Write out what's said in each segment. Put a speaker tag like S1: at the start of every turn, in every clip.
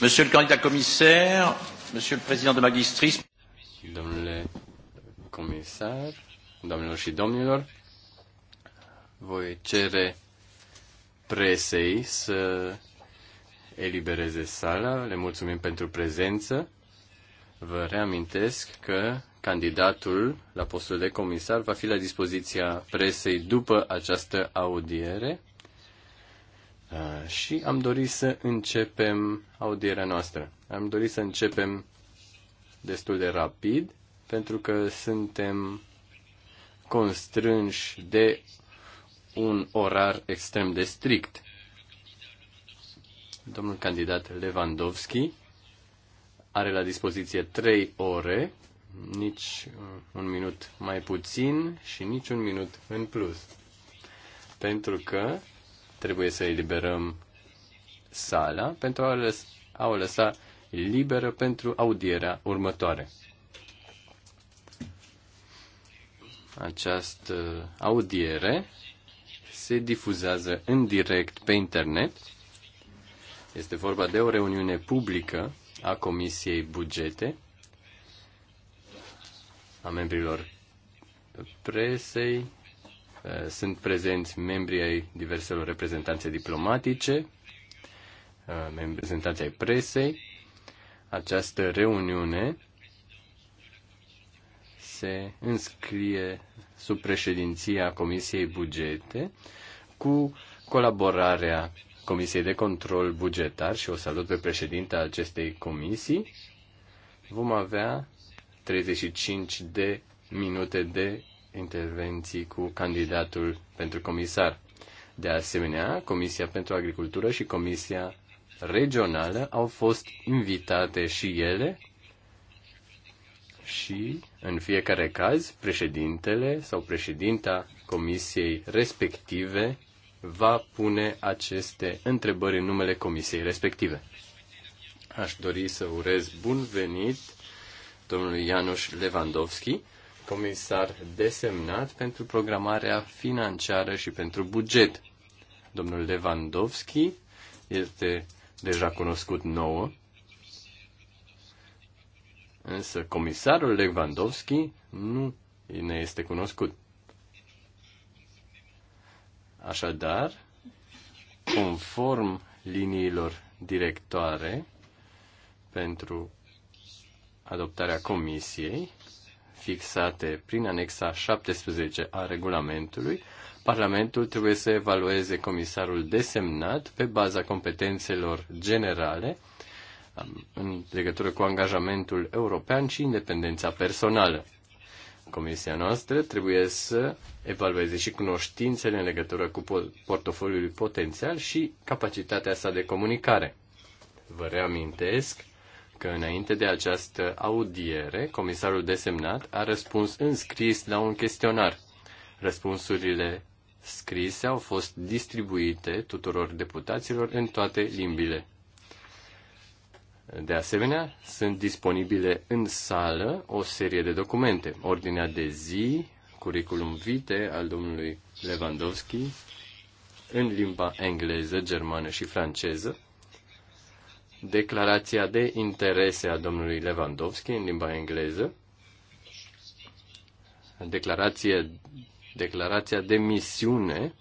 S1: Monsieur le candidat commissaire, monsieur le président de magistris. Domnule comisar, domnilor și domnilor, voi cere presei să elibereze sala. Le mulțumim pentru prezență. Vă reamintesc că candidatul la postul de comisar va fi la dispoziția presei după această audiere și am dorit să începem audierea noastră. Am dorit să începem destul de rapid, pentru că suntem constrânși de un orar extrem de strict. Domnul candidat Lewandowski are la dispoziție 3 ore, nici un minut mai puțin și nici un minut în plus. Pentru că trebuie să eliberăm sala pentru a, lăs- a o lăsa liberă pentru audierea următoare. Această audiere se difuzează în direct pe internet. Este vorba de o reuniune publică a Comisiei Bugete, a membrilor presei, Eh, sunt prezenți membrii ai diverselor reprezentanțe diplomatice, eh, reprezentanții ai presei. Această reuniune se înscrie sub președinția Comisiei Bugete cu colaborarea Comisiei de Control Bugetar și o salut pe președinta acestei comisii. Vom avea 35 de minute de intervenții cu candidatul pentru comisar. De asemenea, Comisia pentru Agricultură și Comisia Regională au fost invitate și ele și, în fiecare caz, președintele sau președinta comisiei respective va pune aceste întrebări în numele comisiei respective. Aș dori să urez bun venit domnului Ianuș Lewandowski, comisar desemnat pentru programarea financiară și pentru buget. Domnul Lewandowski este deja cunoscut nouă, însă comisarul Lewandowski nu ne este cunoscut. Așadar, conform liniilor directoare pentru adoptarea comisiei, fixate prin anexa 17 a regulamentului, Parlamentul trebuie să evalueze comisarul desemnat pe baza competențelor generale um, în legătură cu angajamentul european și independența personală. Comisia noastră trebuie să evalueze și cunoștințele în legătură cu portofoliul potențial și capacitatea sa de comunicare. Vă reamintesc că înainte de această audiere, comisarul desemnat a răspuns în scris la un chestionar. Răspunsurile scrise au fost distribuite tuturor deputaților în toate limbile. De asemenea, sunt disponibile în sală o serie de documente, ordinea de zi, curriculum vitae al domnului Lewandowski, în limba engleză, germană și franceză, declarația de interese a domnului Lewandowski în limba engleză, declarație, declarația de misiune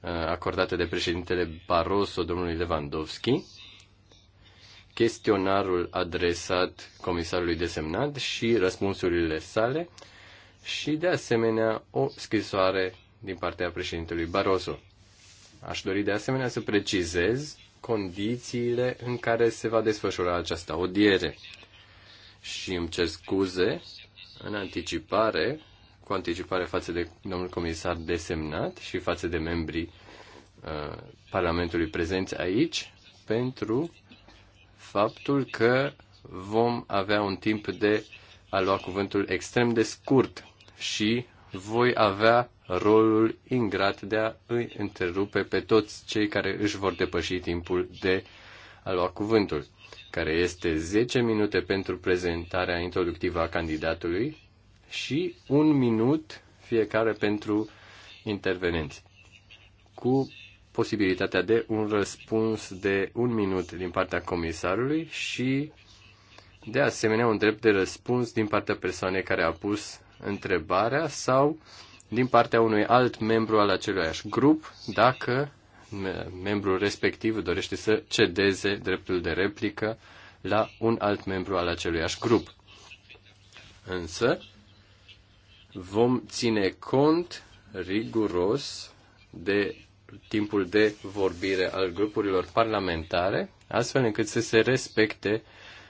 S1: uh, acordată de președintele Barroso domnului Lewandowski, chestionarul adresat comisarului desemnat și răspunsurile sale și, de asemenea, o scrisoare din partea președintelui Barroso. Aș dori, de asemenea, să precizez condițiile în care se va desfășura această audiere. Și îmi cer scuze în anticipare, cu anticipare față de domnul comisar desemnat și față de membrii uh, Parlamentului prezenți aici, pentru faptul că vom avea un timp de a lua cuvântul extrem de scurt și voi avea rolul ingrat de a îi întrerupe pe toți cei care își vor depăși timpul de a lua cuvântul, care este 10 minute pentru prezentarea introductivă a candidatului și un minut fiecare pentru intervenenți, cu posibilitatea de un răspuns de un minut din partea comisarului și, de asemenea, un drept de răspuns din partea persoanei care a pus întrebarea sau din partea unui alt membru al aceluiași grup dacă membrul respectiv dorește să cedeze dreptul de replică la un alt membru al aceluiași grup. Însă, vom ține cont riguros de timpul de vorbire al grupurilor parlamentare, astfel încât să se respecte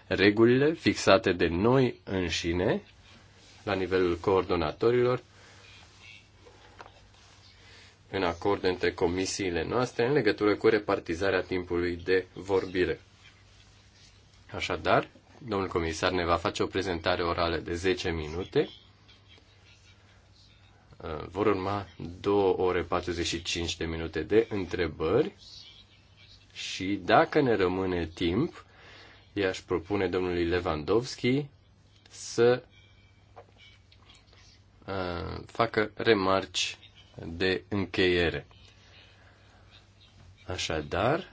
S1: regulile fixate de noi înșine la nivelul coordonatorilor în acord între comisiile noastre în legătură cu repartizarea timpului de vorbire. Așadar, domnul comisar ne va face o prezentare orală de 10 minute. Vor urma 2 ore 45 de minute de întrebări și dacă ne rămâne timp, i-aș propune domnului Lewandowski să facă remarci de încheiere. Așadar,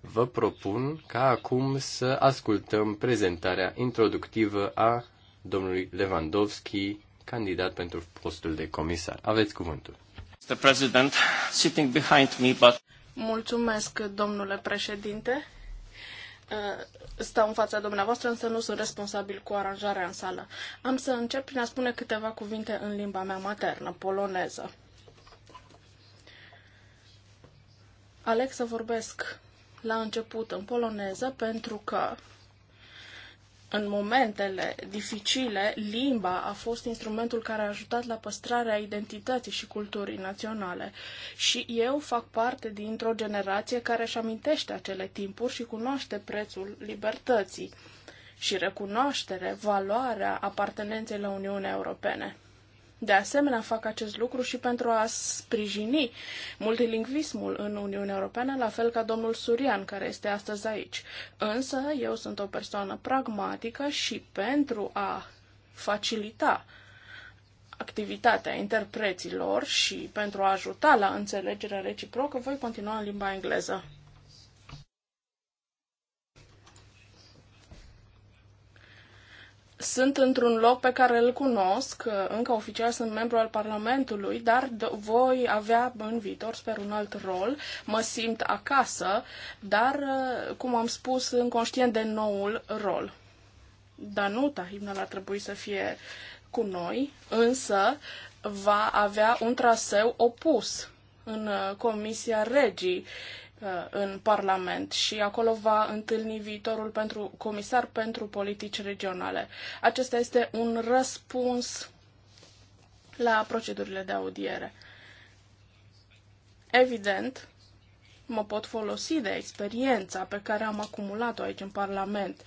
S1: vă propun ca acum să ascultăm prezentarea introductivă a domnului Lewandowski, candidat pentru postul de comisar. Aveți cuvântul. Mr. President, sitting behind me, but...
S2: Mulțumesc, domnule președinte. Eh, stau în fața dumneavoastră, însă nu sunt responsabil cu aranjarea în sală. Am să încep prin a spune câteva cuvinte în limba mea maternă, poloneză. Aleg să vorbesc la început în poloneză pentru că în momentele dificile, limba a fost instrumentul care a ajutat la păstrarea identității și culturii naționale. Și eu fac parte dintr-o generație care își amintește acele timpuri și cunoaște prețul libertății și recunoaștere, valoarea apartenenței la Uniunea Europene. De asemenea, fac acest lucru și pentru a sprijini multilingvismul în Uniunea Europeană, la fel ca domnul Surian, care este astăzi aici. Însă, eu sunt o persoană pragmatică și pentru a facilita activitatea interpreților și pentru a ajuta la înțelegerea reciprocă, voi continua în limba engleză. sunt într-un loc pe care îl cunosc, încă oficial sunt membru al Parlamentului, dar voi avea în viitor, sper, un alt rol. Mă simt acasă, dar, uh, cum am spus, sunt conștient de noul rol. Danuta Himnal ar trebui să fie cu noi, însă va avea un traseu opus în uh, Comisia Regii Uh, în Parlament și acolo va întâlni viitorul pentru comisar pentru politici regionale. Acesta este un răspuns la procedurile de audiere. Evident, mă pot folosi de experiența pe care am acumulat-o aici în Parlament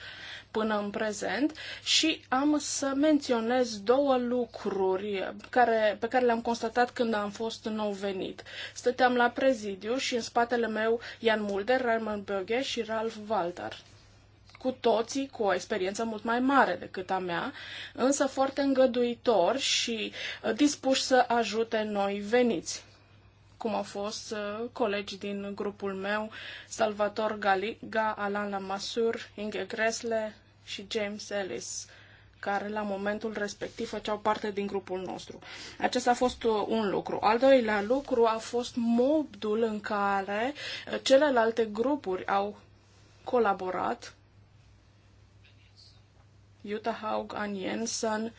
S2: până în prezent și am să menționez două lucruri care, pe care le-am constatat când am fost nou venit. Stăteam la prezidiu și în spatele meu Ian Mulder, Raymond Böge și Ralph Walter cu toții cu o experiență mult mai mare decât a mea, însă foarte îngăduitor și uh, dispuși să ajute noi veniți cum au fost uh, colegi din grupul meu, Salvator Galiga, Alan Lamassur, Inge Gresle și James Ellis care la momentul respectiv făceau parte din grupul nostru. Acesta a fost uh, un lucru. Al doilea lucru a fost modul în care uh, celelalte grupuri au colaborat. Utah Haug, Ann Jensen,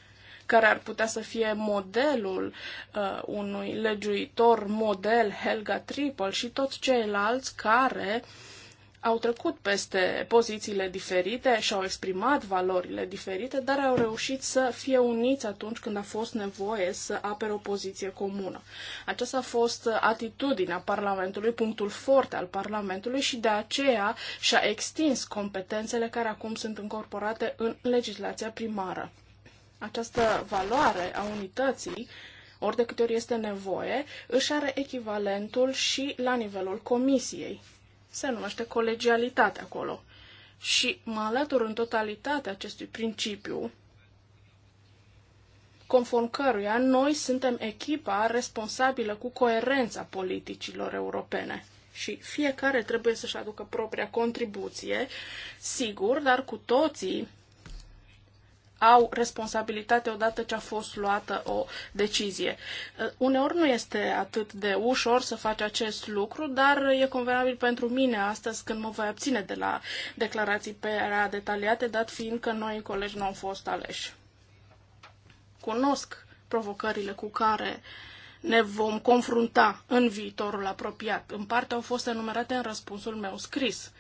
S2: care ar putea să fie modelul uh, unui legiuitor model Helga Triple și toți ceilalți care au trecut peste pozițiile diferite și au exprimat valorile diferite, dar au reușit să fie uniți atunci când a fost nevoie să apere o poziție comună. Aceasta a fost atitudinea Parlamentului, punctul forte al Parlamentului și de aceea și-a extins competențele care acum sunt încorporate în legislația primară. Această valoare a unității, ori de câte ori este nevoie, își are echivalentul și la nivelul comisiei. Se numește colegialitate acolo. Și mă alătur în totalitate acestui principiu, conform căruia noi suntem echipa responsabilă cu coerența politicilor europene. Și fiecare trebuie să-și aducă propria contribuție, sigur, dar cu toții au responsabilitate odată ce a fost luată o decizie. Uh, uneori nu este atât de ușor să faci acest lucru, dar e convenabil pentru mine astăzi când mă voi abține de la declarații pe era detaliate, dat fiind că noi colegi nu am fost aleși. Cunosc provocările cu care ne vom confrunta în viitorul apropiat. În parte au fost enumerate în răspunsul meu scris.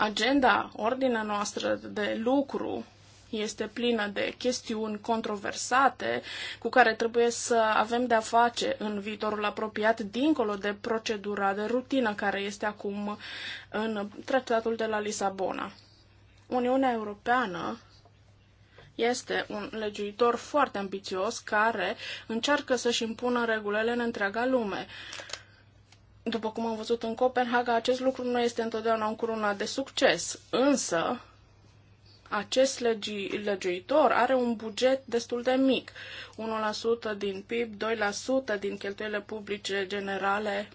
S2: Agenda, ordinea noastră de lucru este plină de chestiuni controversate cu care trebuie să avem de-a face în viitorul apropiat, dincolo de procedura de rutină care este acum în tratatul de la Lisabona. Uniunea Europeană este un legiuitor foarte ambițios care încearcă să-și impună regulile în întreaga lume. După cum am văzut în Copenhaga, acest lucru nu este întotdeauna un curunat de succes, însă acest legi, legiuitor are un buget destul de mic, 1% din PIB, 2% din cheltuielile publice generale,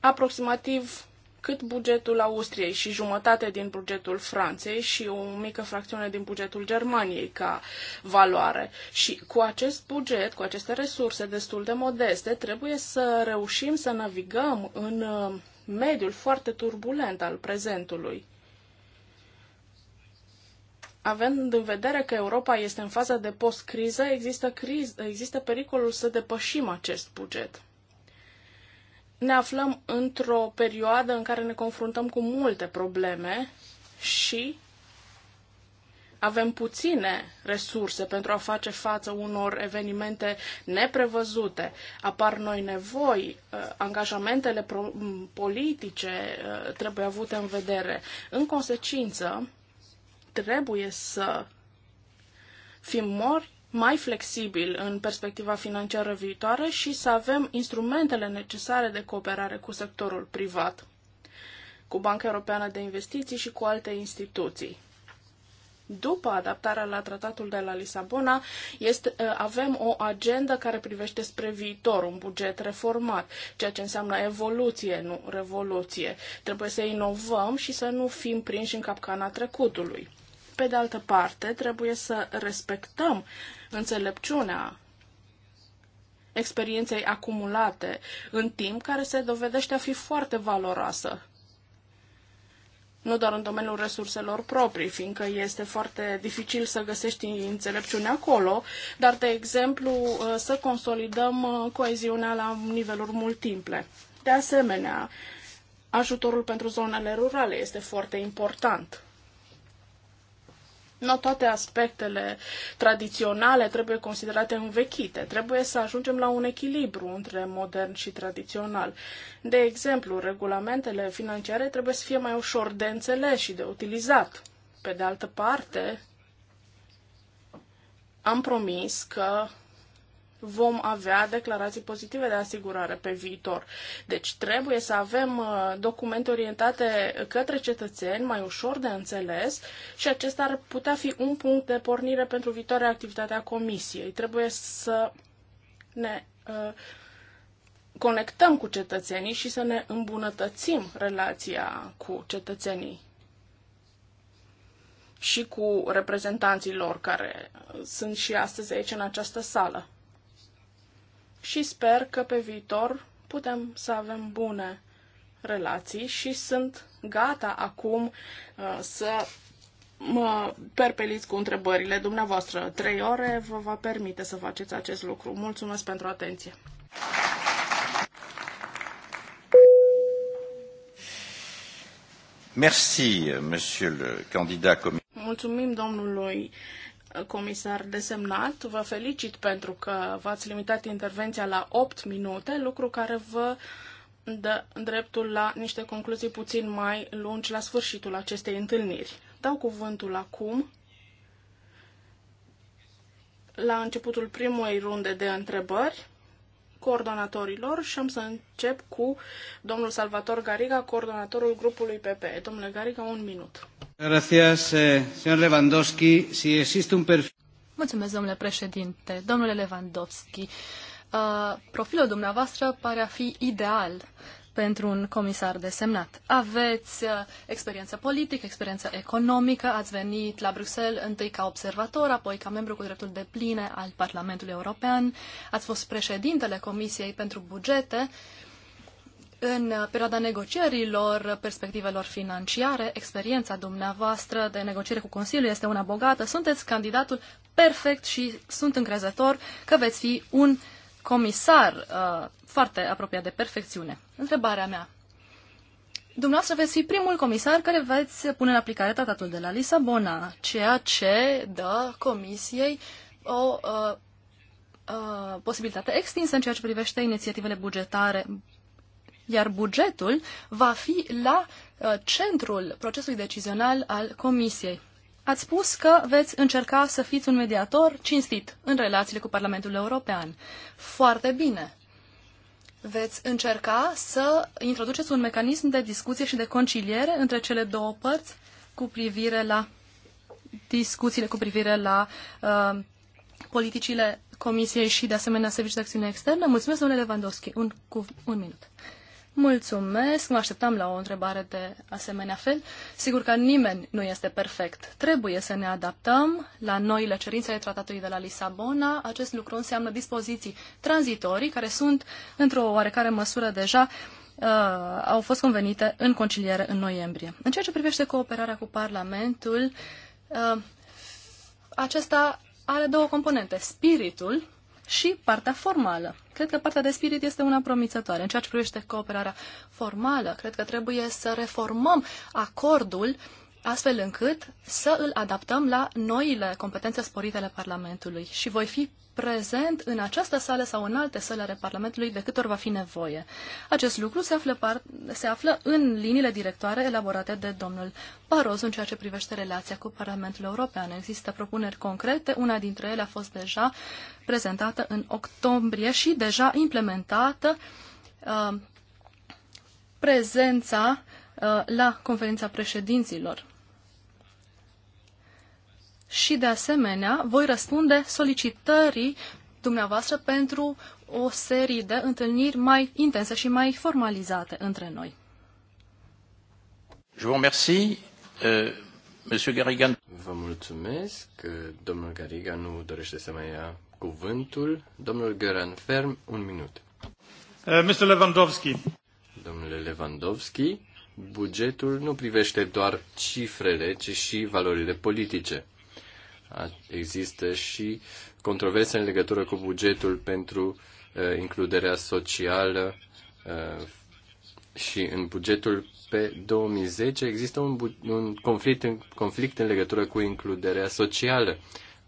S2: aproximativ cât bugetul Austriei și jumătate din bugetul Franței și o mică fracțiune din bugetul Germaniei ca valoare. Și cu acest buget, cu aceste resurse destul de modeste, trebuie să reușim să navigăm în uh, mediul foarte turbulent al prezentului având în vedere că Europa este în faza de post-criză, există, criz, există pericolul să depășim acest buget ne aflăm într-o perioadă în care ne confruntăm cu multe probleme și avem puține resurse pentru a face față unor evenimente neprevăzute. Apar noi nevoi, uh, angajamentele politice uh, trebuie avute în vedere. În consecință, trebuie să fim mori mai flexibil în perspectiva financiară viitoare și să avem instrumentele necesare de cooperare cu sectorul privat, cu Banca Europeană de Investiții și cu alte instituții. După adaptarea la tratatul de la Lisabona, este, ă, avem o agendă care privește spre viitor, un buget reformat, ceea ce înseamnă evoluție, nu revoluție. Trebuie să inovăm și să nu fim prinși în capcana trecutului. Pe de altă parte, trebuie să respectăm uh, înțelepciunea experienței acumulate în timp, care se dovedește a fi foarte valoroasă. Nu doar în domeniul resurselor proprii, fiindcă este foarte dificil să găsești înțelepciune acolo, dar, de exemplu, să consolidăm uh, coeziunea la niveluri multiple. De asemenea, ajutorul pentru zonele rurale este foarte important nu toate aspectele tradiționale trebuie considerate învechite. Trebuie să ajungem la un echilibru între modern și tradițional. De exemplu, regulamentele financiare trebuie să fie mai ușor de înțeles și de utilizat. Pe de altă parte, am promis că vom avea declarații pozitive de asigurare pe viitor. Deci trebuie să avem uh, documente orientate către cetățeni, mai ușor de înțeles și acesta ar putea fi un punct de pornire pentru viitoarea activitatea comisiei. Trebuie să ne uh, conectăm cu cetățenii și să ne îmbunătățim relația cu cetățenii și cu reprezentanții lor care sunt și astăzi aici în această sală și sper că pe viitor putem să avem bune relații și sunt gata acum uh, să mă perpeliți cu întrebările dumneavoastră. Trei ore vă va permite să faceți acest lucru. Mulțumesc pentru atenție!
S1: Merci, monsieur le candidat
S2: Mulțumim domnului comisar desemnat. Vă felicit pentru că v-ați limitat intervenția la 8 minute, lucru care vă dă dreptul la niște concluzii puțin mai lungi la sfârșitul acestei întâlniri. Dau cuvântul acum la începutul primei runde de întrebări coordonatorilor și am să încep cu domnul Salvator Gariga,
S3: coordonatorul grupului PP. Domnule Gariga, un minut. Gracias, eh, señor Lewandowski. Si existe un perfil... Mulțumesc, domnule președinte. Domnule Lewandowski, uh, profilul dumneavoastră pare a fi ideal pentru un comisar desemnat. Aveți uh, experiență politică, experiență economică, ați venit la Bruxelles întâi ca observator, apoi ca membru cu dreptul de pline al Parlamentului European, ați fost președintele Comisiei pentru Bugete, în uh, perioada negocierilor, uh, perspectivelor financiare, experiența dumneavoastră de negociere cu Consiliul este una bogată. Sunteți candidatul perfect și sunt încrezător că veți fi un comisar uh, foarte apropiat de perfecțiune. Întrebarea mea. Dumneavoastră veți fi primul comisar care veți pune în aplicare tratatul de la Lisabona, ceea ce dă comisiei o uh, uh, posibilitate extinsă în ceea ce privește inițiativele bugetare, iar bugetul va fi la uh, centrul procesului decizional al comisiei. Ați spus că veți încerca să fiți un mediator cinstit în relațiile cu Parlamentul European. Foarte bine. Veți încerca să introduceți un mecanism de discuție și de conciliere între cele două părți cu privire la discuțiile cu privire la uh, politicile Comisiei și, de asemenea, Serviciul de Acțiune Externă. Mulțumesc, domnule Lewandowski. Un, cu, un minut. Mulțumesc, mă așteptam la o întrebare de asemenea fel. Sigur că nimeni nu este perfect. Trebuie să ne adaptăm la noile cerințe ale tratatului de la Lisabona. Acest lucru înseamnă dispoziții tranzitorii care sunt, într-o oarecare măsură, deja uh, au fost convenite în conciliere în noiembrie. În ceea ce privește cooperarea cu Parlamentul, uh, acesta are două componente. Spiritul și partea formală. Cred că partea de spirit este una promițătoare. În ceea ce privește cooperarea formală, cred că trebuie să reformăm acordul astfel încât să îl adaptăm la noile competențe sporite ale Parlamentului și voi fi prezent în această sală sau în alte sale ale Parlamentului de câte ori va fi nevoie. Acest lucru se află, par, se află în liniile directoare elaborate de domnul Barroso în ceea ce privește relația cu Parlamentul European. Există propuneri concrete, una dintre ele a fost deja prezentată în octombrie și deja implementată uh, prezența uh, la conferința președinților și, de asemenea, voi răspunde solicitării dumneavoastră pentru o serie de întâlniri mai intense și mai formalizate între noi.
S1: Je vous remercie, euh, Monsieur Garrigan. Vă mulțumesc. Domnul Garrigan nu dorește să mai ia cuvântul. Domnul Göran Ferm, un minut. Uh, Mr. Lewandowski. Domnule Lewandowski, bugetul nu privește doar cifrele, ci și valorile politice există și controverse în legătură cu bugetul pentru includerea socială și în bugetul pe 2010 există un, un conflict, în, conflict în legătură cu includerea socială.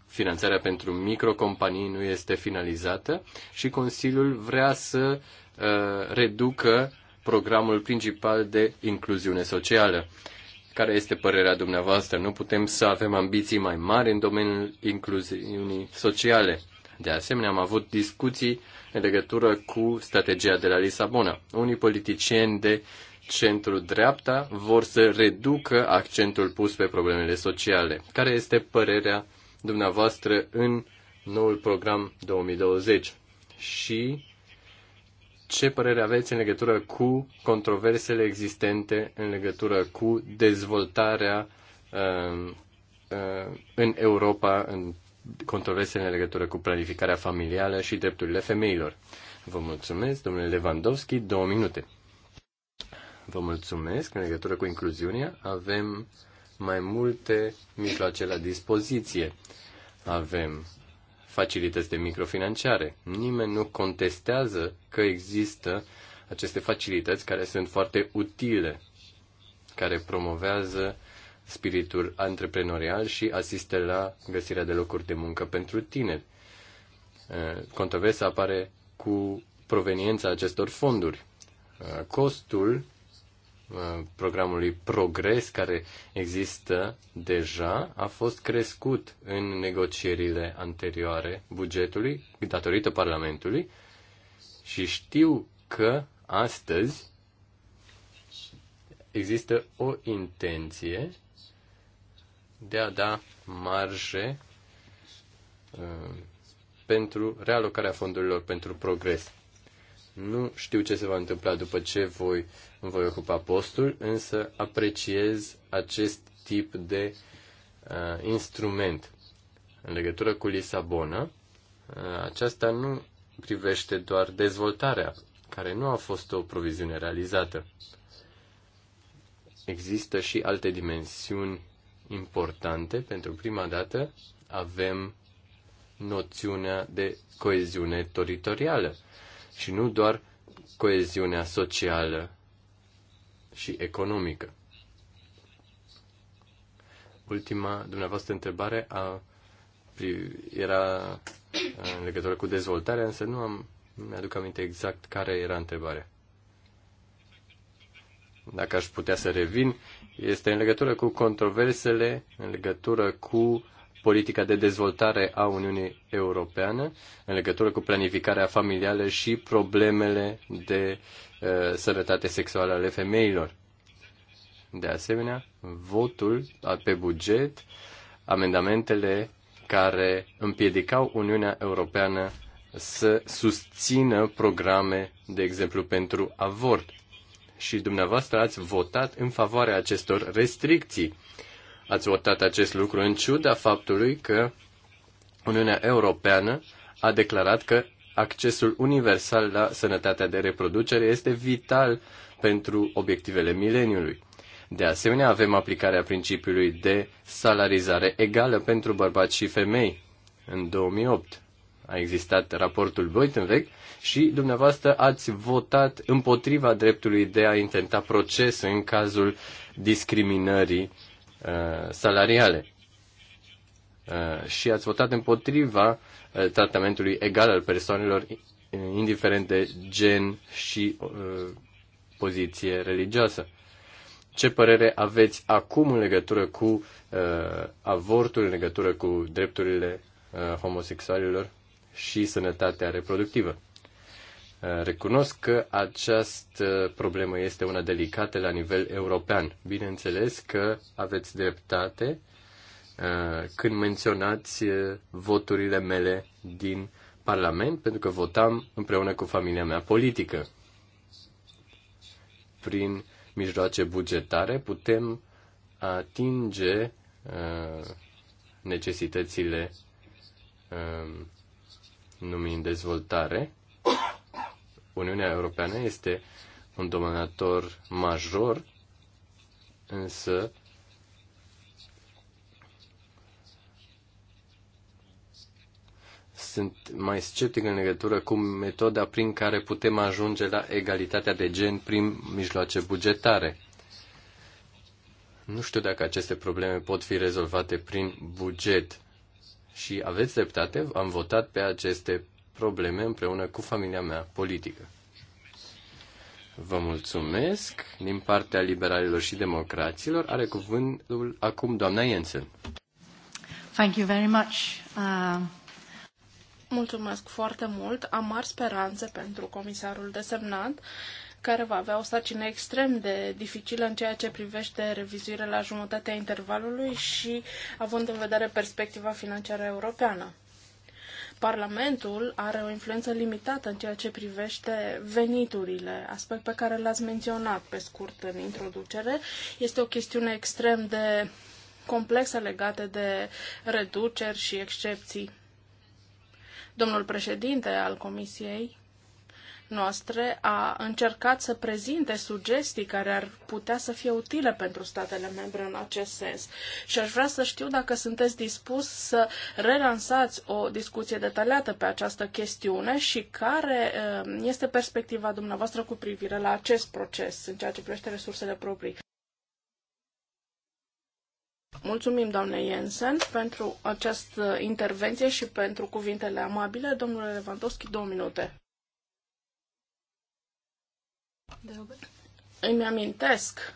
S1: Finanțarea pentru microcompanii nu este finalizată și Consiliul vrea să uh, reducă programul principal de incluziune socială. Uh, care este părerea dumneavoastră? Nu putem să avem ambiții mai mari în domeniul incluziunii sociale. De asemenea, am avut discuții în legătură cu strategia de la Lisabona. Unii politicieni de centru-dreapta vor să reducă accentul pus pe problemele sociale. Care este părerea dumneavoastră în noul program 2020? Și ce părere aveți în legătură cu controversele existente în legătură cu dezvoltarea uh, uh, în Europa, în controversele în legătură cu planificarea familială și drepturile femeilor. Vă mulțumesc, domnule Lewandowski, două minute. Vă mulțumesc. În legătură cu incluziunea, avem mai multe mijloace la dispoziție. Avem facilități de microfinanciare. Nimeni nu contestează că există aceste facilități care sunt foarte utile, care promovează spiritul antreprenorial și asistă la găsirea de locuri de muncă pentru tineri. Eh, controversa apare cu proveniența acestor fonduri. Eh, costul Uh, programului Progres, care există deja, a fost crescut în negocierile anterioare bugetului, datorită Parlamentului, și știu că astăzi există o intenție de a da marge uh, pentru realocarea fondurilor pentru progres. Nu știu ce se va întâmpla după ce voi, îmi voi ocupa postul, însă apreciez acest tip de uh, instrument. În legătură cu Lisabona, uh, aceasta nu privește doar dezvoltarea, care nu a fost o proviziune realizată. Există și alte dimensiuni importante. Pentru prima dată avem noțiunea de coeziune teritorială și nu doar coeziunea socială și economică. Ultima dumneavoastră întrebare a, era uh, în legătură cu dezvoltarea, însă nu am, mi-aduc aminte exact care era întrebarea. Dacă aș putea să revin, este în legătură cu controversele, în legătură cu politica de dezvoltare a Uniunii Europene în legătură cu planificarea familială și problemele de uh, sănătate sexuală ale femeilor. De asemenea, votul pe buget, amendamentele care împiedicau Uniunea Europeană să susțină programe, de exemplu, pentru avort. Și dumneavoastră ați votat în favoarea acestor restricții Ați votat acest lucru în ciuda faptului că Uniunea Europeană a declarat că accesul universal la sănătatea de reproducere este vital pentru obiectivele mileniului. De asemenea, avem aplicarea principiului de salarizare egală pentru bărbați și femei. În 2008 a existat raportul Boitenweg și dumneavoastră ați votat împotriva dreptului de a intenta proces în cazul discriminării Uh, salariale. Uh, și ați votat împotriva uh, tratamentului egal al persoanelor, indiferent de gen și poziție religioasă. Ce părere aveți acum în legătură cu uh, avortul, în legătură cu drepturile uh, homosexualilor și sănătatea reproductivă? Recunosc că această problemă este una delicată la nivel european. Bineînțeles că aveți dreptate uh, când menționați uh, voturile mele din Parlament, pentru că votam împreună cu familia mea politică. Prin mijloace bugetare putem atinge uh, necesitățile numind dezvoltare Uniunea Europeană este un dominator major, însă sunt mai sceptic în legătură cu metoda prin care putem ajunge la egalitatea de gen prin mijloace bugetare. Nu știu dacă aceste probleme pot fi rezolvate prin buget. Și aveți dreptate, am votat pe aceste probleme împreună cu familia mea politică. Vă mulțumesc. Din partea liberalilor și democraților are cuvântul acum doamna Jensen.
S3: Thank you very much. Uh...
S2: Mulțumesc foarte mult. Am mari speranțe pentru comisarul desemnat care va avea o sarcină extrem de dificilă în ceea ce privește revizuirea la jumătatea intervalului și având în vedere perspectiva financiară europeană. Parlamentul are o influență limitată în ceea ce privește veniturile, aspect pe care l-ați menționat pe scurt în introducere. Este o chestiune extrem de complexă legată de reduceri și excepții. Domnul președinte al Comisiei noastre a încercat să prezinte sugestii care ar putea să fie utile pentru statele membre în acest sens. Și aș vrea să știu dacă sunteți dispus să relansați o discuție detaliată pe această chestiune și care eh, este perspectiva dumneavoastră cu privire la acest proces în ceea ce privește resursele proprii. Mulțumim, doamne Jensen, pentru această intervenție și pentru cuvintele amabile. Domnule Lewandowski, două minute. Îmi amintesc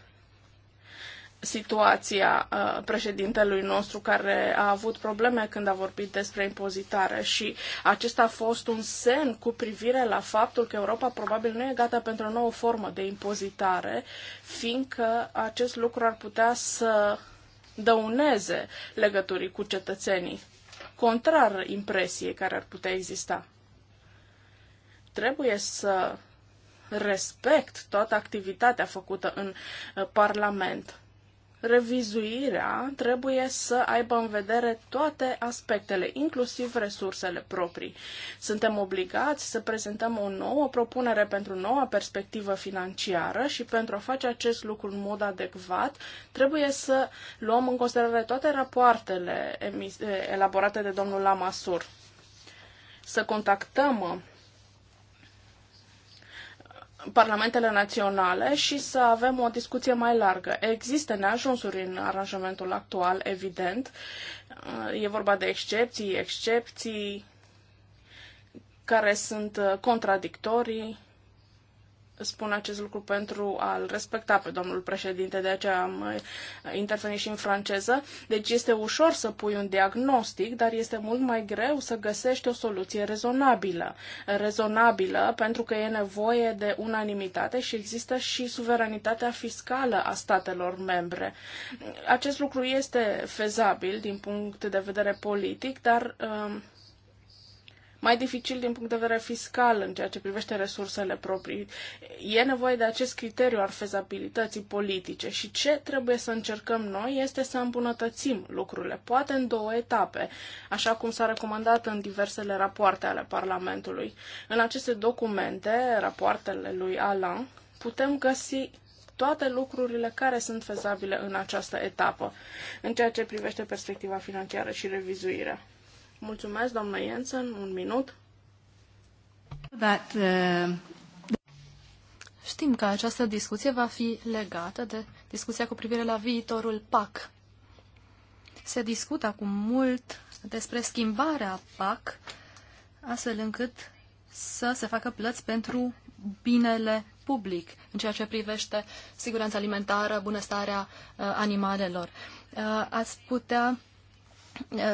S2: situația uh, președintelui nostru care a avut probleme când a vorbit despre impozitare și acesta a fost un semn cu privire la faptul că Europa probabil nu e gata pentru o nouă formă de impozitare, fiindcă acest lucru ar putea să dăuneze legăturii cu cetățenii, contrar impresiei care ar putea exista. Trebuie să respect toată activitatea făcută în uh, Parlament. Revizuirea trebuie să aibă în vedere toate aspectele, inclusiv resursele proprii. Suntem obligați să prezentăm o nouă propunere pentru noua perspectivă financiară și pentru a face acest lucru în mod adecvat, trebuie să luăm în considerare toate rapoartele eh, elaborate de domnul Lamasur să contactăm uh, parlamentele naționale și să avem o discuție mai largă. Există neajunsuri în aranjamentul actual, evident. E vorba de excepții, excepții care sunt contradictorii spun acest lucru pentru a-l respecta pe domnul președinte, de aceea am uh, intervenit și în franceză. Deci este ușor să pui un diagnostic, dar este mult mai greu să găsești o soluție rezonabilă. Rezonabilă pentru că e nevoie de unanimitate și există și suveranitatea fiscală a statelor membre. Acest lucru este fezabil din punct de vedere politic, dar uh, mai dificil din punct de vedere fiscal în ceea ce privește resursele proprii. E nevoie de acest criteriu al fezabilității politice și ce trebuie să încercăm noi este să îmbunătățim lucrurile, poate în două etape, așa cum s-a recomandat în diversele rapoarte ale Parlamentului. În aceste documente, rapoartele lui Alain, putem găsi toate lucrurile care sunt fezabile în această etapă, în ceea ce privește perspectiva financiară și revizuirea. Mulțumesc, doamna Jensen. Un minut.
S3: That, uh... Știm că această discuție va fi legată de discuția cu privire la viitorul PAC. Se discută acum mult despre schimbarea PAC, astfel încât să se facă plăți pentru binele public în ceea ce privește siguranța alimentară, bunăstarea uh, animalelor. Uh, ați putea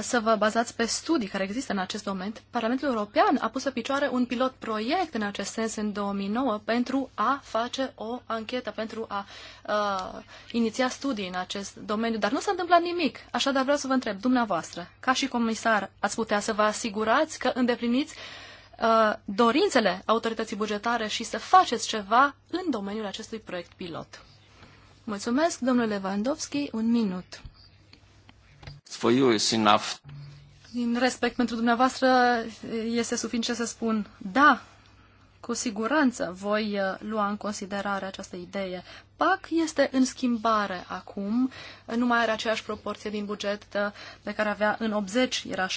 S3: să vă bazați pe studii care există în acest moment. Parlamentul European a pus pe picioare un pilot proiect în acest sens în 2009 pentru a face o anchetă, pentru a uh, iniția studii în acest domeniu, dar nu s-a întâmplat nimic. Așadar vreau să vă întreb, dumneavoastră, ca și comisar, ați putea să vă asigurați că îndepliniți uh, dorințele autorității bugetare și să faceți ceva în domeniul acestui proiect pilot. Mulțumesc, domnule Lewandowski, un minut.
S1: For you is enough.
S3: Din respect pentru dumneavoastră, este suficient să spun da, cu siguranță voi uh, lua în considerare această idee. PAC este în schimbare acum, nu mai are aceeași proporție din buget uh, pe care avea în 80, era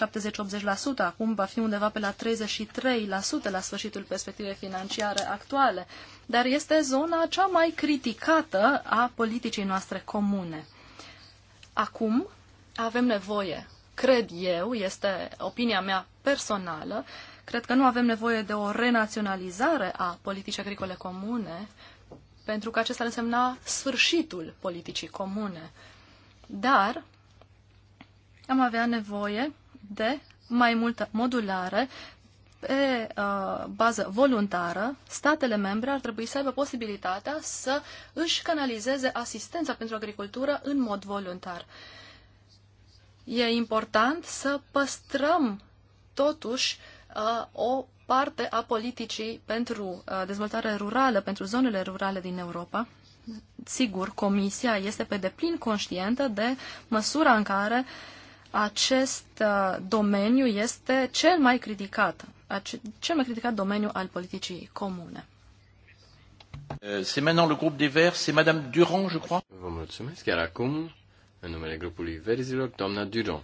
S3: 70-80%, acum va fi undeva pe la 33% la sfârșitul perspectivei financiare actuale, dar este zona cea mai criticată a politicii noastre comune. Acum, avem nevoie, cred eu, este opinia mea personală, cred că nu avem nevoie de o renaționalizare a politicii agricole comune, pentru că acesta însemna sfârșitul politicii comune. Dar am avea nevoie de mai multă modulare pe uh, bază voluntară, statele membre ar trebui să aibă posibilitatea să își canalizeze asistența pentru agricultură în mod voluntar. Uh, E important să păstrăm totuși uh, o parte a politicii pentru uh, dezvoltare rurală, pentru zonele rurale din Europa. Sigur, Comisia este pe deplin conștientă de măsura în care acest uh, domeniu este cel mai criticat, cel mai criticat domeniu al politicii comune.
S1: Euh, c'est maintenant le groupe des Verts, c'est Madame Durand, je crois. Vă mulțumesc. Chiar acum, în numele grupului Verzilor, doamna Duron.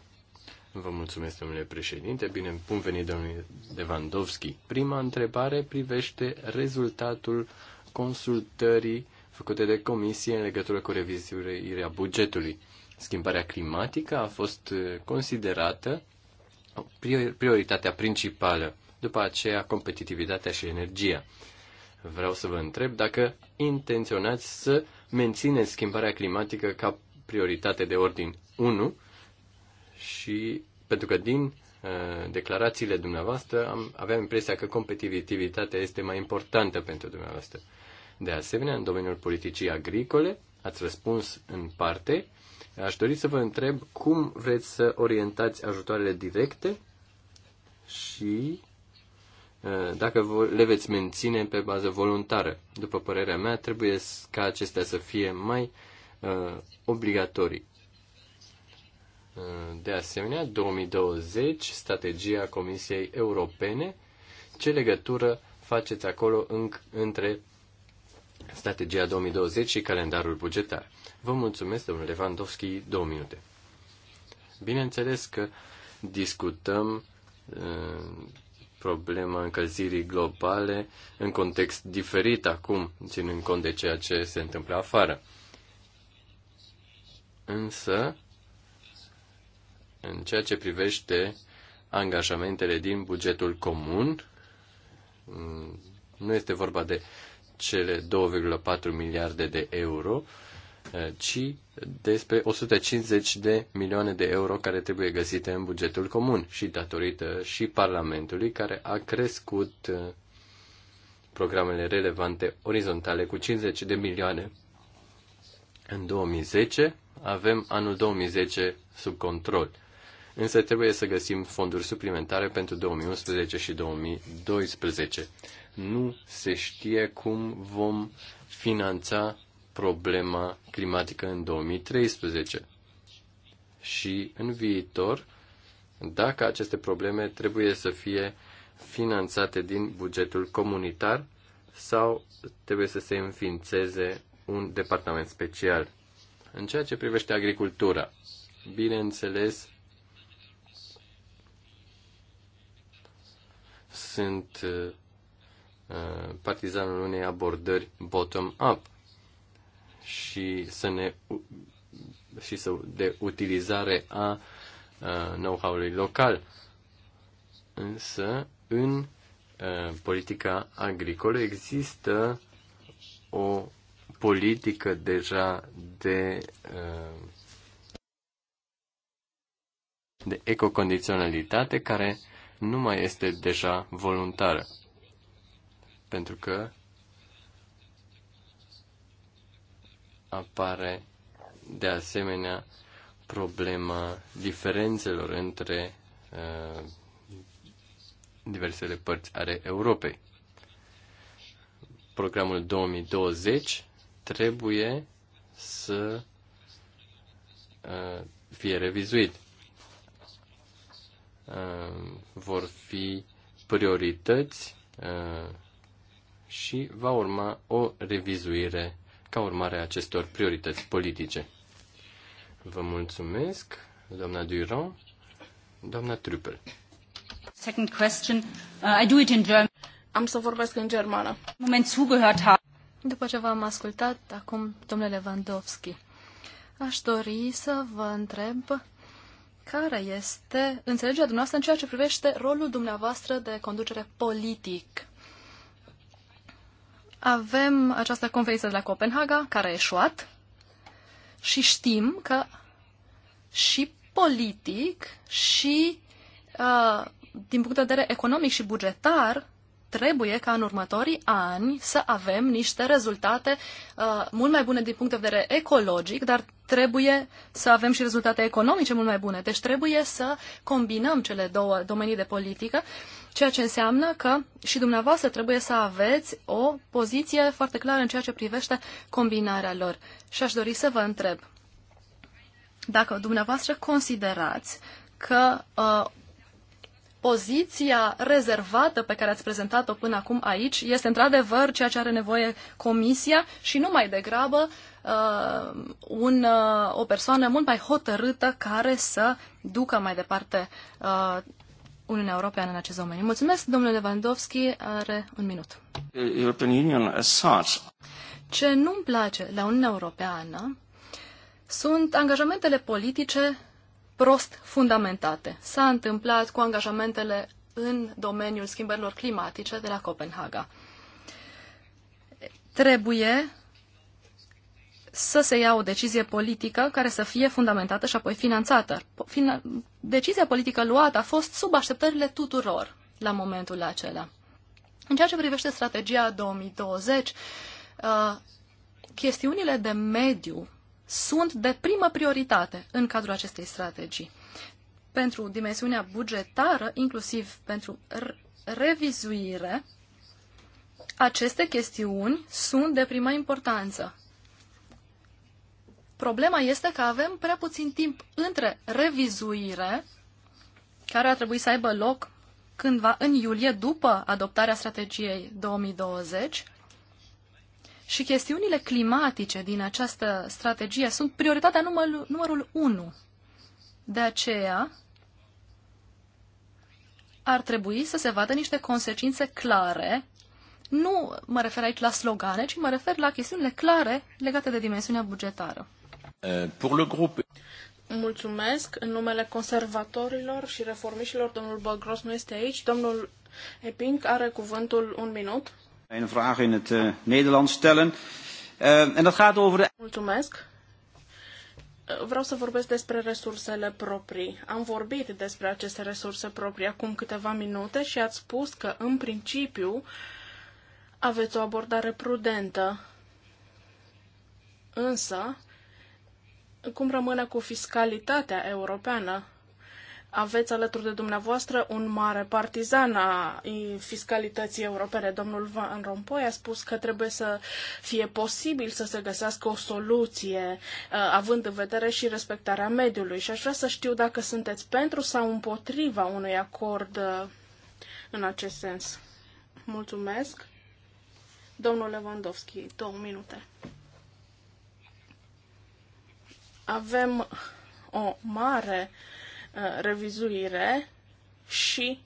S1: Vă mulțumesc, domnule președinte. Bine, bun venit, domnule Devandovski. Prima întrebare privește rezultatul consultării făcute de comisie în legătură cu revizuirea bugetului. Schimbarea climatică a fost uh, considerată prioritatea principală, după aceea competitivitatea și energia. Vreau să vă întreb dacă intenționați să mențineți schimbarea climatică ca prioritate de ordin 1 și pentru că din uh, declarațiile dumneavoastră am, aveam impresia că competitivitatea este mai importantă pentru dumneavoastră. De asemenea, în domeniul politicii agricole, ați răspuns în parte. Aș dori să vă întreb cum vreți să orientați ajutoarele directe și uh, dacă le veți menține pe bază voluntară. După părerea mea, trebuie ca acestea să fie mai uh, uh, obligatorii. Uh, de asemenea, 2020, strategia Comisiei Europene, ce legătură faceți acolo în, între strategia 2020 și calendarul bugetar? Vă mulțumesc, domnule Lewandowski, două minute. Bineînțeles că discutăm uh, problema încălzirii globale în context diferit acum, ținând cont de ceea ce se întâmplă afară. Însă, în ceea ce privește angajamentele din bugetul comun, mm, nu este vorba de cele 2,4 miliarde de euro, eh, ci despre 150 de milioane de euro care trebuie găsite în bugetul comun și datorită și Parlamentului care a crescut eh, programele relevante orizontale cu 50 de milioane în 2010, avem anul 2010 sub control. Însă trebuie să găsim fonduri suplimentare pentru 2011 și 2012. Nu se știe cum vom finanța problema climatică în 2013. Și în viitor, dacă aceste probleme trebuie să fie finanțate din bugetul comunitar sau trebuie să se înființeze un departament special. În ceea ce privește agricultura, bineînțeles, sunt uh, uh partizanul unei abordări bottom-up și să ne și să, de utilizare a uh, know-how-ului local. Însă, în uh, politica agricolă există o politică deja de, uh, de ecocondiționalitate care nu mai este deja voluntară. Pentru că apare de asemenea problema diferențelor între uh, diversele părți ale Europei. Programul 2020 trebuie să uh, fie revizuit. Uh, vor fi priorități uh, și va urma o revizuire ca urmare a acestor priorități politice. Vă mulțumesc, doamna Durand, doamna Trupel.
S3: Second question. Uh, I do it in German. Am să vorbesc în germană. Moment zugehört habe. După ce v-am ascultat, acum, domnule Lewandowski, aș dori să vă întreb care este înțelegerea dumneavoastră în ceea ce privește rolul dumneavoastră de conducere politic. Avem această conferință de la Copenhaga, care a eșuat, și știm că și politic, și uh, din punct de vedere economic și bugetar, trebuie ca în următorii ani să avem niște rezultate uh, mult mai bune din punct de vedere ecologic, dar trebuie să avem și rezultate economice mult mai bune. Deci trebuie să combinăm cele două domenii de politică, ceea ce înseamnă că și dumneavoastră trebuie să aveți o poziție foarte clară în ceea ce privește combinarea lor. Și aș dori să vă întreb dacă dumneavoastră considerați că uh, poziția rezervată pe care ați prezentat-o până acum aici este într-adevăr ceea ce are nevoie comisia și nu mai degrabă uh, un, uh, o persoană mult mai hotărâtă care să ducă mai departe uh, Uniunea Europeană în acest domeniu. Mulțumesc, domnule Lewandowski, are un minut.
S1: European Union as such.
S3: Ce nu-mi place la Uniunea Europeană sunt angajamentele politice prost fundamentate. S-a întâmplat cu angajamentele în domeniul schimbărilor climatice de la Copenhaga. Trebuie să se ia o decizie politică care să fie fundamentată și apoi finanțată. Decizia politică luată a fost sub așteptările tuturor la momentul acela. În ceea ce privește strategia 2020, uh, chestiunile de mediu sunt de primă prioritate în cadrul acestei strategii. Pentru dimensiunea bugetară, inclusiv pentru revizuire, aceste chestiuni sunt de primă importanță. Problema este că avem prea puțin timp între revizuire, care ar trebui să aibă loc cândva în iulie după adoptarea strategiei 2020, și chestiunile climatice din această strategie sunt prioritatea numărul, numărul 1. De aceea, ar trebui să se vadă niște consecințe clare. Nu mă refer aici la slogane, ci mă refer la chestiunile clare legate de dimensiunea bugetară.
S1: Uh, pour le grup...
S3: Mulțumesc. În numele conservatorilor și
S2: reformiștilor, domnul Băgros nu este aici. Domnul Eping are cuvântul un minut.
S1: Een vraag in het uh, Nederlands stellen. Uh, en dat gaat over de...
S2: Mulțumesc. Eh, vreau să vorbesc despre resursele proprii. Am vorbit despre aceste resurse proprii acum câteva minute și ați spus că, în principiu, aveți o abordare prudentă. Însă, cum rămâne cu fiscalitatea europeană? aveți alături de dumneavoastră un mare partizan a fiscalității europene. Domnul Van Rompuy a spus că trebuie să fie posibil să se găsească o soluție, uh, având în vedere și respectarea mediului. Și aș vrea să știu dacă sunteți pentru sau împotriva unui acord uh, în acest sens. Mulțumesc. Domnul Lewandowski, două minute. Avem o mare uh, Uh, revizuire și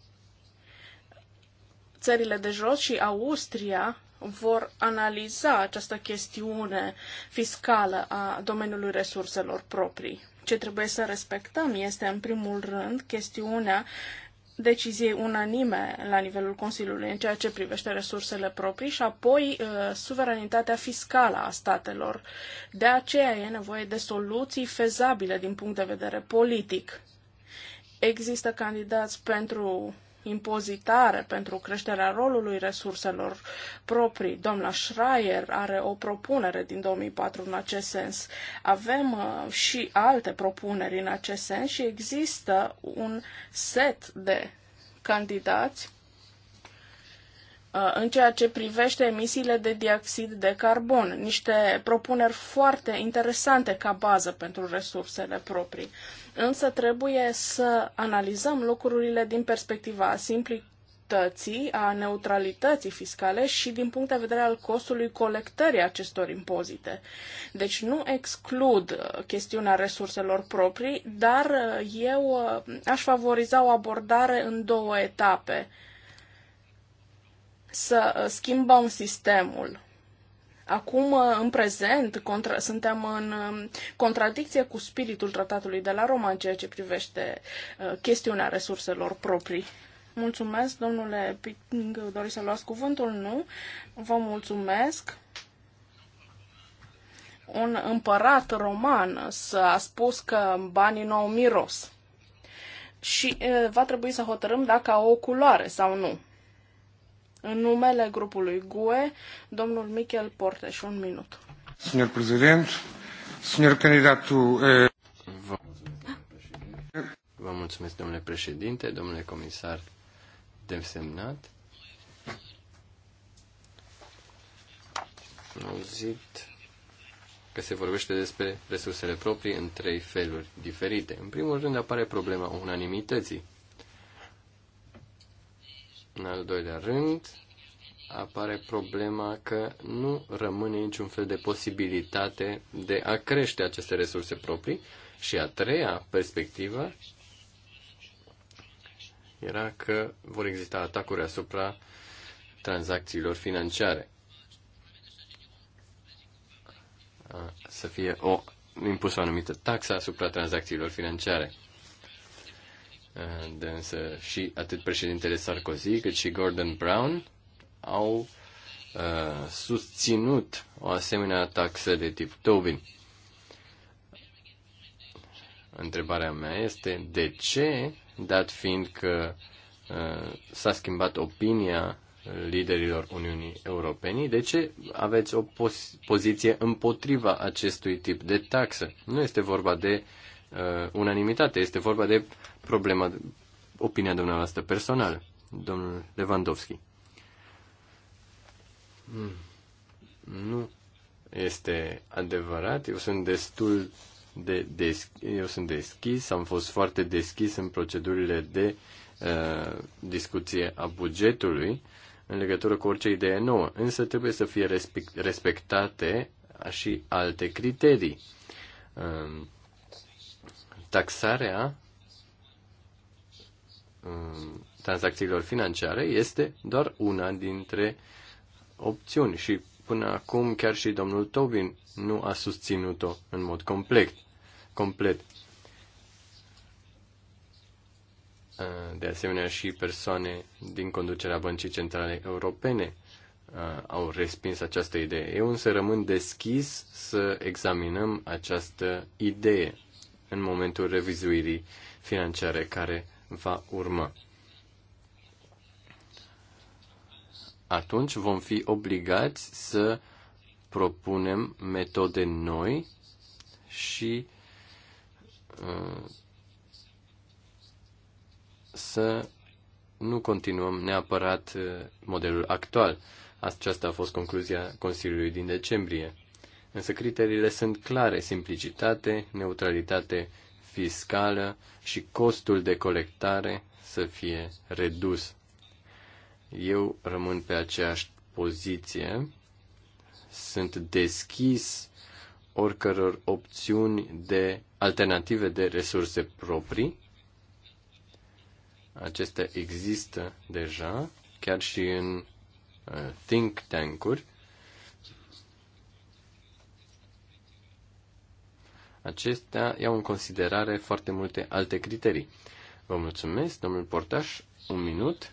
S2: țările de jos și Austria vor analiza această chestiune fiscală a domeniului resurselor proprii. Ce trebuie să respectăm este, în primul rând, chestiunea deciziei unanime la nivelul Consiliului în ceea ce privește resursele proprii și apoi uh, suveranitatea fiscală a statelor. De aceea e nevoie de soluții fezabile din punct de vedere politic Există candidați pentru impozitare pentru creșterea rolului resurselor proprii. Doamna Schreier are o propunere din 2004 în acest sens. Avem uh, și alte propuneri în acest sens și există un set de candidați uh, în ceea ce privește emisiile de dioxid de carbon, niște propuneri foarte interesante ca bază pentru resursele proprii. Însă trebuie să analizăm lucrurile din perspectiva simplității, a neutralității fiscale și din punct de vedere al costului colectării acestor impozite. Deci nu exclud uh, chestiunea resurselor proprii, dar uh, eu uh, aș favoriza o abordare în două etape. Să schimbăm sistemul Acum, uh, în prezent, contra, suntem în um, contradicție cu spiritul tratatului de la Roma în ceea ce privește uh, chestiunea resurselor proprii. Mulțumesc, domnule Ping, doriți să luați cuvântul? Nu. Vă mulțumesc un împărat roman s-a spus că banii nu au miros. Și uh, va trebui să hotărâm dacă au o culoare sau nu. În numele grupului GUE, domnul Michel Porteș, un minut.
S1: Signor prezident, signor candidatul... E... Eh, Vă, Vă mulțumesc, domnule președinte, domnule comisar desemnat. Am auzit că se vorbește despre resursele proprii în trei feluri diferite. În primul rând apare problema unanimității în al doilea rând, apare problema că nu rămâne niciun fel de posibilitate de a crește aceste resurse proprii. Și a treia perspectivă era că vor exista atacuri asupra tranzacțiilor financiare. Să fie o impusă o anumită taxă asupra tranzacțiilor financiare. Eh, de însă și atât președintele Sarkozy cât și Gordon Brown au uh, susținut o asemenea taxă de tip Tobin. Întrebarea mea este de ce, dat fiind că uh, s-a schimbat opinia liderilor Uniunii Europene, de ce aveți o pos- poziție împotriva acestui tip de taxă? Nu este vorba de uh, uh, unanimitate. Este vorba de problema, opinia dumneavoastră personală, domnul Lewandowski. Mm. Nu este adevărat. Eu sunt destul de deschis, eu sunt deschis, am fost foarte deschis în procedurile de uh, discuție a bugetului în legătură cu orice idee nouă, însă trebuie să fie respect, respectate și alte criterii. Uh, taxarea um, tranzacțiilor financiare este doar una dintre opțiuni și până acum chiar și domnul Tobin nu a susținut-o în mod complet. complet. Uh, de asemenea, și persoane din conducerea Băncii Centrale Europene uh, au respins această idee. Eu însă rămân deschis să examinăm această idee în momentul revizuirii financiare care va urma. Atunci vom fi obligați să propunem metode noi și uh, să nu continuăm neapărat uh, modelul actual. Aceasta a fost concluzia Consiliului din decembrie. Însă criteriile sunt clare, simplicitate, neutralitate fiscală și costul de colectare să fie redus. Eu rămân pe aceeași poziție, sunt deschis oricăror opțiuni de alternative de resurse proprii. Acestea există deja, chiar și în uh, think tank-uri Acestea iau în considerare foarte multe alte criterii. Vă mulțumesc, domnul Portaș. Un minut.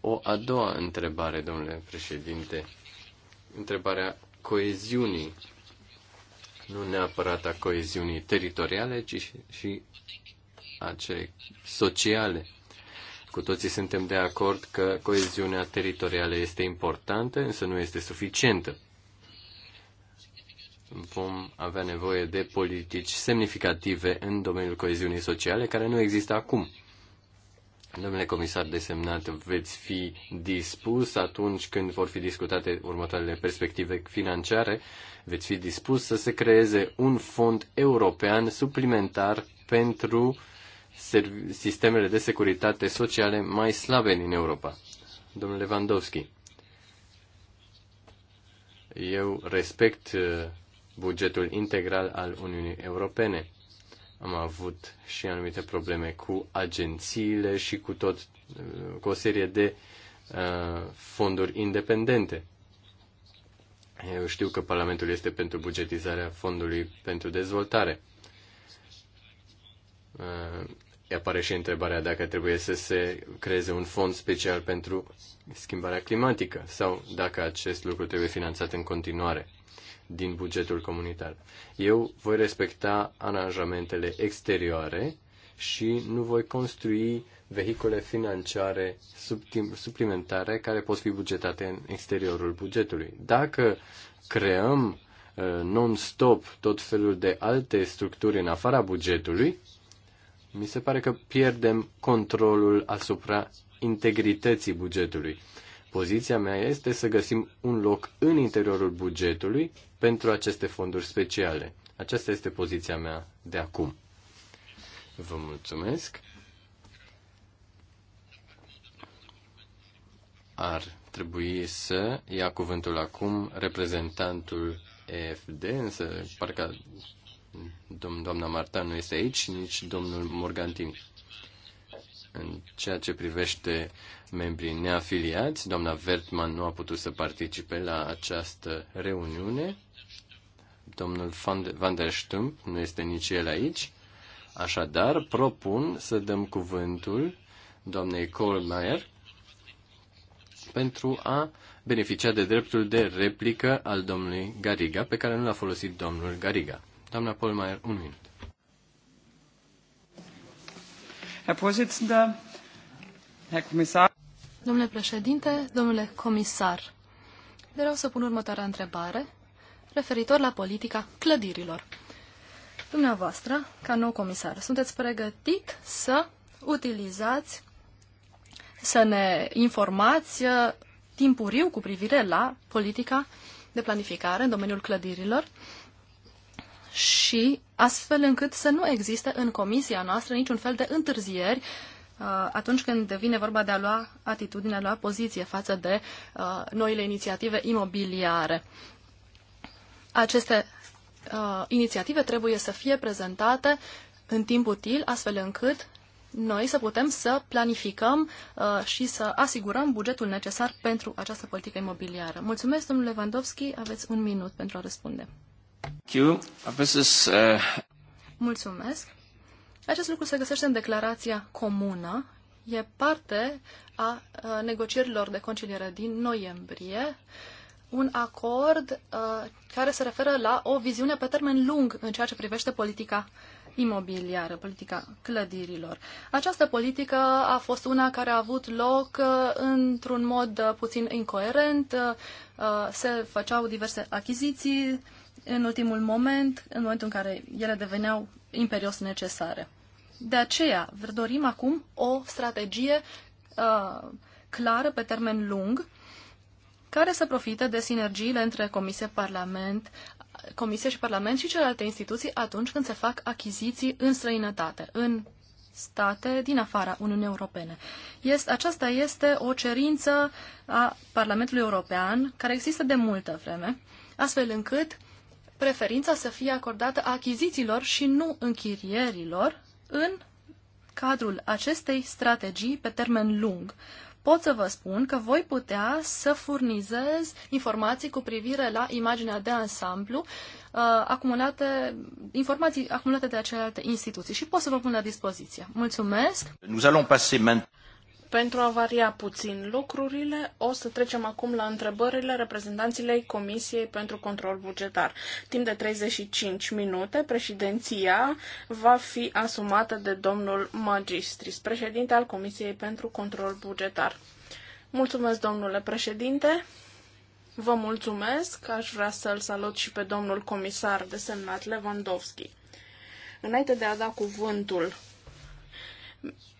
S1: O a doua întrebare, domnule președinte. Întrebarea coeziunii. Nu neapărat a coeziunii teritoriale, ci și a celei sociale. Cu toții suntem de acord că coeziunea teritorială este importantă, însă nu este suficientă vom avea nevoie de politici semnificative în domeniul coeziunii sociale care nu există acum. Domnule comisar desemnat, veți fi dispus atunci când vor fi discutate următoarele perspective financiare, veți fi dispus să se creeze un fond european suplimentar pentru sistemele de securitate sociale mai slabe din Europa. Domnule Lewandowski, eu respect uh, bugetul integral al Uniunii Europene. Am avut și anumite probleme cu agențiile și cu tot cu o serie de uh, fonduri independente. Eu știu că Parlamentul este pentru bugetizarea fondului pentru dezvoltare. Uh, apare și întrebarea dacă trebuie să se creeze un fond special pentru schimbarea climatică sau dacă acest lucru trebuie finanțat în continuare din bugetul comunitar. Eu voi respecta aranjamentele exterioare și nu voi construi vehicule financiare suplimentare care pot fi bugetate în exteriorul bugetului. Dacă creăm uh, non-stop tot felul de alte structuri în afara bugetului, mi se pare că pierdem controlul asupra integrității bugetului. Poziția mea este să găsim un loc în interiorul bugetului pentru aceste fonduri speciale. Aceasta este poziția mea de acum. Vă mulțumesc. Ar trebui să ia cuvântul acum reprezentantul EFD, însă parcă doamna Marta nu este aici, nici domnul Morgantini. În ceea ce privește membrii neafiliați, doamna Vertman nu a putut să participe la această reuniune. Domnul Van der Stump nu este nici el aici. Așadar, propun să dăm cuvântul doamnei Kohlmeier pentru a beneficia de dreptul de replică al domnului Gariga, pe care nu l-a folosit domnul Gariga. Doamna Kohlmeier, un minut.
S3: Domnule președinte, domnule comisar, vreau să pun următoarea întrebare referitor la politica clădirilor. Dumneavoastră, ca nou comisar, sunteți pregătit să utilizați, să ne informați uh, timpuriu cu privire la politica de planificare în domeniul clădirilor și astfel încât să nu existe în comisia noastră niciun fel de întârzieri uh, atunci când vine vorba de a lua atitudine, a lua poziție față de uh, noile inițiative imobiliare. Aceste uh, inițiative trebuie să fie prezentate în timp util, astfel încât noi să putem să planificăm uh, și să asigurăm bugetul necesar pentru această politică imobiliară. Mulțumesc, domnule Vandovski, aveți un minut pentru a răspunde.
S1: Uh, uh,
S3: Mulțumesc. Acest lucru se găsește în declarația comună. E parte a uh, negocierilor de conciliere din noiembrie un acord uh, care se referă la o viziune pe termen lung în ceea ce privește politica imobiliară, politica clădirilor. Această politică a fost una care a avut loc uh, într-un mod uh, puțin incoerent, uh, se făceau diverse achiziții, în ultimul moment, în momentul în care ele deveneau imperios necesare. De aceea, dorim acum o strategie uh, clară pe termen lung care să profite de sinergiile între Comisie, Parlament, Comisie și Parlament și celelalte instituții atunci când se fac achiziții în străinătate, în state din afara Uniunii Europene. Este, aceasta este o cerință a Parlamentului European care există de multă vreme, astfel încât preferința să fie acordată achizițiilor și nu închirierilor în cadrul acestei strategii pe termen lung. Pot să vă spun că voi putea să furnizez informații cu privire la imaginea de ansamblu uh, acumulate, informații acumulate de celelalte instituții și pot să vă pun la dispoziție. Mulțumesc!
S1: Nous allons passer maintenant...
S3: Pentru a varia puțin lucrurile, o să trecem acum
S2: la întrebările reprezentanților Comisiei pentru Control Bugetar. Timp de 35 minute, președinția va fi asumată de domnul Magistris, președinte al Comisiei pentru Control Bugetar. Mulțumesc, domnule președinte. Vă mulțumesc. Aș vrea să-l salut și pe domnul comisar desemnat Lewandowski. Înainte de a da cuvântul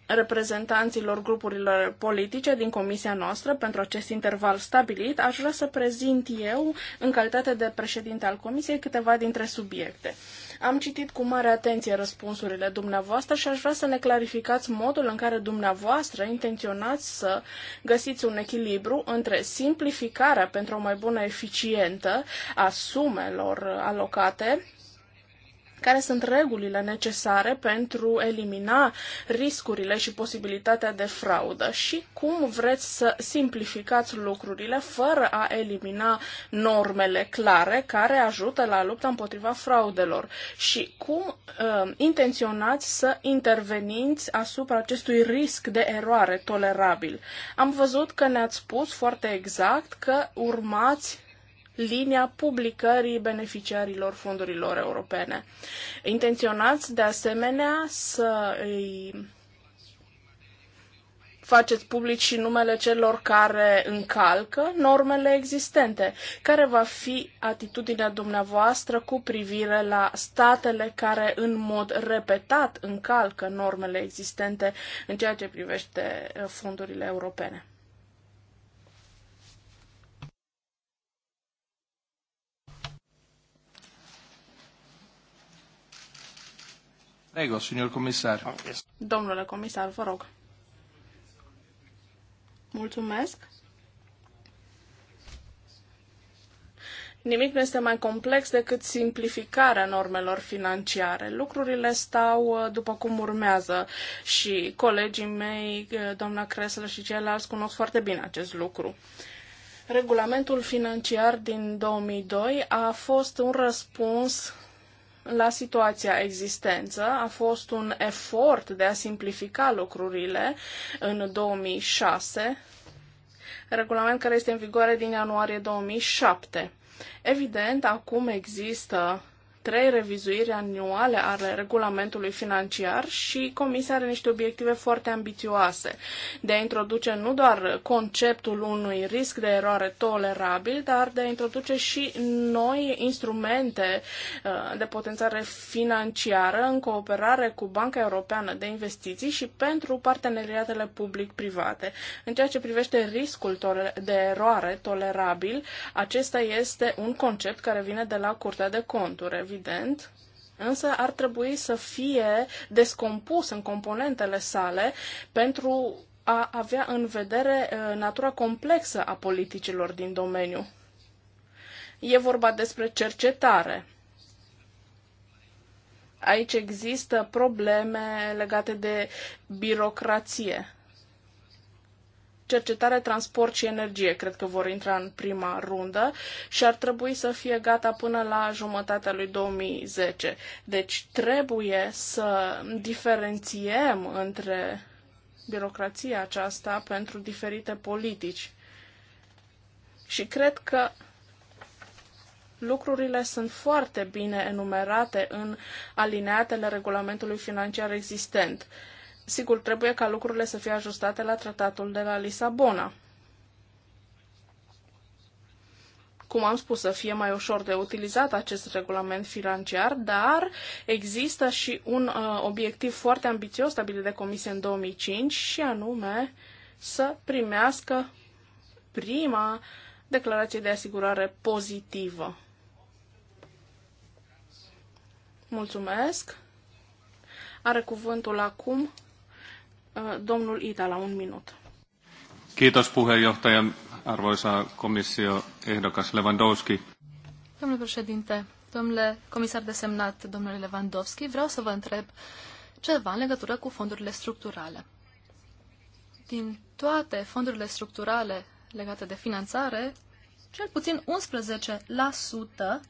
S2: reprezentanților grupurilor politice din comisia noastră pentru acest interval stabilit, aș vrea să prezint eu, în calitate de președinte al comisiei, câteva dintre subiecte. Am citit cu mare atenție răspunsurile dumneavoastră și aș vrea să ne clarificați modul în care dumneavoastră intenționați să găsiți un echilibru între simplificarea pentru o mai bună eficientă a sumelor alocate care sunt regulile necesare pentru elimina riscurile și posibilitatea de fraudă și cum vreți să simplificați lucrurile fără a elimina normele clare care ajută la lupta împotriva fraudelor și cum uh, intenționați să interveniți asupra acestui risc de eroare tolerabil. Am văzut că ne-ați spus foarte exact că urmați linia publicării beneficiarilor fondurilor europene. Intenționați, de asemenea, să îi faceți public și numele celor care încalcă normele existente. Care va fi atitudinea dumneavoastră cu privire la statele care în mod repetat încalcă normele existente în ceea ce privește uh, fondurile europene?
S1: Ego, signor comisar.
S2: Domnule comisar, vă rog. Mulțumesc. Nimic nu este mai complex decât simplificarea normelor financiare. Lucrurile stau uh, după cum urmează și colegii mei, uh, doamna Cresler și ceilalți, cunosc foarte bine acest lucru. Regulamentul financiar din 2002 a fost un răspuns la situația existență. A fost un efort de a simplifica lucrurile în 2006, regulament care este în vigoare din ianuarie 2007. Evident, acum există trei revizuiri anuale ale regulamentului financiar și Comisia are niște obiective foarte ambițioase de a introduce nu doar conceptul unui risc de eroare tolerabil, dar de a introduce și noi instrumente uh, de potențare financiară în cooperare cu Banca Europeană de Investiții și pentru parteneriatele public-private. În ceea ce privește riscul de eroare tolerabil, acesta este un concept care vine de la Curtea de Conturi evident, însă ar trebui să fie descompus în componentele sale pentru a avea în vedere uh, natura complexă a politicilor din domeniu. E vorba despre cercetare. Aici există probleme legate de birocrație cercetare, transport și energie, cred că vor intra în prima rundă și ar trebui să fie gata până la jumătatea lui 2010. Deci trebuie să diferențiem între birocrația aceasta pentru diferite politici. Și cred că lucrurile sunt foarte bine enumerate în alineatele regulamentului financiar existent. Uh, Sigur, trebuie ca lucrurile să fie ajustate la tratatul de la Lisabona. cum am spus, să fie mai ușor de utilizat acest regulament financiar, dar există și un uh, obiectiv foarte ambițios stabilit de comisie în 2005 și anume să primească prima declarație de asigurare pozitivă. Mulțumesc. Are cuvântul acum
S3: Uh, domnul Ita, un minut.
S1: Kiitos puheenjohtaja, arvoisa komissio ehdokas Lewandowski.
S3: Domnule președinte, domnule comisar desemnat, domnule Lewandowski, vreau să vă întreb ceva în legătură cu fondurile structurale. Din toate fondurile structurale legate de finanțare, cel puțin 11%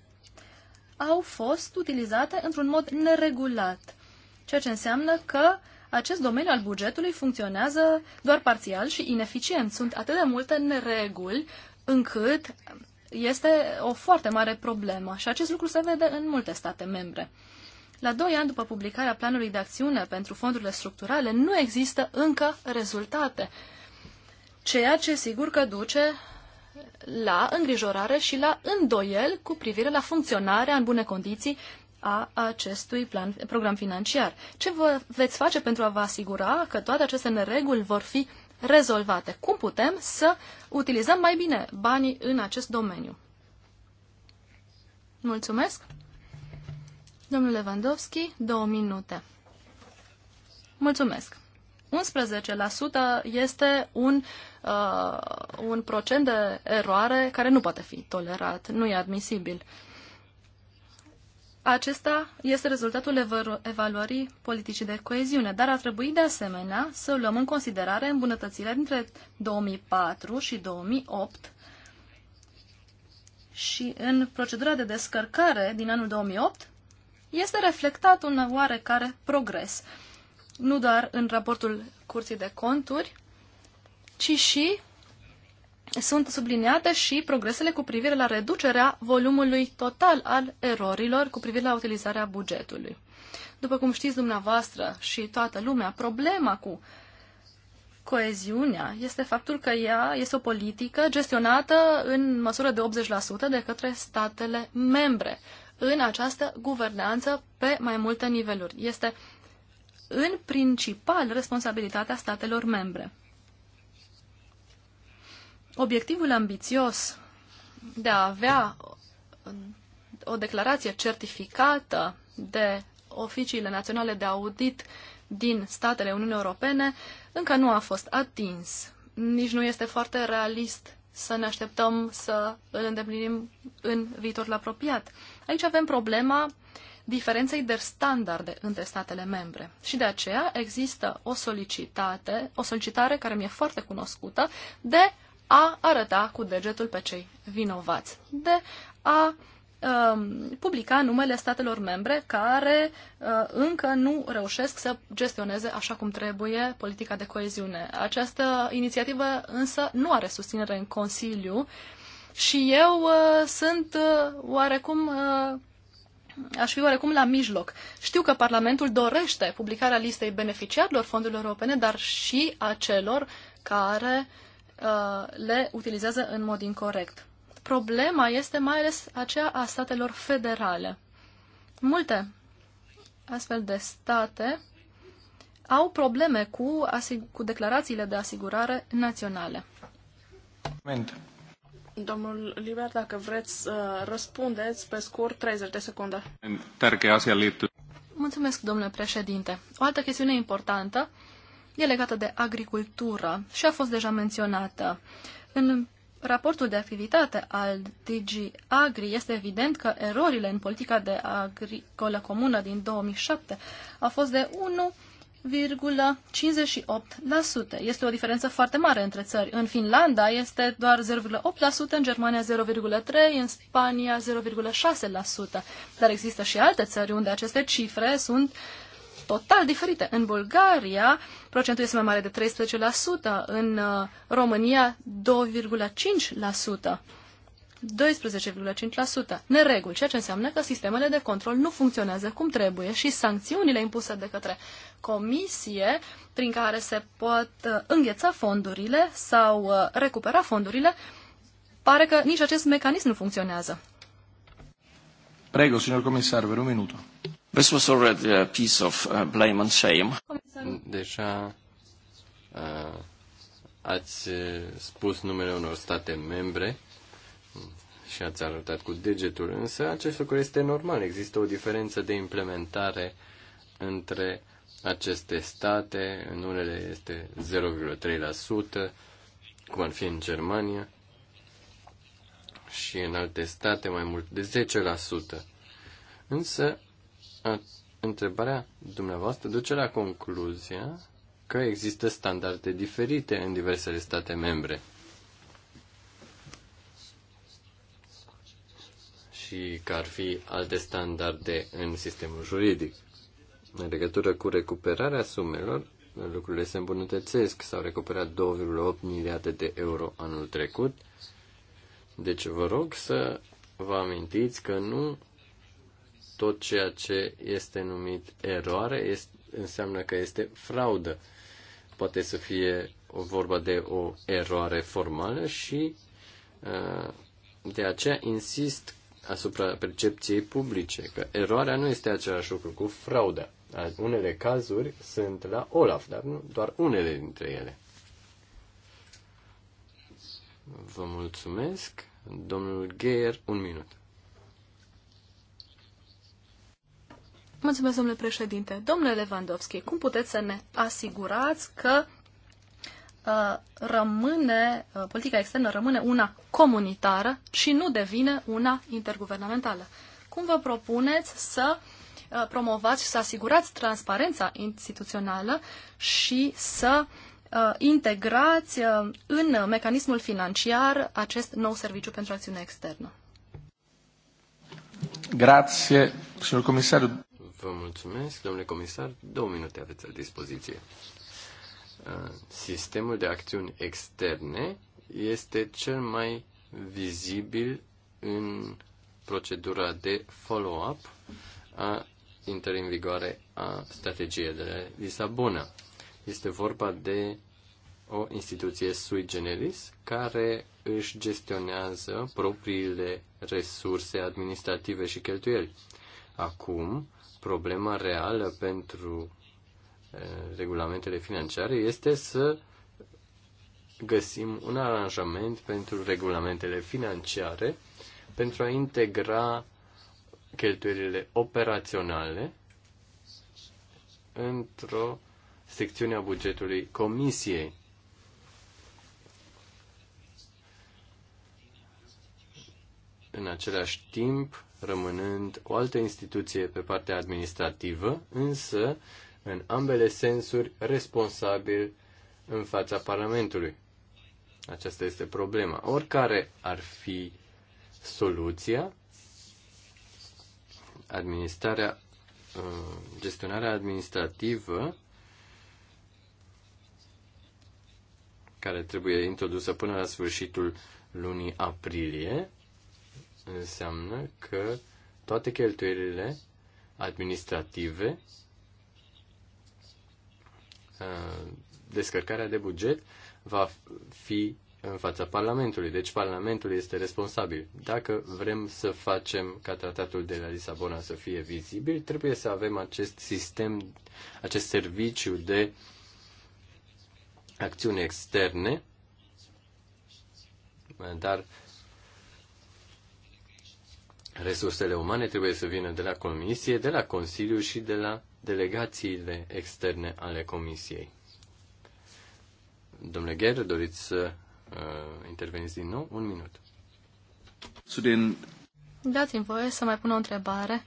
S3: au fost utilizate într-un mod neregulat, ceea ce înseamnă că acest domeniu al bugetului funcționează doar parțial și ineficient. Sunt atât de multe nereguli încât este o foarte mare problemă și acest lucru se vede în multe state membre. La doi ani după publicarea planului de acțiune pentru fondurile structurale, nu există încă rezultate, ceea ce sigur că duce la îngrijorare și la îndoiel cu privire la funcționarea în bune condiții a acestui plan, program financiar. Ce vă veți face pentru a vă asigura că toate aceste nereguli vor fi rezolvate? Cum putem să utilizăm mai bine banii în acest domeniu? Mulțumesc! Domnul Lewandowski, două minute. Mulțumesc! 11% este un, uh, un procent de eroare care nu poate fi tolerat, nu e admisibil. Acesta este rezultatul evaluării politicii de coeziune, dar ar trebui de asemenea să luăm în considerare îmbunătățirea dintre 2004 și 2008 și în procedura de descărcare din anul 2008 este reflectat un oarecare progres, nu doar în raportul Curții de Conturi, ci și sunt subliniate și progresele cu privire la reducerea volumului total al erorilor cu privire la utilizarea bugetului. După cum știți dumneavoastră și toată lumea, problema cu coeziunea este faptul că ea este o politică gestionată în măsură de 80% de către statele membre în această guvernanță pe mai multe niveluri. Este în principal responsabilitatea statelor membre obiectivul ambițios de a avea o declarație certificată de oficiile naționale de audit din statele Uniunii Europene încă nu a fost atins. Nici nu este foarte realist să ne așteptăm să îl îndeplinim în viitorul apropiat. Aici avem problema diferenței de standarde între statele membre. Și de aceea există o, solicitate, o solicitare care mi-e foarte cunoscută de a arăta cu degetul pe cei vinovați, de a um, publica numele statelor membre care uh, încă nu reușesc să gestioneze așa cum trebuie politica de coeziune. Această inițiativă însă nu are susținere în Consiliu și eu uh, sunt uh, oarecum uh, aș fi oarecum la mijloc. Știu că Parlamentul dorește publicarea listei beneficiarilor fondurilor europene, dar și a celor care Uh, le utilizează în mod incorrect. Problema este mai ales aceea a statelor federale. Multe astfel de state au probleme cu, cu declarațiile de asigurare naționale. Moment. Domnul Liber, dacă vreți să răspundeți, pe
S2: scurt, 30 de secunde.
S3: Mulțumesc, domnule președinte. O altă chestiune importantă e legată de agricultură și a fost deja menționată. În raportul de activitate al DG Agri este evident că erorile în politica de agricolă comună din 2007 au fost de 1 0,58%. Este o diferență foarte mare între țări. În Finlanda este doar 0,8%, în Germania 0,3%, în Spania 0,6%. Dar există și alte țări unde aceste cifre sunt total diferite. În Bulgaria, procentul este mai mare de 13%, în uh, România 2,5%. 12,5%. Nereguli, ceea ce înseamnă că sistemele de control nu funcționează cum trebuie și sancțiunile impuse de către comisie, prin care se pot uh, îngheța fondurile sau uh, recupera fondurile, pare că nici acest mecanism nu funcționează.
S1: Prego, signor comisar, per un minut. This was already a piece of uh, blame and shame. Deja uh, ați uh, spus numele unor state membre și ați arătat cu degetul, însă acest lucru este normal. Există o diferență de implementare între aceste state, în unele este 0,3%, cum ar fi în Germania, și în alte state mai mult de 10%. Însă întrebarea dumneavoastră duce la concluzia că există standarde diferite în diversele state membre. Și că ar fi alte standarde în sistemul juridic. În legătură cu recuperarea sumelor, lucrurile se îmbunătățesc. S-au recuperat 2,8 miliarde de euro anul trecut. Deci vă rog să vă amintiți că nu tot ceea ce este numit eroare este, înseamnă că este fraudă. Poate să fie o vorba de o eroare formală și uh, de aceea insist asupra percepției publice că eroarea nu este același lucru cu frauda. Unele cazuri sunt la Olaf, dar nu doar unele dintre ele. Vă mulțumesc. Domnul Geier, un minut.
S3: Mulțumesc, domnule președinte. Domnule Lewandowski, cum puteți să ne asigurați că uh, rămâne, uh, politica externă rămâne una comunitară și nu devine una interguvernamentală? Cum vă propuneți să uh, promovați și să asigurați transparența instituțională și să uh, integrați uh, în mecanismul financiar acest nou serviciu pentru acțiune externă?
S1: Grazie, signor Comisar. Vă mulțumesc, domnule comisar. Două minute aveți la dispoziție. Uh, sistemul de acțiuni externe este cel mai vizibil în procedura de follow-up a intrării în vigoare a strategiei de Lisabona. Este vorba de o instituție sui generis care își gestionează propriile resurse administrative și cheltuieli. Acum, problema reală pentru regulamentele financiare este să găsim un aranjament pentru regulamentele financiare pentru a integra cheltuielile operaționale într-o secțiune a bugetului Comisiei. În același timp, rămânând o altă instituție pe partea administrativă, însă în ambele sensuri responsabil în fața Parlamentului. Aceasta este problema. Oricare ar fi soluția, administrarea, uh, gestionarea administrativă care trebuie introdusă până la sfârșitul lunii aprilie, înseamnă că toate cheltuielile administrative, uh, descărcarea de buget va fi în fața Parlamentului. Deci Parlamentul este responsabil. Dacă vrem să facem ca tratatul de la Lisabona să fie vizibil, trebuie să avem acest sistem, acest serviciu de acțiuni externe, dar Resursele umane trebuie să vină de la Comisie, de la Consiliu și de la delegațiile externe ale Comisiei. Domnule Gher, doriți să uh, interveniți din nou? Un minut. Din...
S3: Dați-mi voie să mai pun o întrebare.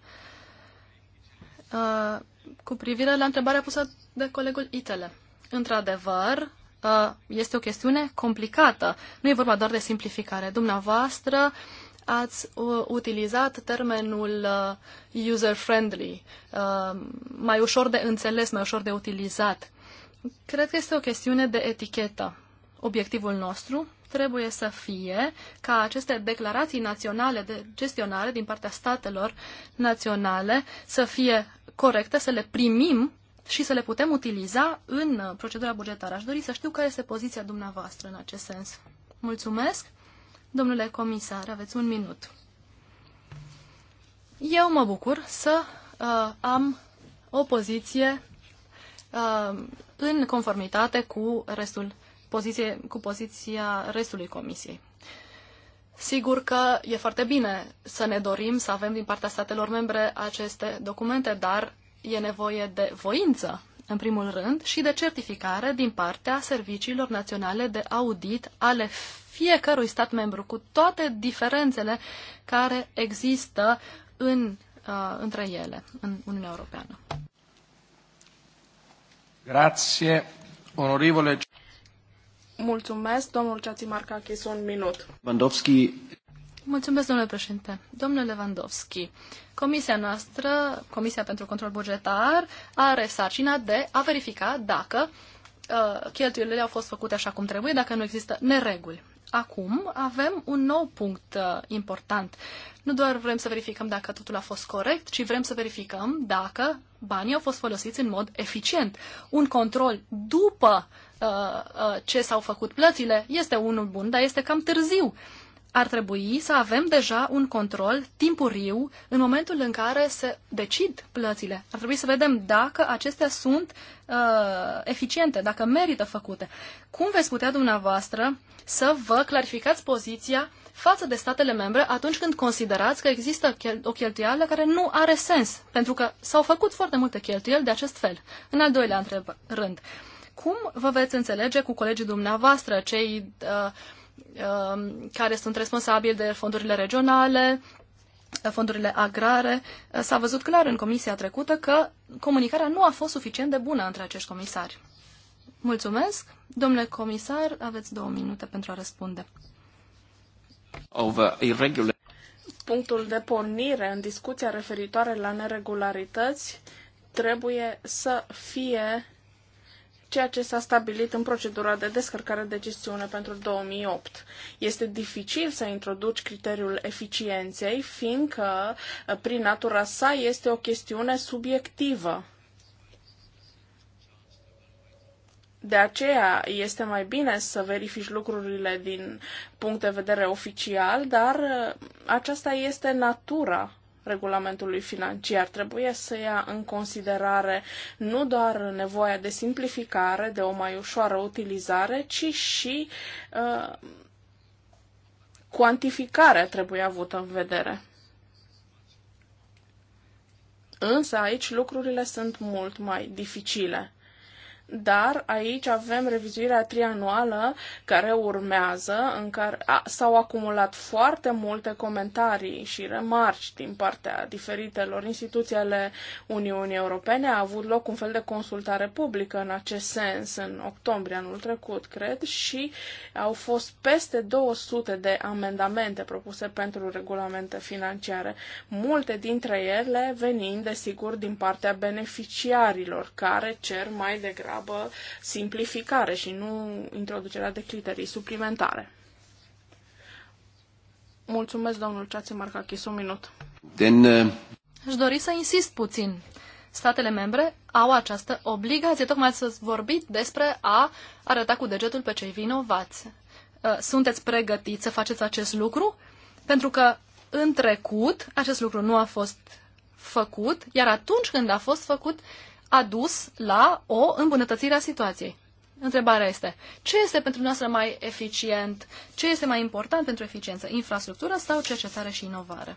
S3: Uh, cu privire la întrebarea pusă de colegul Itele. Într-adevăr, uh, este o chestiune complicată. Nu e vorba doar de simplificare. Dumneavoastră uh, ați uh, utilizat termenul uh, user-friendly, uh, mai ușor de înțeles, mai ușor de utilizat. Cred că este o chestiune de etichetă. Obiectivul nostru trebuie să fie ca aceste declarații naționale de gestionare din partea statelor naționale să fie corecte, să le primim și să le putem utiliza în procedura bugetară. Aș dori să știu care este poziția dumneavoastră în acest sens. Mulțumesc! Domnule comisar, aveți un minut. Eu mă bucur să uh, am o poziție uh, în conformitate cu restul poziție, cu poziția restului comisiei. Sigur că e foarte bine să ne dorim să avem din partea statelor membre aceste documente, dar e nevoie de voință, în primul rând, și de certificare din partea serviciilor naționale de audit ale fiecărui stat membru, cu toate diferențele care există în, uh, între ele în Uniunea Europeană.
S2: Grazie, onorevole.
S3: Mulțumesc, domnul Ceațimarcachis, un minut. Bandovski. Mulțumesc, domnule președinte. Domnule Lewandowski, comisia noastră, Comisia pentru Control Bugetar, are sarcina de a verifica dacă uh, cheltuielile au fost făcute așa cum trebuie, dacă nu există nereguli acum avem un nou punct uh, important. Nu doar vrem să verificăm dacă totul a fost corect, ci vrem să verificăm dacă banii au fost folosiți în mod eficient. Un control după uh, uh, ce s-au făcut plățile este unul bun, dar este cam târziu. Uh, ar trebui să avem deja un control timpuriu în momentul în care se decid plățile. Ar trebui să vedem dacă acestea sunt uh, eficiente, dacă merită făcute. Cum veți putea dumneavoastră să vă clarificați poziția față de statele membre atunci când considerați că există o cheltuială care nu are sens, pentru că s-au făcut foarte multe cheltuieli de acest fel. În al doilea rând, cum vă veți înțelege cu colegii dumneavoastră, cei uh, Um, care sunt responsabili de fondurile regionale, fondurile agrare, s-a văzut clar în comisia trecută că comunicarea nu a fost suficient de bună între acești comisari. Mulțumesc. Domnule comisar, aveți două minute pentru a răspunde. Punctul de
S2: pornire în discuția referitoare la neregularități trebuie să fie ceea ce s-a stabilit în procedura de descărcare de gestiune pentru 2008. Este dificil să introduci criteriul eficienței, fiindcă, uh, prin natura sa, este o chestiune subiectivă. De aceea este mai bine să verifici lucrurile din punct de vedere oficial, dar uh, aceasta este natura regulamentului financiar. Trebuie să ia în considerare nu doar nevoia de simplificare, de o mai ușoară utilizare, ci și uh, cuantificarea trebuie avută în vedere. Însă aici lucrurile sunt mult mai dificile dar aici avem revizuirea trianuală care urmează, în care s-au acumulat foarte multe comentarii și remarci din partea diferitelor instituții ale Uniunii Europene. A avut loc un fel de consultare publică în acest sens în octombrie anul trecut, cred, și au fost peste 200 de amendamente propuse pentru regulamente financiare, multe dintre ele venind, desigur, din partea beneficiarilor, care cer mai degrabă degrabă simplificare și nu introducerea de criterii suplimentare.
S3: Mulțumesc, domnul Ceați Marcachis, un minut. Then, uh... Aș dori să insist puțin. Statele membre au această obligație, tocmai să vorbit despre a arăta cu degetul pe cei vinovați. Uh, sunteți pregătiți să faceți acest lucru? Pentru că în trecut acest lucru nu a fost făcut, iar atunci când a fost făcut, a dus la o îmbunătățire a situației. Întrebarea este, ce este pentru noastră mai eficient, ce este mai important pentru eficiență, infrastructură sau cercetare și inovare?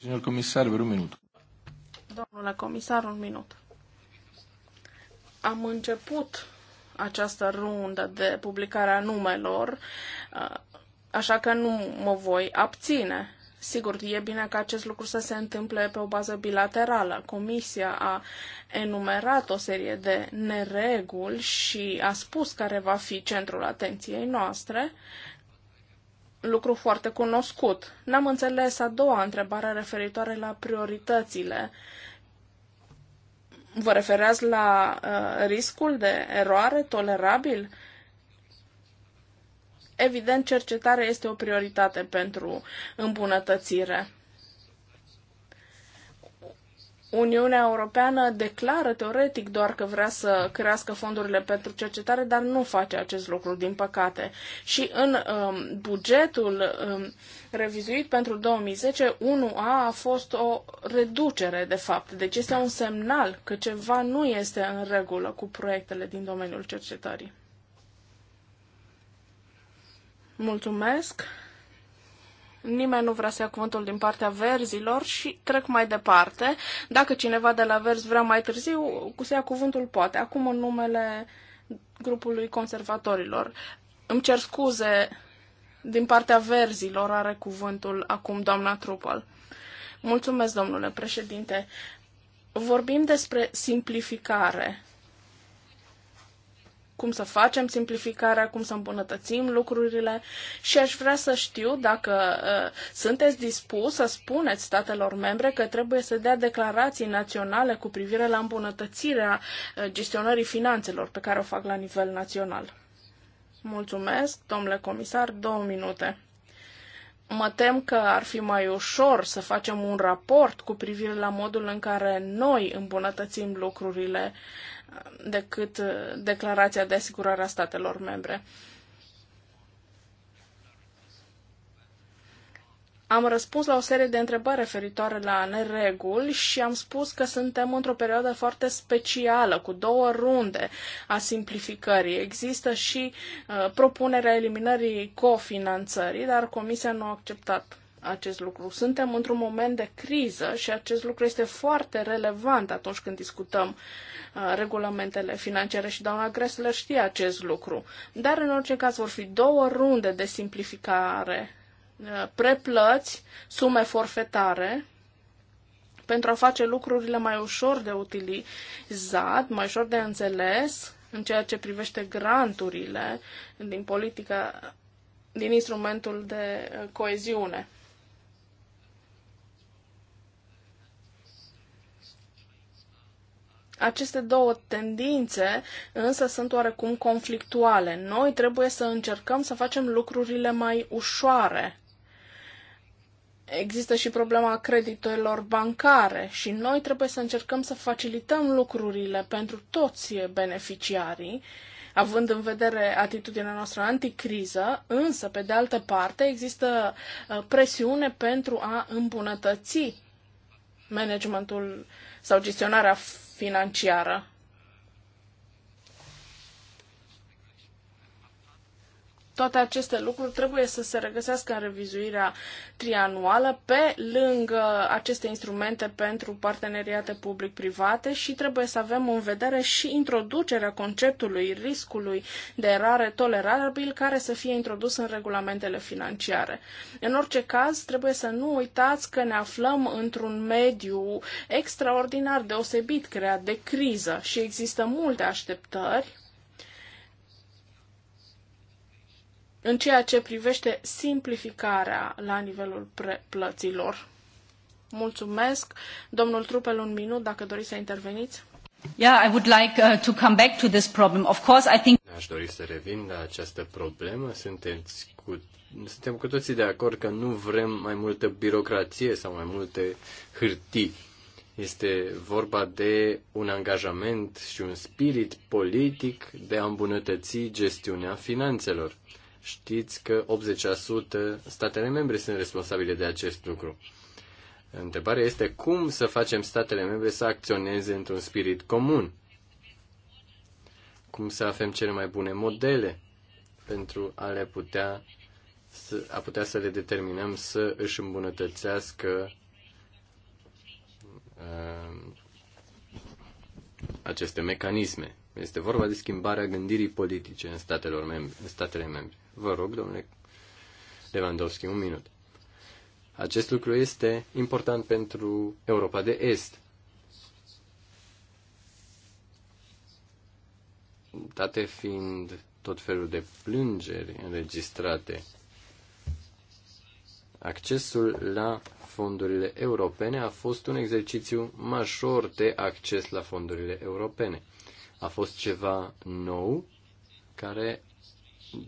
S1: Domnul comisar, vreun minut.
S3: Domnule
S2: comisar, un minut. Am început această rundă de publicare a numelor, uh, așa că nu mă voi abține. Sigur, e bine ca acest lucru să se întâmple pe o bază bilaterală. Comisia a enumerat o serie de nereguli și a spus care va fi centrul atenției noastre, lucru foarte cunoscut. N-am înțeles a doua întrebare referitoare la prioritățile. Vă refereați la uh, riscul de eroare tolerabil? Uh, Evident, cercetarea este o prioritate pentru îmbunătățire. Uniunea Europeană declară teoretic doar că vrea să crească fondurile pentru cercetare, dar nu face acest lucru, din păcate. Și în um, bugetul um, revizuit pentru 2010, 1A a fost o reducere, de fapt. Deci este un semnal că ceva nu este în regulă cu proiectele din domeniul cercetării. Mulțumesc. Nimeni nu vrea să ia cuvântul din partea verzilor și trec mai departe. Dacă cineva de la verzi vrea mai târziu, să ia cuvântul poate. Acum în numele grupului conservatorilor. Îmi cer scuze din partea verzilor are cuvântul acum doamna Trupal. Mulțumesc, domnule președinte. Vorbim despre simplificare cum să facem simplificarea, cum să îmbunătățim lucrurile și aș vrea să știu dacă uh, sunteți dispus să spuneți statelor membre că trebuie să dea declarații naționale cu privire la îmbunătățirea uh, gestionării finanțelor pe care o fac la nivel național. Mulțumesc, domnule comisar, două minute. Mă tem că ar fi mai ușor să facem un raport cu privire la modul în care noi îmbunătățim lucrurile uh, decât uh, declarația de asigurare a statelor membre. Am răspuns la o serie de întrebări referitoare la nereguli și am spus că suntem într-o perioadă foarte specială, cu două runde a simplificării. Există și uh, propunerea eliminării cofinanțării, dar Comisia nu a acceptat acest lucru. Suntem într-un moment de criză și acest lucru este foarte relevant atunci când discutăm uh, regulamentele financiare și doamna Gressler știe acest lucru. Dar în orice caz vor fi două runde de simplificare. Uh, preplăți, sume forfetare, pentru a face lucrurile mai ușor de utilizat, mai ușor de înțeles în ceea ce privește granturile din politica, din instrumentul de uh, coeziune. Aceste două tendințe însă sunt oarecum conflictuale. Noi trebuie să încercăm să facem lucrurile mai ușoare. Există și problema creditorilor bancare și noi trebuie să încercăm să facilităm lucrurile pentru toți beneficiarii, având în vedere atitudinea noastră anticriză, însă, pe de altă parte, există uh, presiune pentru a îmbunătăți managementul sau gestionarea financiară. Toate aceste lucruri trebuie să se regăsească în revizuirea trianuală pe lângă aceste instrumente pentru parteneriate public-private și trebuie să avem în vedere și introducerea conceptului riscului de erare tolerabil care să fie introdus în regulamentele financiare. În orice caz, trebuie să nu uitați că ne aflăm într-un mediu extraordinar deosebit creat de criză și există multe așteptări în ceea ce privește simplificarea la nivelul plăților. Mulțumesc. Domnul Trupel, un minut, dacă doriți să interveniți.
S3: Uh,
S1: Aș dori să revin la această problemă. Sunteți cu, suntem cu toții de acord că nu vrem mai multă birocrație sau mai multe hârtii. Este vorba de un angajament și un spirit politic de a îmbunătăți gestiunea finanțelor. Știți că 80% statele membre sunt responsabile de acest lucru. Întrebarea este cum să facem statele membre să acționeze într-un spirit comun? Cum să avem cele mai bune modele pentru a le putea să, a putea să le determinăm să își îmbunătățească uh, aceste mecanisme. Este vorba de schimbarea gândirii politice în, statelor membri, în statele membre. Vă rog, domnule Lewandowski, un minut. Acest lucru este important pentru Europa de Est. Date fiind tot felul de plângeri înregistrate, accesul la fondurile europene a fost un exercițiu major de acces la fondurile europene a fost ceva nou care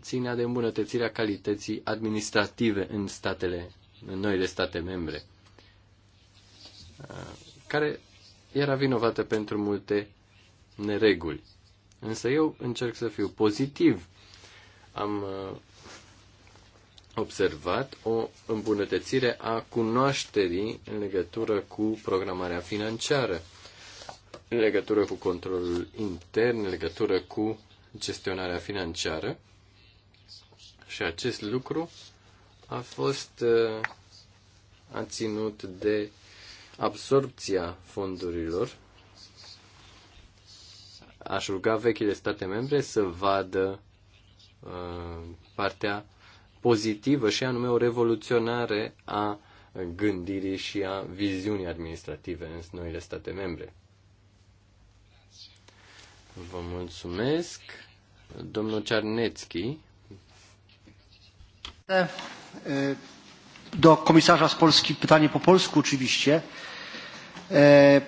S1: ținea de îmbunătățirea calității administrative în statele, în noile state membre, care era vinovată pentru multe nereguli. Însă eu încerc să fiu pozitiv. Am uh, observat o îmbunătățire a cunoașterii în legătură cu programarea financiară în legătură cu controlul intern, în legătură cu gestionarea financiară. Și acest lucru a fost uh, a ținut de absorpția fondurilor. Aș ruga vechile state membre să vadă uh, partea pozitivă și anume o revoluționare a gândirii și a viziunii administrative în noile state membre. Vă mulțumesc. Domnul Cernețchi.
S3: Do komisarza z Polski pytanie po polsku oczywiście. E,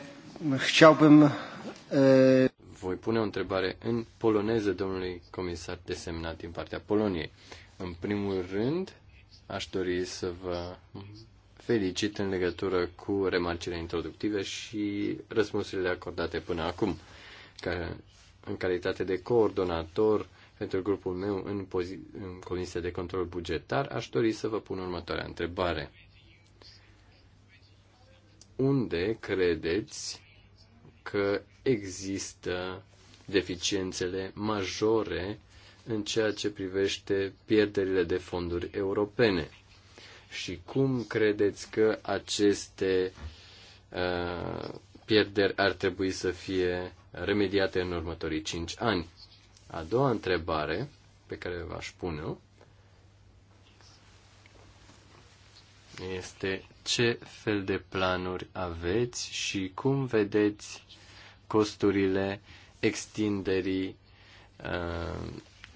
S1: chciałbym... E... Voi pune o întrebare în poloneză domnului comisar desemnat din partea Poloniei. În primul rând, aș dori să vă felicit în legătură cu remarcile introductive și răspunsurile acordate până acum, care în calitate de coordonator pentru grupul meu în, în Comisia de Control Bugetar, aș dori să vă pun următoarea întrebare. Unde credeți că există deficiențele majore în ceea ce privește pierderile de fonduri europene? Și cum credeți că aceste uh, pierderi ar trebui să fie remediate în următorii 5 ani. A doua întrebare pe care v-aș pune este ce fel de planuri aveți și cum vedeți costurile extinderii uh,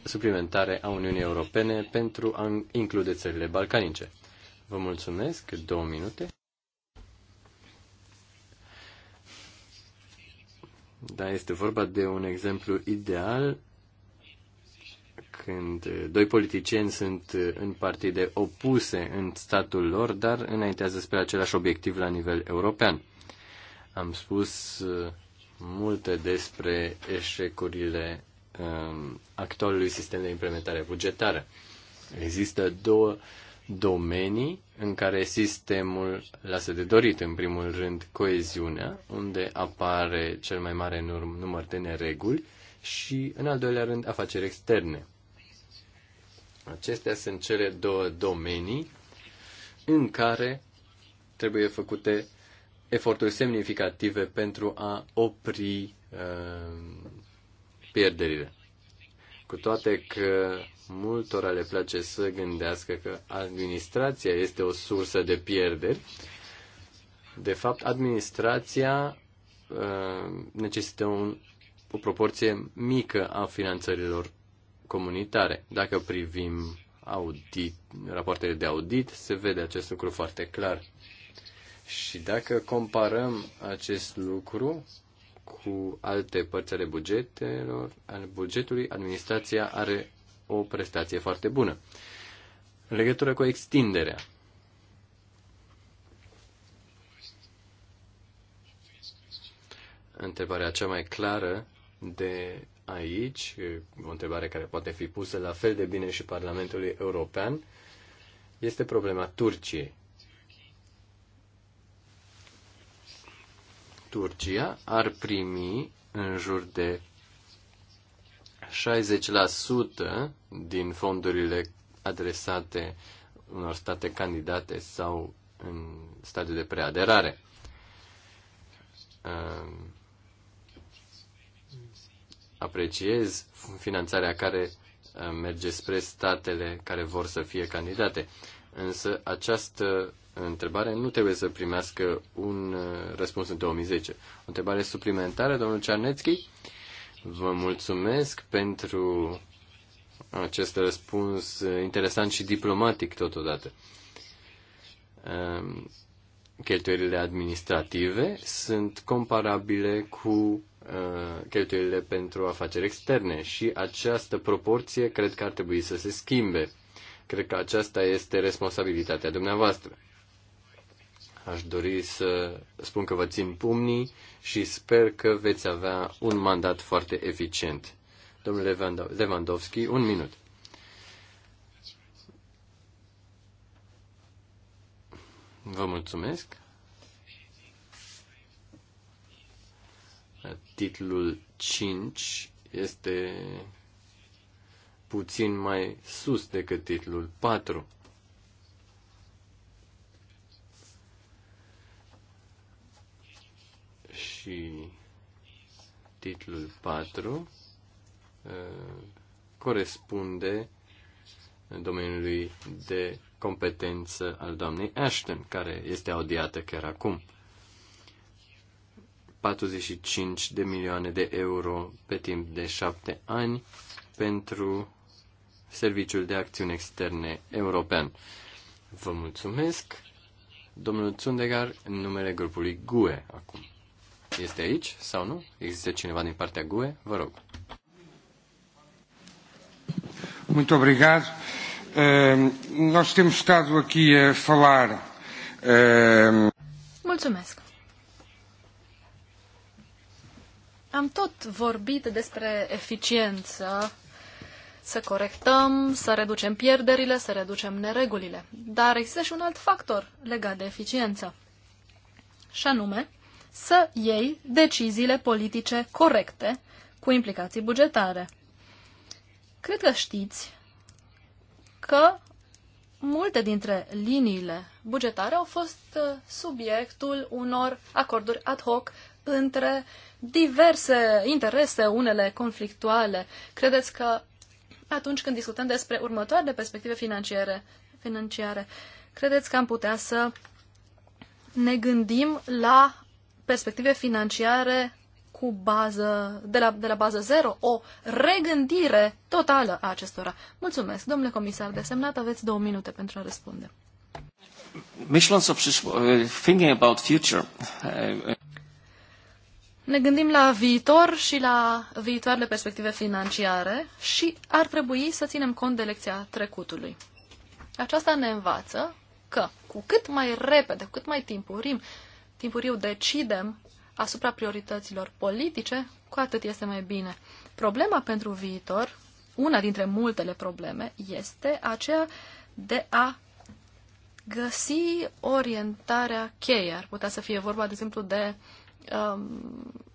S1: suplimentare a Uniunii Europene pentru a include țările balcanice. Vă mulțumesc, două minute. Da, este vorba de un exemplu ideal când doi politicieni sunt în partide opuse în statul lor, dar înaintează spre același obiectiv la nivel european. Am spus uh, multe despre eșecurile um, actualului sistem de implementare bugetară. Există două domenii în care sistemul lasă de dorit, în primul rând coeziunea, unde apare cel mai mare număr de nereguli și, în al doilea rând, afaceri externe. Acestea sunt cele două domenii în care trebuie făcute eforturi semnificative pentru a opri uh, pierderile. Cu toate că multora le place să gândească că administrația este o sursă de pierderi, de fapt, administrația uh, necesită un, o proporție mică a finanțărilor comunitare. Dacă privim audit, rapoartele de audit, se vede acest lucru foarte clar. Și dacă comparăm acest lucru cu alte părți ale bugetelor, al bugetului, administrația are o prestație foarte bună. În legătură cu extinderea, întrebarea cea mai clară de aici, o întrebare care poate fi pusă la fel de bine și Parlamentului European, este problema Turciei. Turcia ar primi în jur de 60% din fondurile adresate unor state candidate sau în stadiu de preaderare. Apreciez finanțarea care merge spre statele care vor să fie candidate, însă această întrebare nu trebuie să primească un uh, răspuns în 2010. O întrebare suplimentară, domnul Cernetski. Vă mulțumesc pentru acest răspuns interesant și diplomatic totodată. Um, cheltuielile administrative sunt comparabile cu uh, cheltuielile pentru afaceri externe și această proporție cred că ar trebui să se schimbe. Cred că aceasta este responsabilitatea dumneavoastră. Aș dori să spun că vă țin pumnii și sper că veți avea un mandat foarte eficient. Domnule Lewandowski, un minut. Vă mulțumesc. Titlul 5 este puțin mai sus decât titlul 4. și titlul 4 uh, corespunde domeniului de competență al doamnei Ashton, care este audiată chiar acum. 45 de milioane de euro pe timp de șapte ani pentru Serviciul de Acțiuni Externe European. Vă mulțumesc, domnul Tsundegar, în numele grupului GUE acum este aici sau nu? Există cineva din partea GUE? Vă rog. Muito obrigado. Uh, nós temos estado aqui a falar. Uh...
S3: Mulțumesc. Am tot vorbit despre eficiență, să corectăm, să reducem pierderile, să reducem neregulile. Dar există și un alt factor legat de eficiență. Și anume, să iei deciziile politice corecte cu implicații bugetare. Cred că știți că multe dintre liniile bugetare au fost uh, subiectul unor acorduri ad hoc între diverse interese, unele conflictuale. Credeți că atunci când discutăm despre următoarele perspective financiare, financiare credeți că am putea să ne gândim la perspective financiare cu bază, de la, de la bază zero, o regândire totală a acestora. Mulțumesc, domnule comisar de semnat, aveți două minute pentru a răspunde.
S1: thinking about future.
S3: Ne gândim la viitor și la viitoarele perspective financiare și ar trebui să ținem cont de lecția trecutului. Aceasta ne învață că cu cât mai repede, cu cât mai timpurim timpuriu decidem asupra priorităților politice, cu atât este mai bine. Problema pentru viitor, una dintre multele probleme, este aceea de a găsi orientarea cheie. Ar putea să fie vorba, de exemplu, de um,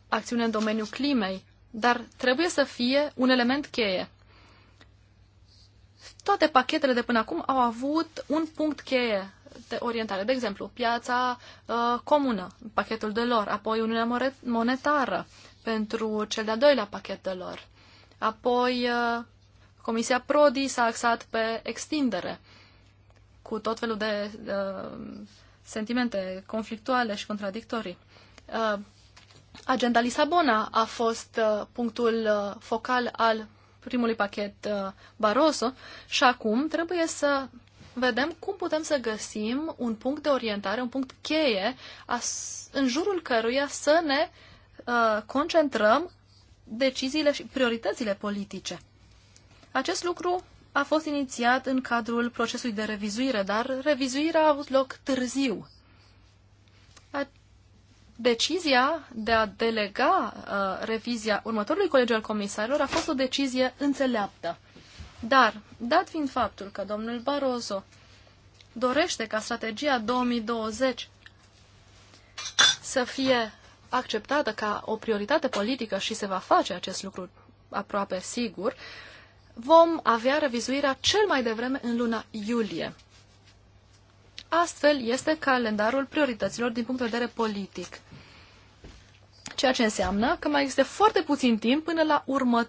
S3: acțiune în domeniul climei, dar trebuie să fie un element cheie. Toate pachetele de până acum au avut un punct cheie de orientare. De exemplu, piața uh, comună, pachetul de lor, apoi Uniunea Monetară pentru cel de-al doilea pachet de lor. Apoi, uh, Comisia Prodi s-a axat pe extindere cu tot felul de uh, sentimente conflictuale și contradictorii. Uh, Agenda Lisabona a fost uh, punctul uh, focal al primului pachet uh, Barroso și acum trebuie să vedem cum putem să găsim un punct de orientare, un punct cheie în jurul căruia să ne uh, concentrăm deciziile și prioritățile politice. Acest lucru a fost inițiat în cadrul procesului de revizuire, dar revizuirea a avut loc târziu. decizia de a delega uh, revizia următorului colegiu al comisarilor a fost o decizie înțeleaptă. Dar, dat fiind faptul că domnul Barroso dorește ca strategia 2020 să fie acceptată ca o prioritate politică și se va face acest lucru aproape sigur, vom avea revizuirea cel mai devreme în luna iulie. Astfel este calendarul priorităților din punct de vedere politic. Ceea ce înseamnă că mai există foarte puțin timp până la următ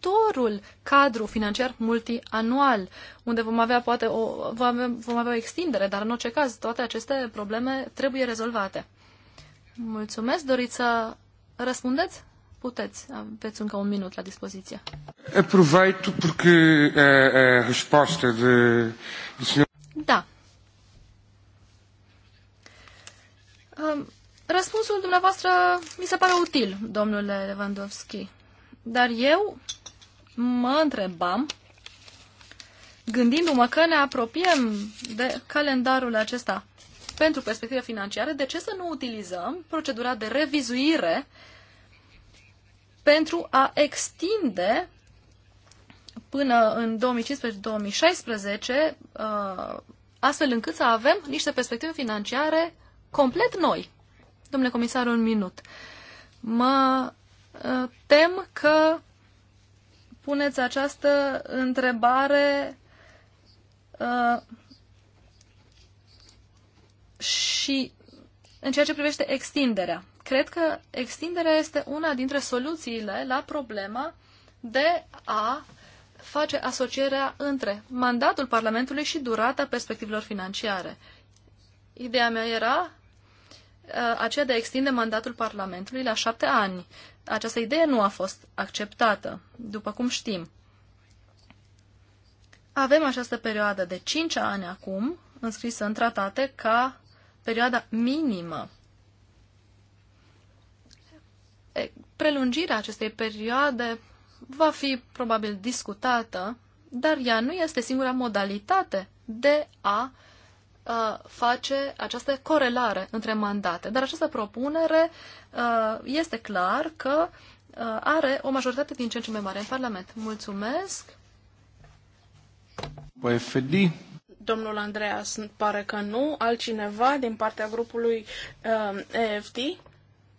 S3: viitorul cadru financiar multianual, unde vom avea poate o, vom avea, vom avea o extindere, dar în orice caz toate aceste probleme trebuie rezolvate. Mulțumesc. Doriți să răspundeți? Puteți. Aveți încă un minut la dispoziție.
S2: Aproveito porque a, a resposta de, de senhor...
S3: Da. Răspunsul dumneavoastră mi se pare util, domnule Lewandowski. Dar eu mă întrebam, gândindu-mă că ne apropiem de calendarul acesta pentru perspective financiare, de ce să nu utilizăm procedura de revizuire pentru a extinde până în 2015-2016, uh, astfel încât să avem niște perspective financiare complet noi. Domnule comisar, un minut. Mă uh, tem că puneți această întrebare uh, și în ceea ce privește extinderea. Cred că extinderea este una dintre soluțiile la problema de a face asocierea între mandatul Parlamentului și durata perspectivelor financiare. Ideea mea era uh, aceea de a extinde mandatul Parlamentului la șapte ani această idee nu a fost acceptată, după cum știm. Avem această perioadă de 5 ani acum, înscrisă în tratate, ca perioada minimă. Prelungirea acestei perioade va fi probabil discutată, dar ea nu este singura modalitate de a uh, Uh, face această corelare între mandate. Dar această propunere uh, este clar că uh, are o majoritate din ce în ce mai mare în Parlament. Mulțumesc!
S1: PFD. Păi,
S3: domnul Andreas pare că nu.
S2: Altcineva din partea grupului uh, EFT?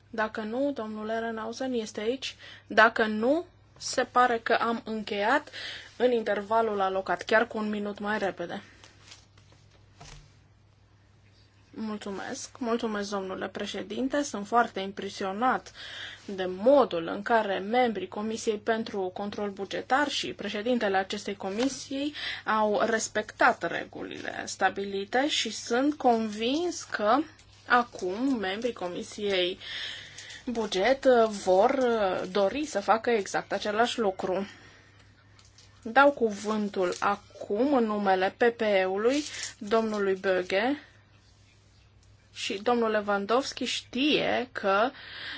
S2: Dacă nu, domnul Erenhausen este aici. Dacă nu, se pare că am încheiat în intervalul alocat, chiar cu un minut mai repede. Mulțumesc, mulțumesc domnule președinte, sunt foarte impresionat de modul în care membrii Comisiei pentru Control Bugetar și președintele acestei comisii au respectat regulile stabilite și sunt convins că acum membrii Comisiei Buget vor dori să facă exact același lucru. Dau cuvântul acum în numele PPE-ului domnului Böge și domnul Lewandowski știe că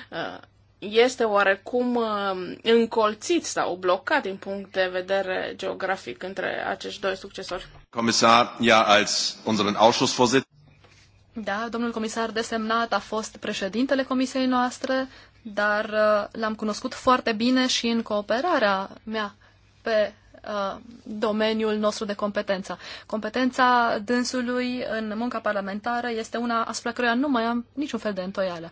S2: uh, este oarecum uh, încolțit sau blocat din punct de vedere
S3: geografic între acești doi succesori.
S1: Comisar, ja, als unseren Ausschussvorsitz.
S3: Da, domnul comisar desemnat a fost președintele comisiei noastre, dar uh, l-am cunoscut foarte bine și în cooperarea mea pe Uh, domeniul nostru de competență. Competența dânsului în munca parlamentară este una asupra căruia nu mai am niciun fel de întoială.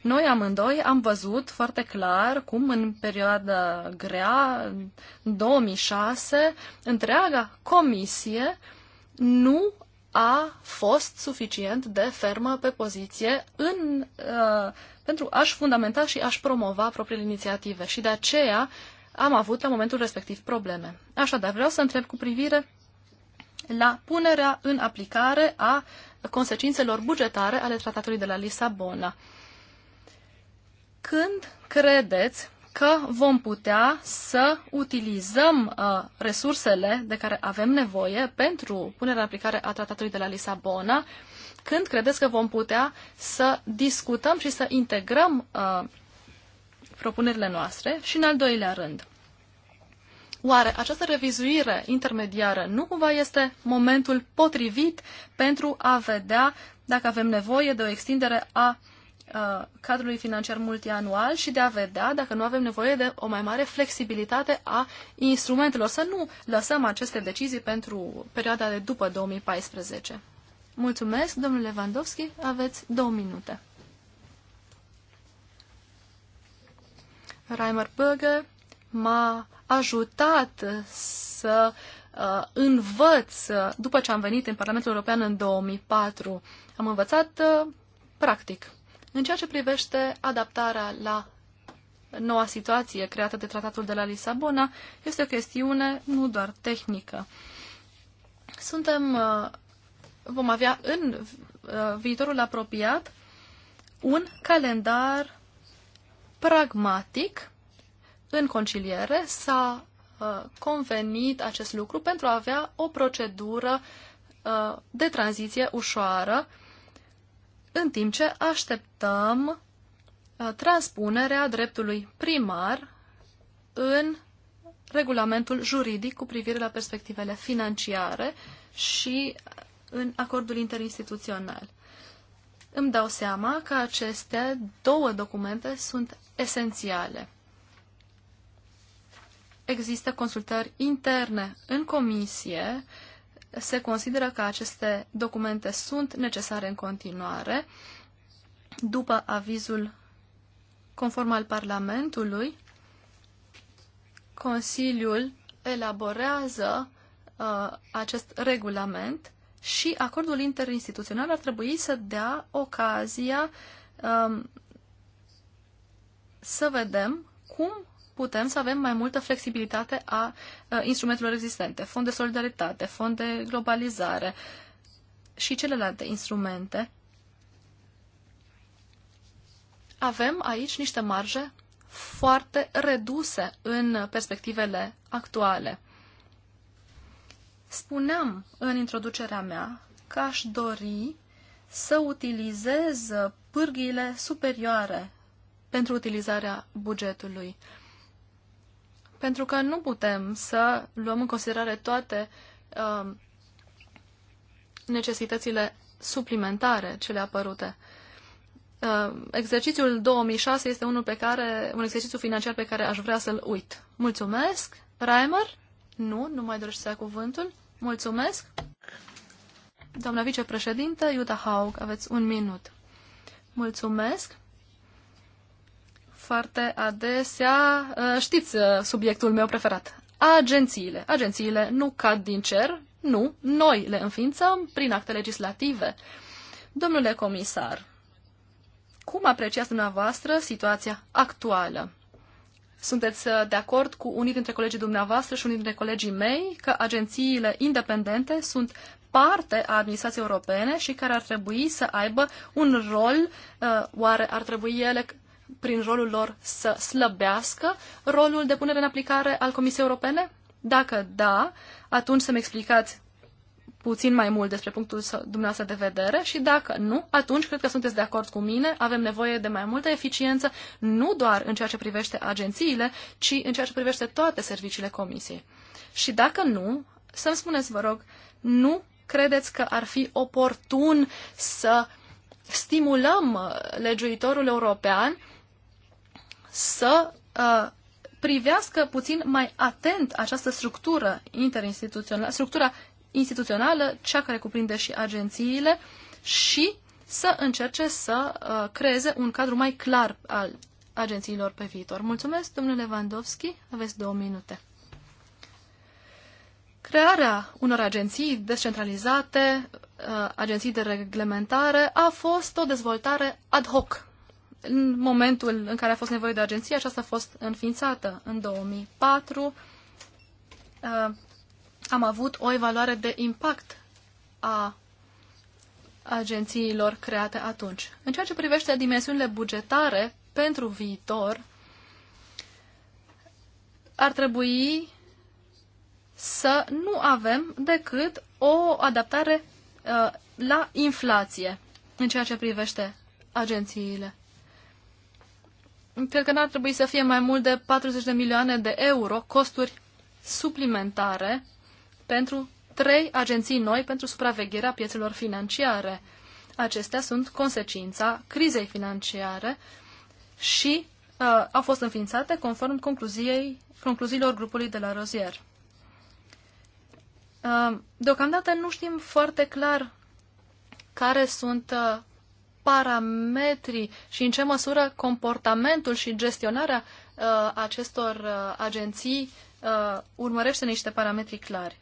S3: Noi amândoi am văzut foarte clar cum în perioada grea, în 2006, întreaga comisie nu a fost suficient de fermă pe poziție în, uh, pentru a-și fundamenta și a-și promova propriile inițiative. Și de aceea am avut la momentul respectiv probleme. Așadar, vreau să întreb cu privire la punerea în aplicare a consecințelor bugetare ale tratatului de la Lisabona. Când credeți că vom putea să utilizăm uh, resursele de care avem nevoie pentru punerea în aplicare a tratatului de la Lisabona, când credeți că vom putea să discutăm și să integrăm uh, propunerile noastre? Și în al doilea rând, oare această revizuire intermediară nu cumva este momentul potrivit pentru a vedea dacă avem nevoie de o extindere a cadrului financiar multianual și de a vedea dacă nu avem nevoie de o mai mare flexibilitate a instrumentelor, să nu lăsăm aceste decizii pentru perioada de după 2014. Mulțumesc, domnule Lewandowski, aveți două minute. Reimer Böge m-a ajutat să uh, învăț, după ce am venit în Parlamentul European în 2004, am învățat uh, practic. În ceea ce privește adaptarea la noua situație creată de tratatul de la Lisabona, este o chestiune nu doar tehnică. Suntem, uh, vom avea în uh, viitorul apropiat un calendar pragmatic, în conciliere, s-a uh, convenit acest lucru pentru a avea o procedură uh, de tranziție ușoară, în timp ce așteptăm uh, transpunerea dreptului primar în regulamentul juridic cu privire la perspectivele financiare și în acordul interinstituțional. Îmi dau seama că aceste două documente sunt esențiale. Există consultări interne în comisie, se consideră că aceste documente sunt necesare în continuare. După avizul conform al Parlamentului, Consiliul elaborează uh, acest regulament și acordul interinstituțional ar trebui să dea ocazia uh, să vedem cum putem să avem mai multă flexibilitate a instrumentelor existente, fond de solidaritate, fond de globalizare și celelalte instrumente. Avem aici niște marje foarte reduse în perspectivele actuale. Spuneam în introducerea mea că aș dori să utilizez pârghiile superioare pentru utilizarea bugetului. Pentru că nu putem să luăm în considerare toate uh, necesitățile suplimentare cele apărute. Uh, exercițiul 2006 este unul pe care, un exercițiu financiar pe care aș vrea să-l uit. Mulțumesc! Reimer? Nu, nu mai dorește să ia cuvântul. Mulțumesc! Doamna vicepreședintă, Iuta Haug, aveți un minut. Mulțumesc! foarte adesea, uh, știți uh, subiectul meu preferat, agențiile. Agențiile nu cad din cer, nu, noi le înființăm prin acte legislative. Domnule comisar, cum apreciați dumneavoastră situația actuală? Sunteți uh, de acord cu unii dintre colegii dumneavoastră și unii dintre colegii mei că agențiile independente sunt parte a administrației europene și care ar trebui să aibă un rol, oare ar trebui ele prin rolul lor, să slăbească rolul de punere în aplicare al Comisiei Europene? Dacă da, atunci să-mi explicați puțin mai mult despre punctul dumneavoastră de vedere și dacă nu, atunci cred că sunteți de acord cu mine, avem nevoie de mai multă eficiență, nu doar în ceea ce privește agențiile, ci în ceea ce privește toate serviciile comisiei. Și dacă nu, să-mi spuneți, vă rog, nu credeți că ar fi oportun să stimulăm uh, legiuitorul european să uh, privească puțin mai atent această structură interinstituțională, structura instituțională, cea care cuprinde și agențiile și să încerce să uh, creeze un cadru mai clar al agențiilor pe viitor. Mulțumesc, domnule Lewandowski, aveți două minute. Crearea unor agenții descentralizate, uh, agenții de reglementare, a fost o dezvoltare ad hoc în momentul în care a fost nevoie de agenție, aceasta a fost înființată în 2004. Uh, am avut o evaluare de impact a agențiilor create atunci. În ceea ce privește dimensiunile bugetare pentru viitor, ar trebui să nu avem decât o adaptare uh, la inflație în ceea ce privește agențiile cred că n-ar trebui să fie mai mult de 40 de milioane de euro costuri suplimentare pentru trei agenții noi pentru supravegherea piețelor financiare. Acestea sunt consecința crizei financiare și uh, au fost înființate conform concluziei, concluziilor grupului de la Rozier. Uh, deocamdată nu știm foarte clar care sunt uh, parametri și în ce măsură comportamentul și gestionarea uh, acestor uh, agenții uh, urmărește niște parametri clari.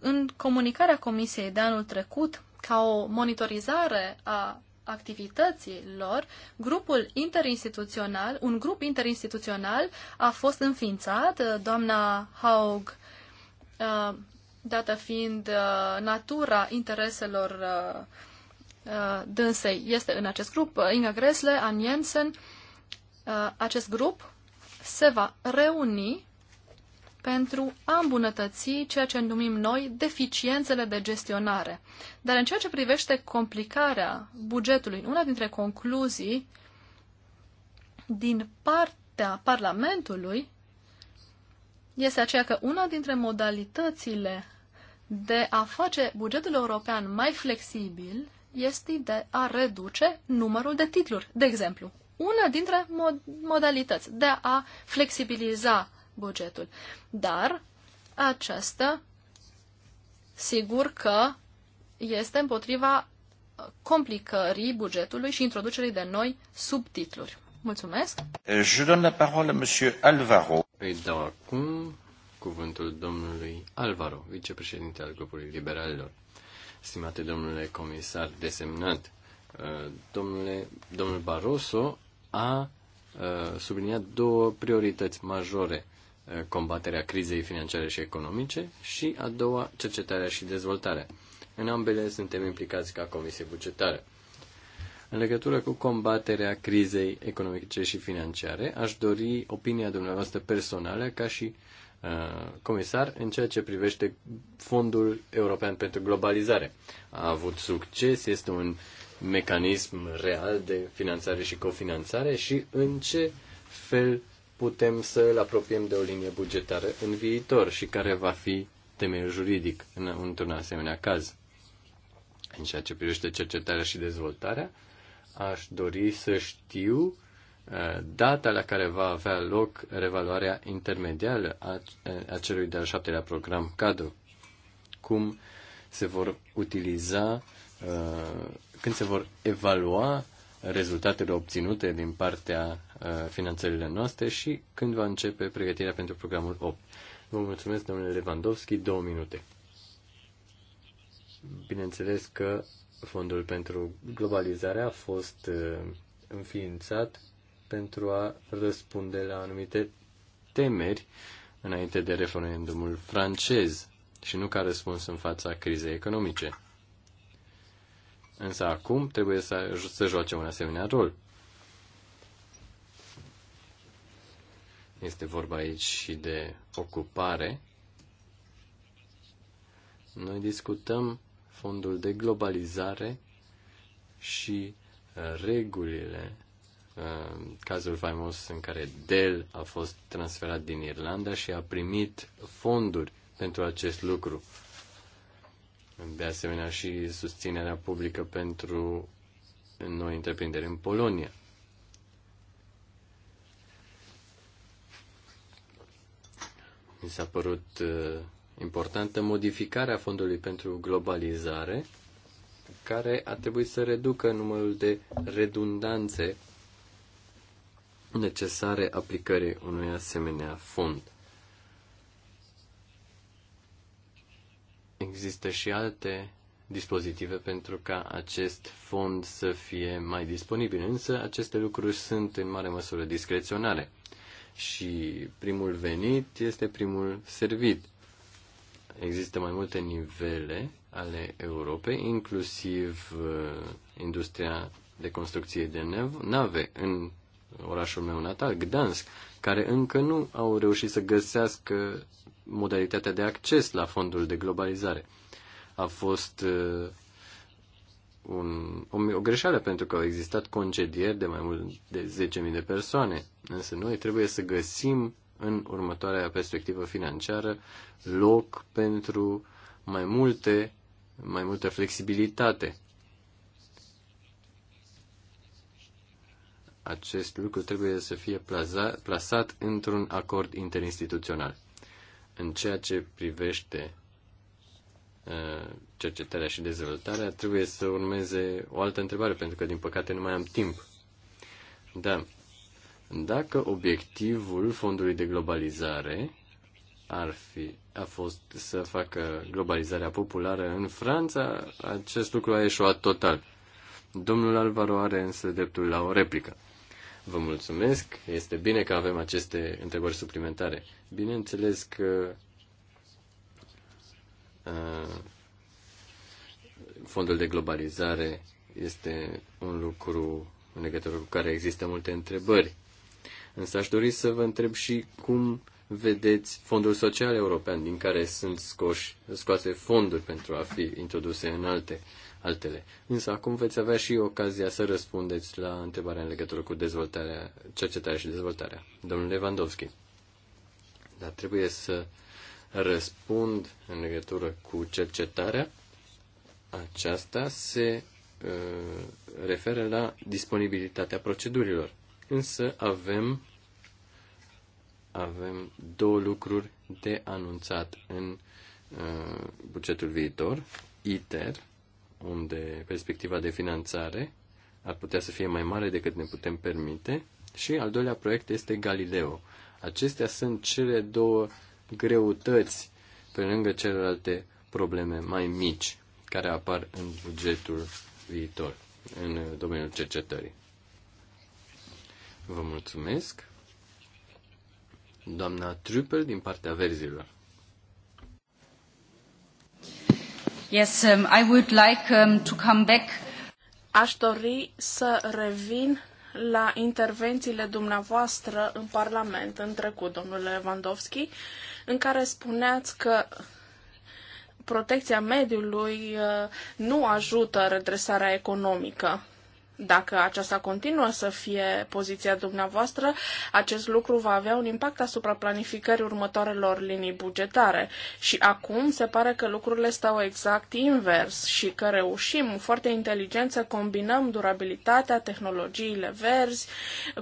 S3: În comunicarea Comisiei de anul trecut, ca o monitorizare a activității lor, grupul interinstituțional, un grup interinstituțional a fost înființat, uh, doamna Haug, uh, dată fiind uh, natura intereselor Uh, dânsei este în acest grup, uh, Inga Gresle, Ann Jensen. Uh, acest grup se va reuni pentru a îmbunătăți ceea ce numim noi deficiențele de gestionare. Dar în ceea ce privește complicarea bugetului, una dintre concluzii din partea Parlamentului este aceea că una dintre modalitățile de a face bugetul european mai flexibil este de a reduce numărul de titluri. De exemplu, una dintre mod- modalități de a flexibiliza bugetul. Dar aceasta, sigur că este împotriva complicării bugetului și introducerii de noi subtitluri. Mulțumesc.
S1: Je donne la parole monsieur Alvaro. Îi dau acum cuvântul domnului Alvaro, vicepreședinte al grupului liberalilor stimate domnule comisar desemnat. Uh, domnule, domnul Barroso a uh, subliniat două priorități majore uh, combaterea crizei financiare și economice și a doua, cercetarea și dezvoltarea. În ambele suntem implicați ca Comisie Bugetară. În legătură cu combaterea crizei economice și financiare, aș dori opinia dumneavoastră personală ca și uh, Uh, comisar în ceea ce privește Fondul European pentru Globalizare. A avut succes, este un mecanism real de finanțare și cofinanțare și în ce fel putem să îl apropiem de o linie bugetară în viitor și care va fi temeiul juridic în, într-un asemenea caz. În ceea ce privește cercetarea și dezvoltarea, aș dori să știu data la care va avea loc revaluarea intermediară a, a celui de-al șaptelea program cadru, cum se vor utiliza, uh, când se vor evalua rezultatele obținute din partea uh, finanțările noastre și când va începe pregătirea pentru programul 8. Vă mulțumesc, domnule Lewandowski, două minute. Bineînțeles că Fondul pentru Globalizare a fost uh, înființat pentru a răspunde la anumite temeri înainte de referendumul francez și nu ca răspuns în fața crizei economice. Însă acum trebuie să, să joace un asemenea rol. Este vorba aici și de ocupare. Noi discutăm fondul de globalizare și regulile Uh, cazul faimos în care Dell a fost transferat din Irlanda și a primit fonduri pentru acest lucru. De asemenea și susținerea publică pentru noi întreprinderi în Polonia. Mi s-a părut uh, importantă modificarea fondului pentru globalizare, care a trebuit să reducă numărul de redundanțe necesare aplicării unui asemenea fond. Există și alte dispozitive pentru ca acest fond să fie mai disponibil, însă aceste lucruri sunt în mare măsură discreționare. Și primul venit este primul servit. Există mai multe nivele ale Europei, inclusiv uh, industria de construcție de nave. În orașul meu natal, Gdansk, care încă nu au reușit să găsească modalitatea de acces la fondul de globalizare. A fost uh, un, o, o greșeală pentru că au existat concedieri de mai mult de 10.000 de persoane, însă noi trebuie să găsim în următoarea perspectivă financiară loc pentru mai multe mai multă flexibilitate acest lucru trebuie să fie plaza, plasat într-un acord interinstituțional. În ceea ce privește uh, cercetarea și dezvoltarea, trebuie să urmeze o altă întrebare, pentru că, din păcate, nu mai am timp. Da. Dacă obiectivul fondului de globalizare ar fi, a fost să facă globalizarea populară în Franța, acest lucru a eșuat total. Domnul Alvaro are însă dreptul la o replică. Vă mulțumesc. Este bine că avem aceste întrebări suplimentare. Bineînțeles că uh, fondul de globalizare este un lucru în legătură cu care există multe întrebări. Însă aș dori să vă întreb și cum vedeți fondul social european din care sunt scoși, scoase fonduri pentru a fi introduse în alte uh, altele. Însă acum veți avea și ocazia să răspundeți la întrebarea în legătură cu dezvoltarea, cercetarea și dezvoltarea. Domnul Lewandowski, dar trebuie să răspund în legătură cu cercetarea. Aceasta se uh, referă la disponibilitatea procedurilor. Însă avem avem două lucruri de anunțat în uh, bugetul viitor. ITER unde perspectiva de finanțare ar putea să fie mai mare decât ne putem permite. Și al doilea proiect este Galileo. Acestea sunt cele două greutăți pe lângă celelalte probleme mai mici care apar în bugetul viitor, în domeniul cercetării. Vă mulțumesc. Doamna Trupel din partea verzilor.
S3: Yes, um, I would like um, to come back. Aș
S2: dori să revin la intervențiile dumneavoastră în Parlament în trecut, domnule Lewandowski, în care spuneați că protecția mediului uh, nu ajută redresarea economică. Dacă aceasta continuă să fie poziția dumneavoastră, acest lucru va avea un impact asupra planificării următoarelor linii bugetare. Și acum se pare că lucrurile stau exact invers și că reușim foarte inteligent să combinăm durabilitatea, tehnologiile verzi,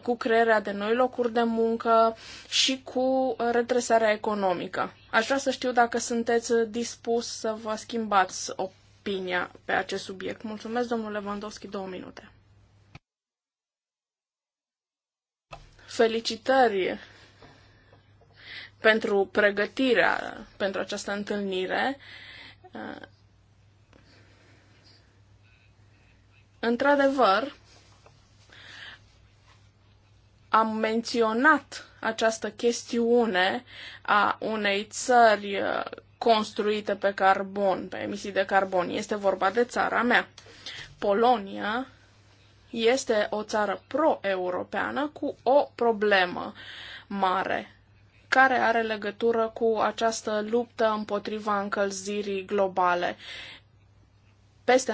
S2: cu crearea de noi locuri de muncă și cu redresarea economică. Aș vrea să știu dacă sunteți dispus să vă schimbați opinia pe acest subiect. Mulțumesc, domnule Lewandowski, două minute. Felicitări pentru pregătirea pentru această întâlnire. Într-adevăr, am menționat această chestiune a unei țări construite pe carbon, pe emisii de carbon. Este vorba de țara mea. Polonia este o țară pro-europeană cu o problemă mare care are legătură cu această luptă împotriva încălzirii globale peste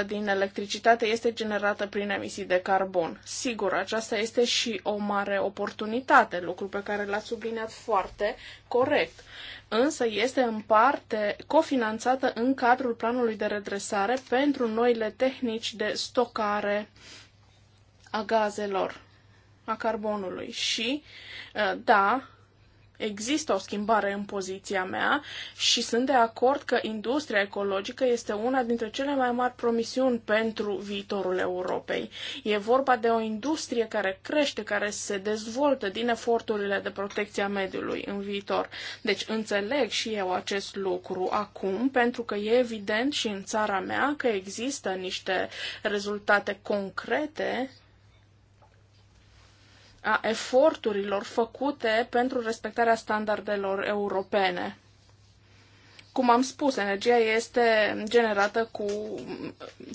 S2: 90% din electricitate este generată prin emisii de carbon. Sigur, aceasta este și o mare oportunitate, lucru pe care l-ați subliniat foarte corect. Însă este în parte cofinanțată în cadrul planului de redresare pentru noile tehnici de stocare a gazelor, a carbonului. Și, uh, da, există o schimbare în poziția mea și sunt de acord că industria ecologică este una dintre cele mai mari promisiuni pentru viitorul Europei. E vorba de o industrie care crește, care se dezvoltă din eforturile de protecție a mediului în viitor. Deci înțeleg și eu acest lucru acum, pentru că e evident și în țara mea că există niște rezultate concrete a eforturilor făcute pentru respectarea standardelor europene. Cum am spus, energia este generată cu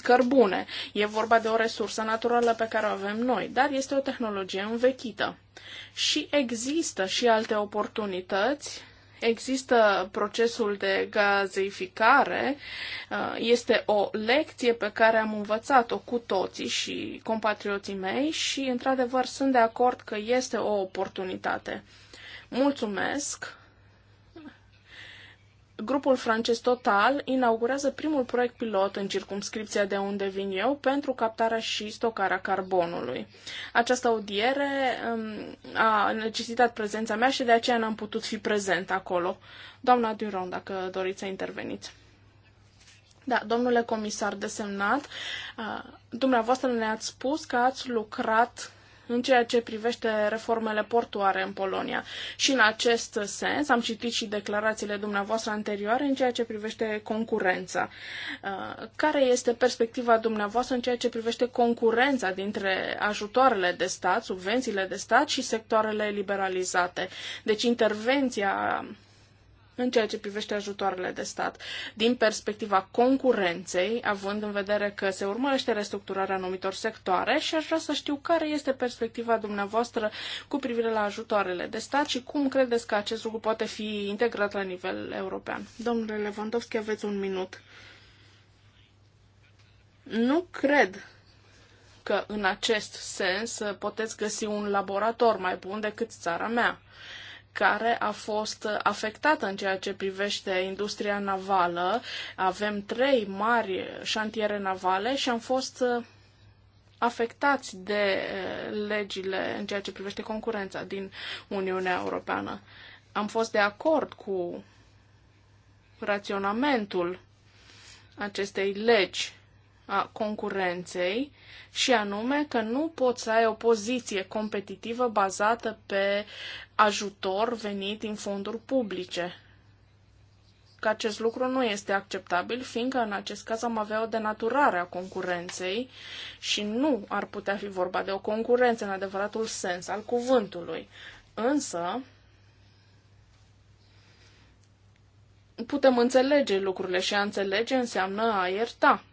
S2: cărbune. E vorba de o resursă naturală pe care o avem noi, dar este o tehnologie învechită. Și există și alte oportunități Există procesul de gazeificare, uh, este o lecție pe care am învățat-o cu toții și compatrioții mei și, într-adevăr, sunt de acord că este o oportunitate. Mulțumesc! Grupul francez Total inaugurează primul proiect pilot în circumscripția de unde vin eu pentru captarea și stocarea carbonului. Această audiere um, a necesitat prezența mea și de aceea n-am putut fi prezent acolo. Doamna Duron, dacă doriți să interveniți. Da, domnule comisar desemnat, uh, dumneavoastră ne-ați spus că ați lucrat în ceea ce privește reformele portoare în Polonia. Și în acest sens am citit și declarațiile dumneavoastră anterioare în ceea ce privește concurența. Uh, care este perspectiva dumneavoastră în ceea ce privește concurența dintre ajutoarele de stat, subvențiile de stat și sectoarele liberalizate? Deci intervenția în ceea ce privește ajutoarele de stat, din perspectiva concurenței, având în vedere că se urmărește restructurarea anumitor sectoare și aș vrea să știu care este perspectiva dumneavoastră cu privire la ajutoarele de stat și cum credeți că acest lucru poate fi integrat la nivel european. Domnule Lewandowski, aveți un minut. Nu cred că în acest sens uh, puteți găsi un laborator mai bun decât țara mea care a fost afectată în ceea ce privește industria navală. Avem trei mari șantiere navale și am fost uh, afectați de uh, legile în ceea ce privește concurența din Uniunea Europeană. Am fost de acord cu raționamentul acestei legi a concurenței și anume că nu poți să ai o poziție competitivă bazată pe ajutor venit din fonduri publice. Că acest lucru nu este acceptabil, fiindcă în acest caz am avea o denaturare a concurenței și nu ar putea fi vorba de o concurență în adevăratul sens al cuvântului. Însă, putem înțelege lucrurile și a înțelege înseamnă a ierta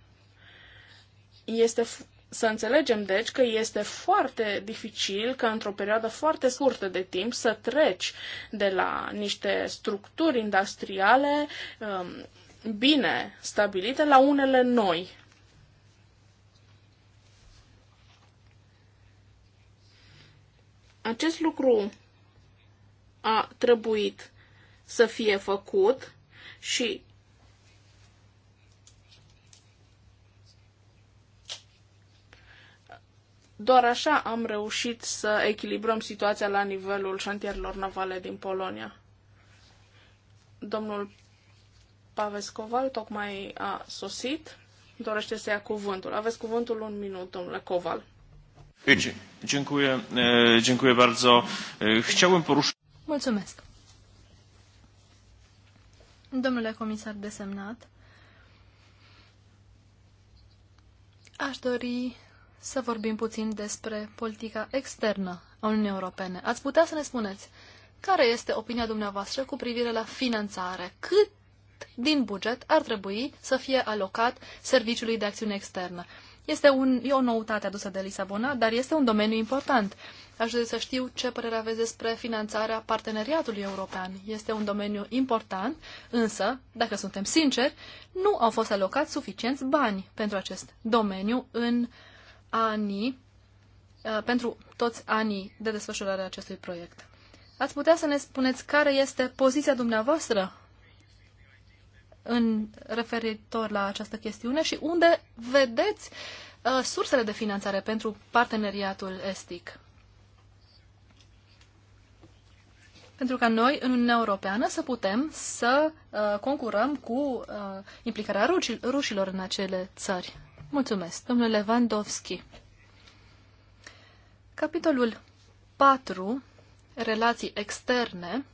S2: este să înțelegem, deci, că este foarte dificil ca într-o perioadă foarte scurtă de timp să treci de la niște structuri industriale um, bine stabilite la unele noi. Acest lucru a trebuit să fie făcut și Doar așa am reușit să echilibrăm situația la nivelul șantierilor navale din Polonia. Domnul Pavescoval tocmai a sosit, dorește să ia cuvântul. Aveți cuvântul un
S3: minut, domnule Coval.
S1: Dziękuję, bardzo. poruszyć...
S3: Mulțumesc. Domnule comisar desemnat, aș dori să vorbim puțin despre politica externă a Uniunii Europene. Ați putea să ne spuneți care este opinia dumneavoastră cu privire la finanțare? Cât din buget ar trebui să fie alocat Serviciului de Acțiune Externă? Este un, e o noutate adusă de Lisabona, dar este un domeniu important. Aș dori să știu ce părere aveți despre finanțarea parteneriatului european. Este un domeniu important, însă, dacă suntem sinceri, nu au fost alocați suficienți bani pentru acest domeniu în uh, anii, uh, pentru toți anii de desfășurare a acestui proiect. Ați putea să ne spuneți care este poziția dumneavoastră în referitor la această chestiune și unde vedeți uh, sursele de finanțare pentru parteneriatul estic? Pentru ca noi, în Uniunea Europeană, să putem să uh, concurăm cu uh, implicarea rușilor în acele țări. Mulțumesc, domnule Lewandowski. Capitolul 4, relații externe,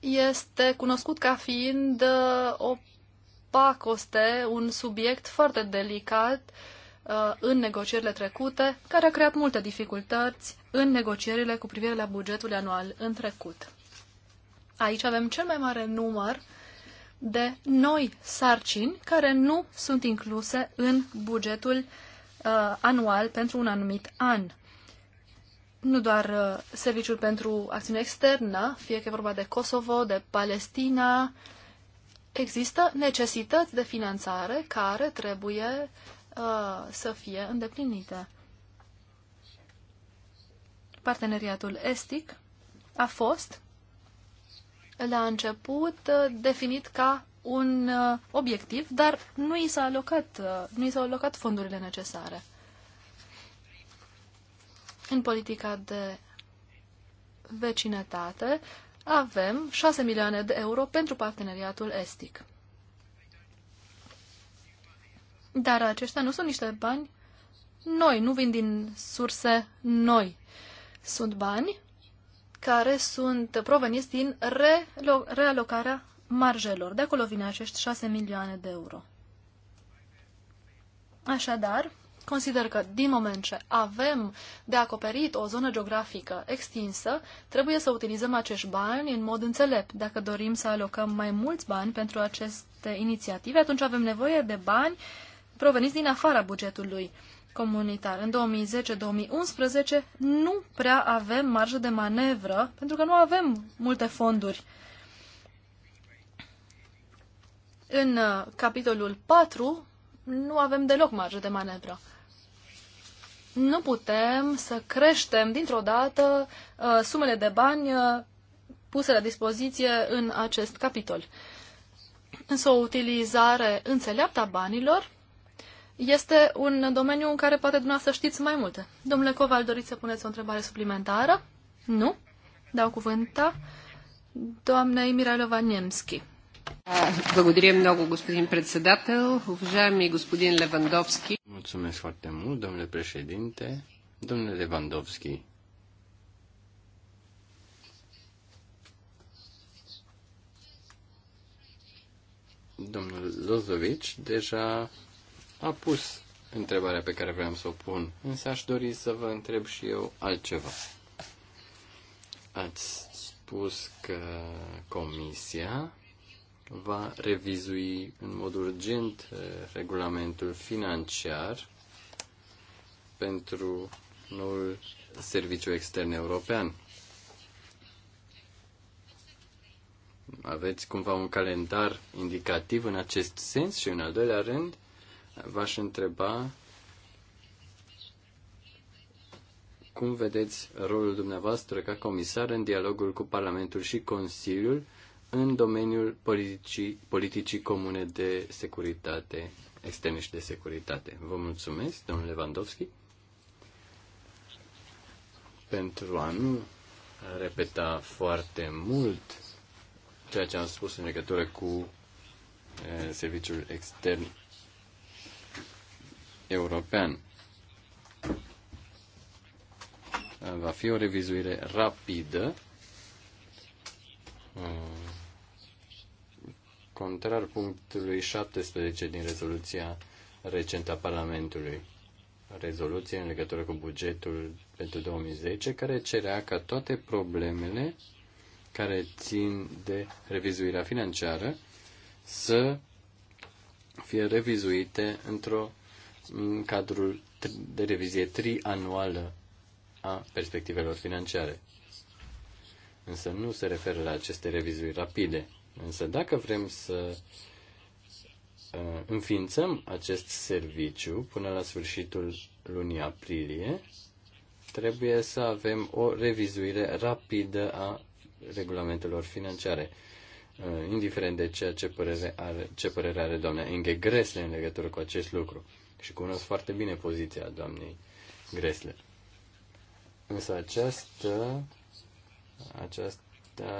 S3: este cunoscut ca fiind uh, o pacoste, un subiect foarte delicat uh, în negocierile trecute, care a creat multe dificultăți în negocierile cu privire la bugetul anual în trecut. Aici avem cel mai mare număr de noi sarcini care nu sunt incluse în bugetul uh, anual pentru un anumit an. Nu doar uh, serviciul pentru acțiune externă, fie că e vorba de Kosovo, de Palestina, există necesități de finanțare care trebuie uh, să fie îndeplinite. Parteneriatul estic a fost la început uh, definit ca un uh, obiectiv, dar nu i s-a alocat, uh, nu i s-au alocat fondurile necesare. În politica de vecinătate avem 6 milioane de euro pentru parteneriatul estic. Dar aceștia nu sunt niște bani noi, nu vin din surse noi. Sunt bani care sunt proveniți din realocarea marjelor. De acolo vine acești 6 milioane de euro. Așadar, consider că din moment ce avem de acoperit o zonă geografică extinsă, trebuie să utilizăm acești bani în mod înțelept. Dacă dorim să alocăm mai mulți bani pentru aceste inițiative, atunci avem nevoie de bani proveniți din afara bugetului comunitar. În 2010-2011 nu prea avem marjă de manevră, pentru că nu avem multe fonduri. În uh, capitolul 4 nu avem deloc marjă de manevră. Nu putem să creștem dintr-o dată uh, sumele de bani uh, puse la dispoziție în acest capitol. Însă o utilizare înțeleaptă a banilor este un domeniu în care poate dumneavoastră știți mai multe. Domnule Coval, doriți să puneți o întrebare suplimentară? Nu? Dau cuvânta doamnei Mirailova Немски. Da, благодаря много, господин председател. Уважаеми господин
S1: Левандовски. Mulțumesc foarte mult, domnule președinte. Domnule Lewandowski, domnul Lozovici deja a pus întrebarea pe care vreau să o pun, însă aș dori să vă întreb și eu altceva. Ați spus că Comisia va revizui în mod urgent eh, regulamentul financiar pentru noul serviciu extern european. Aveți cumva un calendar indicativ în acest sens și în al doilea rând v-aș întreba cum vedeți rolul dumneavoastră ca comisar în dialogul cu Parlamentul și Consiliul în domeniul politicii, politicii comune de securitate, externe și de securitate. Vă mulțumesc, domnule Lewandowski, pentru a nu repeta foarte mult ceea ce am spus în legătură cu eh, serviciul extern european. Va fi o revizuire rapidă, uh, contrar punctului 17 din rezoluția recentă a Parlamentului rezoluție în legătură cu bugetul pentru 2010, care cerea ca toate problemele care țin de revizuirea financiară să fie revizuite într-o în cadrul de revizie trianuală a perspectivelor financiare. Însă nu se referă la aceste revizii rapide. Însă dacă vrem să uh, înființăm acest serviciu până la sfârșitul lunii aprilie, trebuie să avem o revizuire rapidă a regulamentelor financiare, uh, indiferent de ceea ce părere are, ce părere are doamna Inge Gresle în legătură cu acest lucru și cunosc foarte bine poziția doamnei Gressler. Însă aceasta, aceasta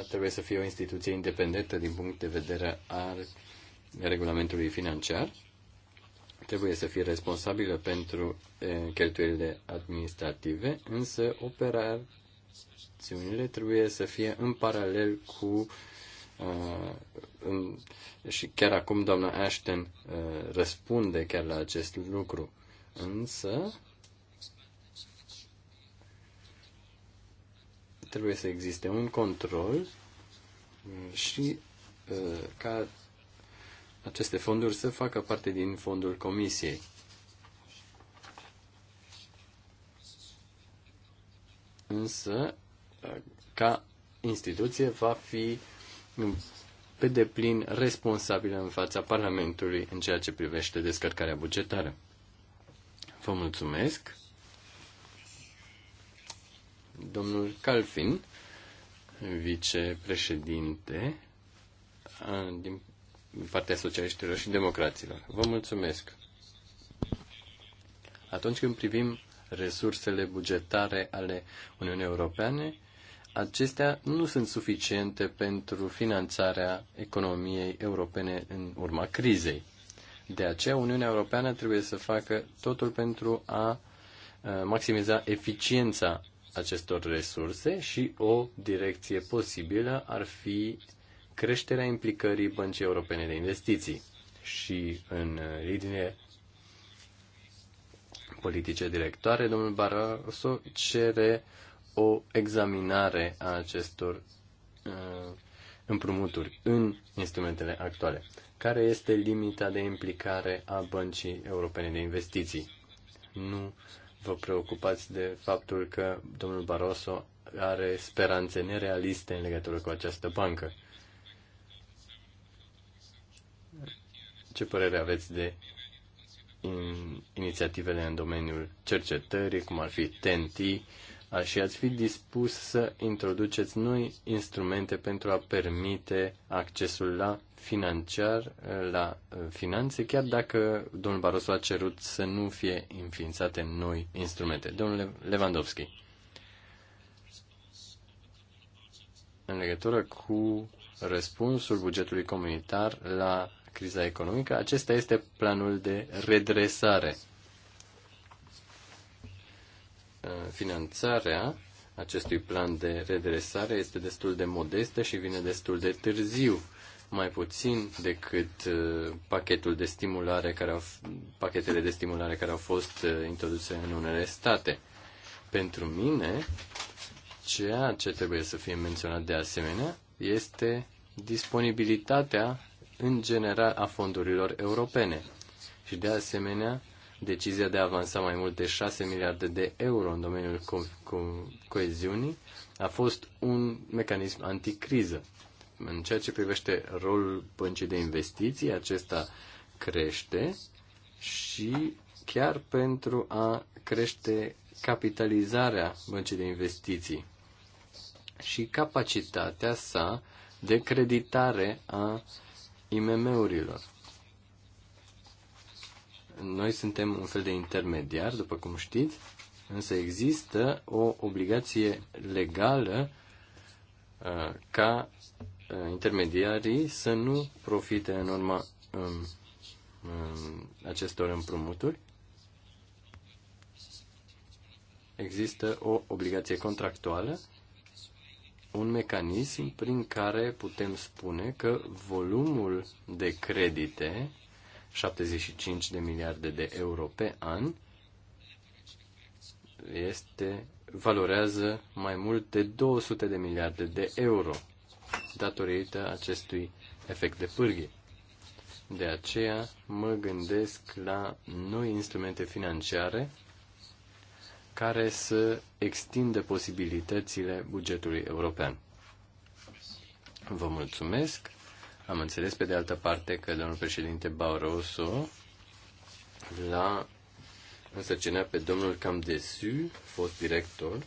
S1: trebuie să fie o instituție independentă din punct de vedere al regulamentului financiar. Trebuie să fie responsabilă pentru cheltuielile administrative, însă operațiunile trebuie să fie în paralel cu uh, Uh, și chiar acum doamna Ashton uh, răspunde chiar la acest lucru. Însă, trebuie să existe un control uh, și ca aceste fonduri să facă parte din fondul comisiei. Însă, ca instituție, va fi pe deplin responsabilă în fața Parlamentului în ceea ce privește descărcarea bugetară. Vă mulțumesc. Domnul Calfin, vicepreședinte din partea socialiștilor și democraților. Vă mulțumesc. Atunci când privim resursele bugetare ale Uniunii Europene, acestea nu sunt suficiente pentru finanțarea economiei europene în urma crizei. De aceea, Uniunea Europeană trebuie să facă totul pentru a maximiza eficiența acestor resurse și o direcție posibilă ar fi creșterea implicării Băncii Europene de Investiții și în linie politice directoare, domnul Barroso cere o examinare a acestor uh, împrumuturi în instrumentele actuale. Care este limita de implicare a Băncii Europene de Investiții? Nu vă preocupați de faptul că domnul Barroso are speranțe nerealiste în legătură cu această bancă. Ce părere aveți de in, inițiativele în domeniul cercetării, cum ar fi TNT, și ați fi dispus să introduceți noi instrumente pentru a permite accesul la financiar, la uh, finanțe, chiar dacă domnul Barroso a cerut să nu fie înființate noi instrumente. Domnule Lewandowski, în legătură cu răspunsul bugetului comunitar la criza economică, acesta este planul de redresare Uh, finanțarea acestui plan de redresare este destul de modestă și vine destul de târziu, mai puțin decât uh, pachetul de stimulare care au, pachetele de stimulare care au fost uh, introduse în unele state. Pentru mine, ceea ce trebuie să fie menționat de asemenea este disponibilitatea în general a fondurilor europene și de asemenea decizia de a avansa mai mult de 6 miliarde de euro în domeniul co- co- coeziunii a fost un mecanism anticriză. În ceea ce privește rolul băncii de investiții, acesta crește și chiar pentru a crește capitalizarea băncii de investiții și capacitatea sa de creditare a IMM-urilor. Noi suntem un fel de intermediar, după cum știți, însă există o obligație legală uh, ca uh, intermediarii să nu profite în urma um, um, acestor împrumuturi. Există o obligație contractuală, un mecanism prin care putem spune că volumul de credite 75 de miliarde de euro pe an, este, valorează mai mult de 200 de miliarde de euro datorită acestui efect de pârghie. De aceea mă gândesc la noi instrumente financiare care să extindă posibilitățile bugetului european. Vă mulțumesc. Am înțeles pe de altă parte că domnul președinte Barroso l-a însărcinat pe domnul Camdesu, fost director,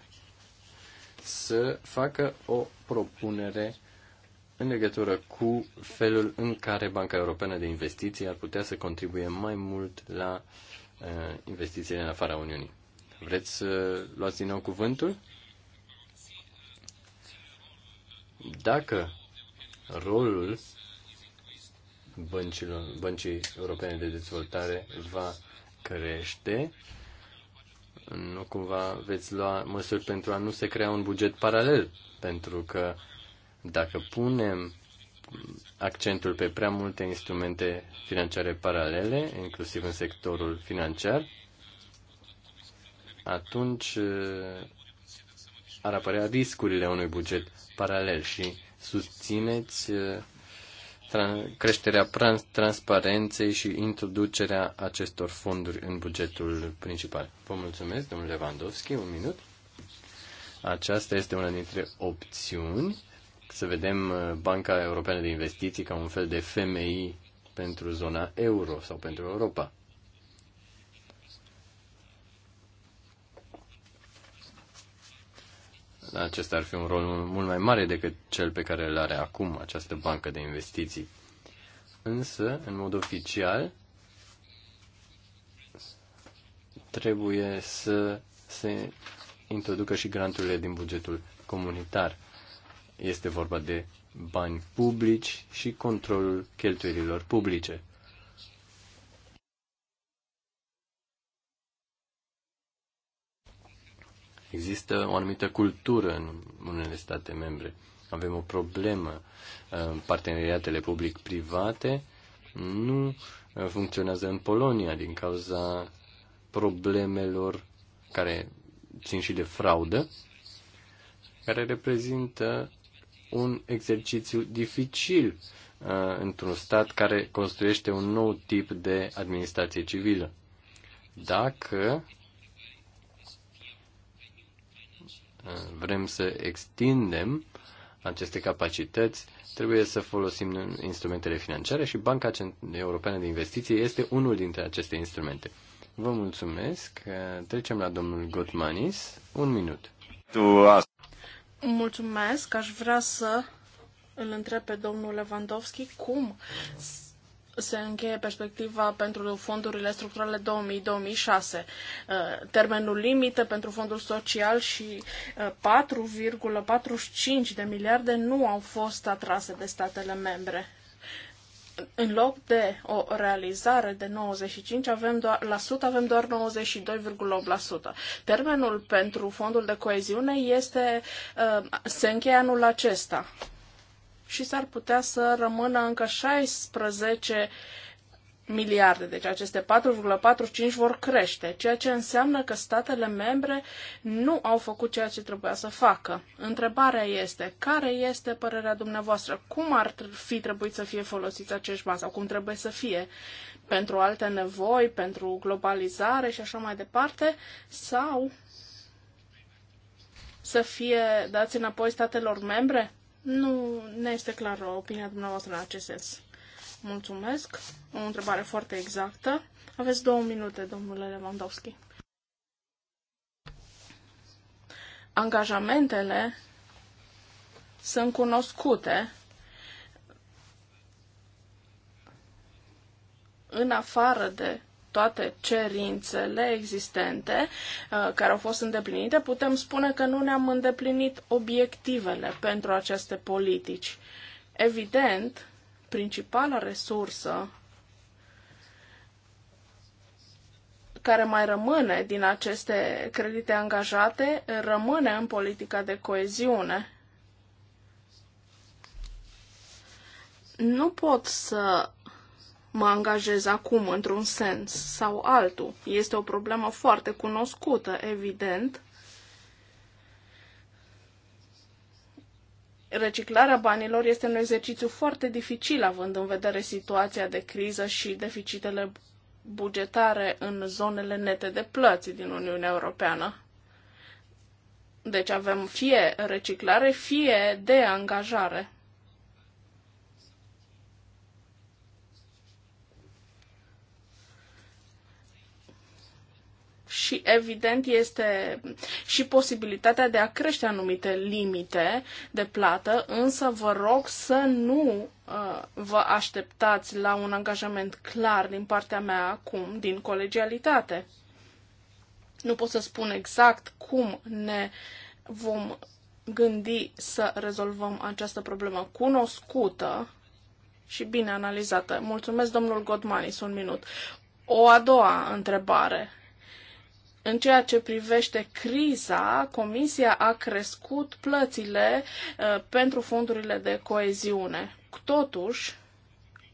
S1: să facă o propunere în legătură cu felul în care Banca Europeană de Investiții ar putea să contribuie mai mult la uh, investițiile în afara Uniunii. Vreți să luați din nou cuvântul? Dacă rolul băncilor, Băncii Europene de Dezvoltare va crește, nu cumva veți lua măsuri pentru a nu se crea un buget paralel, pentru că dacă punem accentul pe prea multe instrumente financiare paralele, inclusiv în sectorul financiar, atunci uh, ar apărea riscurile unui buget paralel și susțineți uh, creșterea transparenței și introducerea acestor fonduri în bugetul principal. Vă mulțumesc, domnule Lewandowski, un minut. Aceasta este una dintre opțiuni. Să vedem uh, Banca Europeană de Investiții ca un fel de FMI pentru zona euro sau pentru Europa. acesta ar fi un rol mult mai mare decât cel pe care îl are acum această bancă de investiții. Însă, în mod oficial, trebuie să se introducă și granturile din bugetul comunitar. Este vorba de bani publici și controlul cheltuielilor publice. Există o anumită cultură în unele state membre. Avem o problemă. Uh, parteneriatele public-private nu uh, funcționează în Polonia din cauza problemelor care țin și de fraudă, care reprezintă un exercițiu dificil uh, într-un stat care construiește un nou tip de administrație civilă. Dacă vrem să extindem aceste capacități, trebuie să folosim instrumentele financiare și Banca Europeană de Investiții este unul dintre aceste instrumente. Vă mulțumesc. Trecem la domnul Gotmanis. Un minut.
S2: Mulțumesc. Aș vrea să îl întreb pe domnul Lewandowski cum se încheie perspectiva pentru fondurile structurale 2000-2006. Uh, termenul limită pentru fondul social și 4,45 uh, de miliarde nu au fost atrase de statele membre. În loc de o realizare de 95, avem doar, la 100 avem doar 92,8%. Termenul pentru fondul de coeziune este, uh, se încheie anul acesta și s-ar putea să rămână încă 16 miliarde. Deci aceste 4,45 vor crește, ceea ce înseamnă că statele membre nu au făcut ceea ce trebuia să facă. Întrebarea este, care este părerea dumneavoastră? Cum ar fi trebuit să fie folosiți acești bani sau cum trebuie să fie? Pentru alte nevoi, pentru globalizare și așa mai departe? Sau să fie dați înapoi statelor membre? Nu ne este clară opinia dumneavoastră în acest sens. Mulțumesc. O întrebare foarte exactă. Aveți două minute, domnule Lewandowski. Angajamentele sunt cunoscute în afară de toate cerințele existente uh, care au fost îndeplinite, putem spune că nu ne-am îndeplinit obiectivele pentru aceste politici. Evident, principala resursă care mai rămâne din aceste credite angajate rămâne în politica de coeziune. Nu pot să mă angajez acum într-un sens sau altul. Este o problemă foarte cunoscută, evident. Reciclarea banilor este un exercițiu foarte dificil, având în vedere situația de criză și deficitele bugetare în zonele nete de plăți din Uniunea Europeană. Deci avem fie reciclare, fie de angajare. și evident este și posibilitatea de a crește anumite limite de plată, însă vă rog să nu uh, vă așteptați la un angajament clar din partea mea acum, din colegialitate. Nu pot să spun exact cum ne vom gândi să rezolvăm această problemă cunoscută și bine analizată. Mulțumesc, domnul Godmanis, un minut. O a doua întrebare în ceea ce privește criza, Comisia a crescut plățile uh, pentru fondurile de coeziune. Totuși,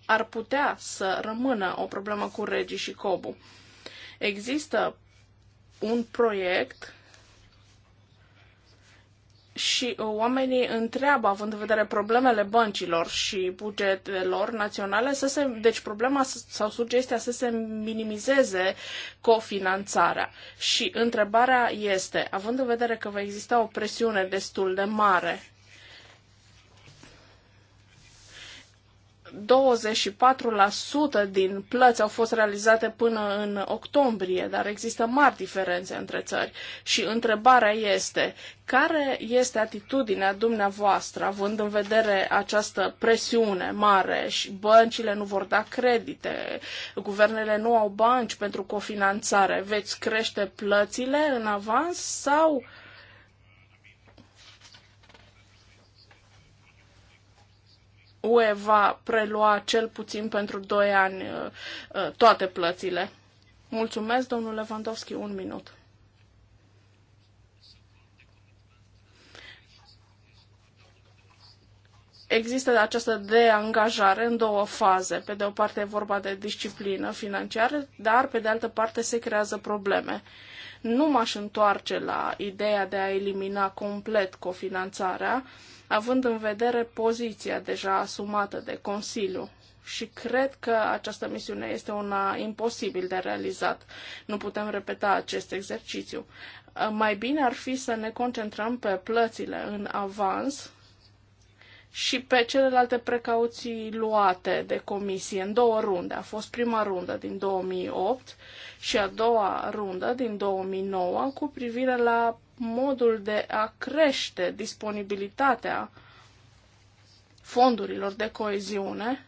S2: ar putea să rămână o problemă cu Regii și Cobu. Există un proiect și oamenii întreabă, având în vedere problemele băncilor și bugetelor naționale, să se, deci problema sau sugestia să se minimizeze cofinanțarea. Și întrebarea este, având în vedere că va exista o presiune destul de mare 24% din plăți au fost realizate până în octombrie, dar există mari diferențe între țări. Și întrebarea este, care este atitudinea dumneavoastră, având în vedere această presiune mare și băncile nu vor da credite, guvernele nu au bani pentru cofinanțare, veți crește plățile în avans sau uh, UE va prelua cel puțin pentru 2 ani uh, uh, toate plățile. Mulțumesc, domnul Lewandowski, un minut. există această deangajare în două faze. Pe de o parte e vorba de disciplină financiară, dar pe de altă parte se creează probleme. Nu m-aș întoarce la ideea de a elimina complet cofinanțarea, uh, având în vedere poziția deja asumată de Consiliu. Și cred că această misiune este una imposibil de realizat. Nu putem repeta acest exercițiu. Mai bine ar fi să ne concentrăm pe plățile în avans și pe celelalte precauții luate de comisie în două runde. A fost prima rundă din 2008 și a doua rundă din 2009 cu privire la modul de a crește disponibilitatea fondurilor de coeziune,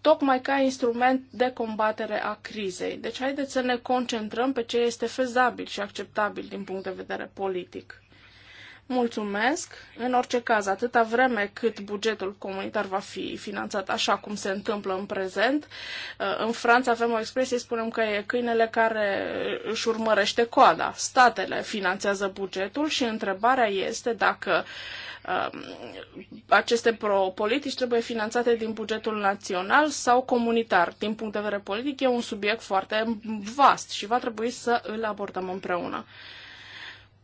S2: tocmai ca instrument de combatere a crizei. Deci haideți să ne concentrăm pe ce este fezabil și acceptabil din punct de vedere politic. Mulțumesc. În orice caz, atâta vreme cât bugetul comunitar va fi finanțat așa cum se întâmplă în prezent, uh, în Franța avem o expresie, spunem că e câinele care își urmărește coada. Statele finanțează bugetul și întrebarea este dacă um, aceste politici trebuie finanțate din bugetul național sau comunitar. Din punct de vedere politic, e un subiect foarte vast și va trebui să îl abordăm împreună.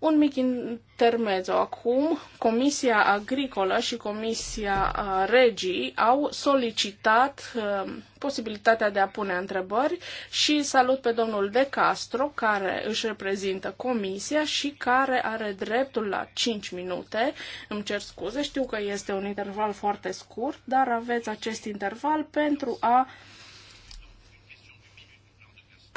S2: Un mic intermezzo acum, Comisia Agricolă și Comisia Regii au solicitat uh, posibilitatea de a pune întrebări și salut pe domnul De Castro, care își reprezintă Comisia și care are dreptul la 5 minute. Îmi cer scuze, știu că este un interval foarte scurt, dar aveți acest interval pentru a uh,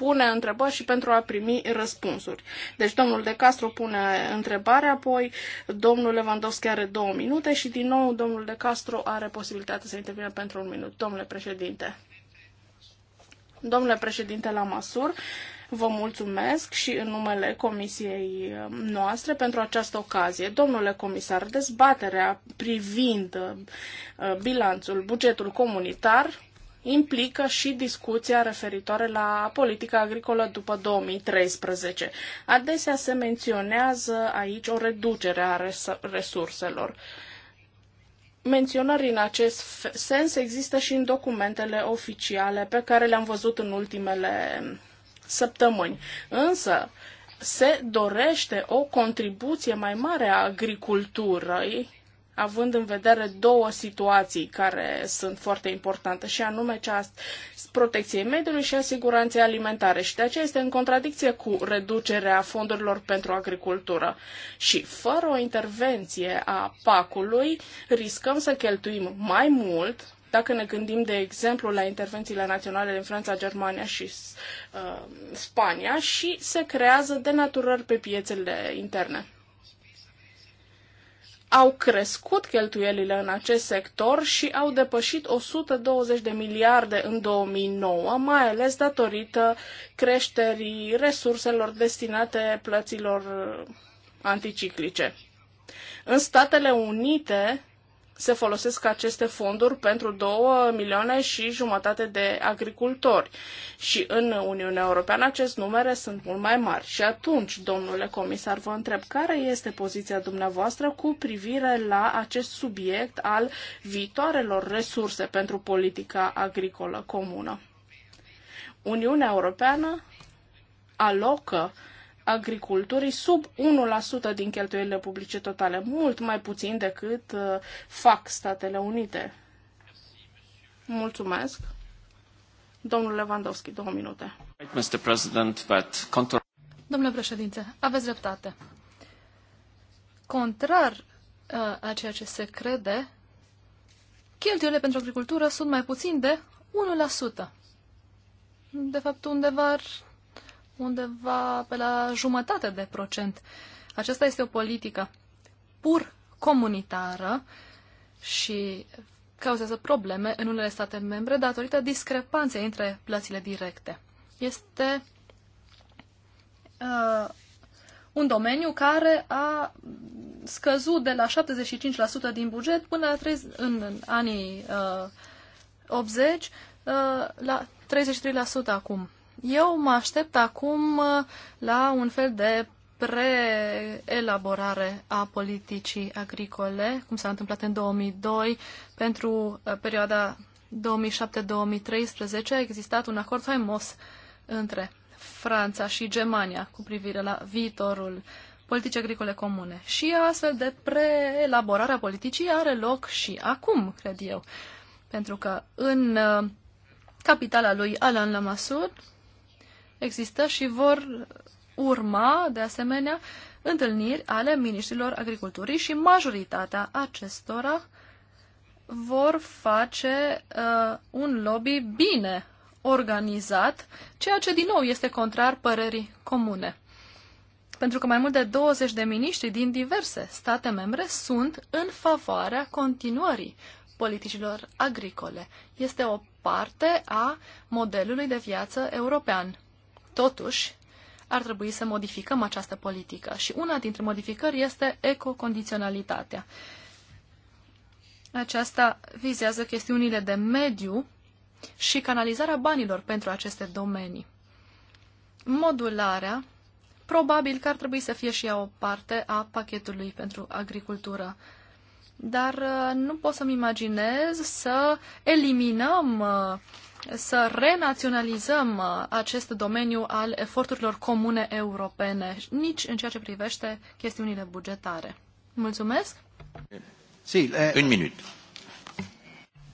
S2: pune întrebări și pentru a primi răspunsuri. Deci domnul De Castro pune întrebarea, apoi domnul Lewandowski are două minute și din nou domnul De Castro are posibilitatea să intervină pentru un minut. Domnule președinte. Domnule președinte la masur, vă mulțumesc și în numele comisiei noastre pentru această ocazie. Domnule comisar, dezbaterea privind uh, bilanțul, bugetul comunitar implică și discuția referitoare la politica agricolă după 2013. Adesea se menționează aici o reducere a resurselor. Menționări în acest sens există și în documentele oficiale pe care le-am văzut în ultimele săptămâni. Însă, se dorește o contribuție mai mare a agriculturii având în vedere două situații care sunt foarte importante, și anume cea protecției mediului și a siguranței alimentare. Și de aceea este în contradicție cu reducerea fondurilor pentru agricultură. Și fără o intervenție a PAC-ului, riscăm să cheltuim mai mult dacă ne gândim, de exemplu, la intervențiile naționale din Franța, Germania și uh, Spania și se creează denaturări pe piețele interne au crescut cheltuielile în acest sector și au depășit 120 de miliarde în 2009, mai ales datorită creșterii resurselor destinate plăților anticiclice. În Statele Unite, se folosesc aceste fonduri pentru 2 milioane și jumătate de agricultori. Și în Uniunea Europeană acest numere sunt mult mai mari. Și atunci, domnule comisar, vă întreb care este poziția dumneavoastră cu privire la acest subiect al viitoarelor resurse pentru politica agricolă comună. Uniunea Europeană alocă agriculturii sub 1% din cheltuielile publice totale, mult mai puțin decât uh, fac Statele Unite. Mulțumesc. Domnul Lewandowski, două minute.
S1: Mr. President,
S3: Domnule președinte, aveți dreptate. Contrar uh, a ceea ce se crede, cheltuielile pentru agricultură sunt mai puțin de 1%. De fapt, undeva ar undeva pe la jumătate de procent. Aceasta este o politică pur comunitară și cauzează probleme în unele state membre datorită discrepanței între plățile directe. Este uh, un domeniu care a scăzut de la 75% din buget până la 30, în, în anii uh, 80 uh, la 33% acum. Eu mă aștept acum uh, la un fel de preelaborare a politicii agricole, cum s-a întâmplat în 2002, pentru uh, perioada 2007-2013 a existat un acord faimos între Franța și Germania cu privire la viitorul politici agricole comune. Și astfel de a politicii are loc și acum, cred eu. Pentru că în uh, capitala lui Alain Lamassur, există și vor urma, de asemenea, întâlniri ale miniștrilor agriculturii și majoritatea acestora vor face uh, un lobby bine organizat, ceea ce din nou este contrar părerii comune. Pentru că mai mult de 20 de miniștri din diverse state membre sunt în favoarea continuării politicilor agricole. Este o parte a modelului de viață european. Totuși, ar trebui să modificăm această politică și una dintre modificări este ecocondiționalitatea. Aceasta vizează chestiunile de mediu și canalizarea banilor pentru aceste domenii. Modularea probabil că ar trebui să fie și ea o parte a pachetului pentru agricultură. Dar uh, nu pot să-mi imaginez să eliminăm uh, să renaționalizăm uh, acest domeniu al eforturilor comune europene, nici în ceea ce privește chestiunile bugetare. Mulțumesc!
S1: Si, eh, un minut.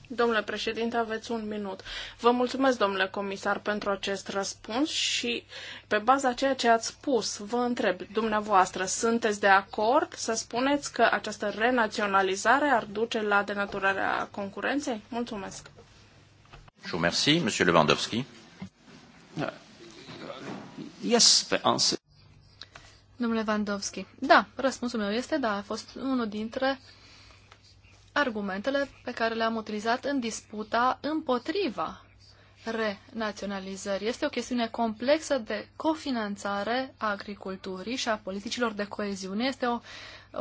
S2: Domnule președinte, aveți un minut. Vă mulțumesc, domnule comisar, pentru acest răspuns și pe baza ceea ce ați spus, vă întreb, dumneavoastră, sunteți de acord să spuneți că această renaționalizare ar duce la denaturarea concurenței?
S3: Mulțumesc!
S1: Je vous remercie. Monsieur Lewandowski. Yes, the answer.
S3: Domnule Lewandowski, da, răspunsul meu este da, a fost unul dintre argumentele pe care le-am utilizat în disputa împotriva renaționalizări. Este o chestiune complexă de cofinanțare a agriculturii și a politicilor de coeziune. Este o,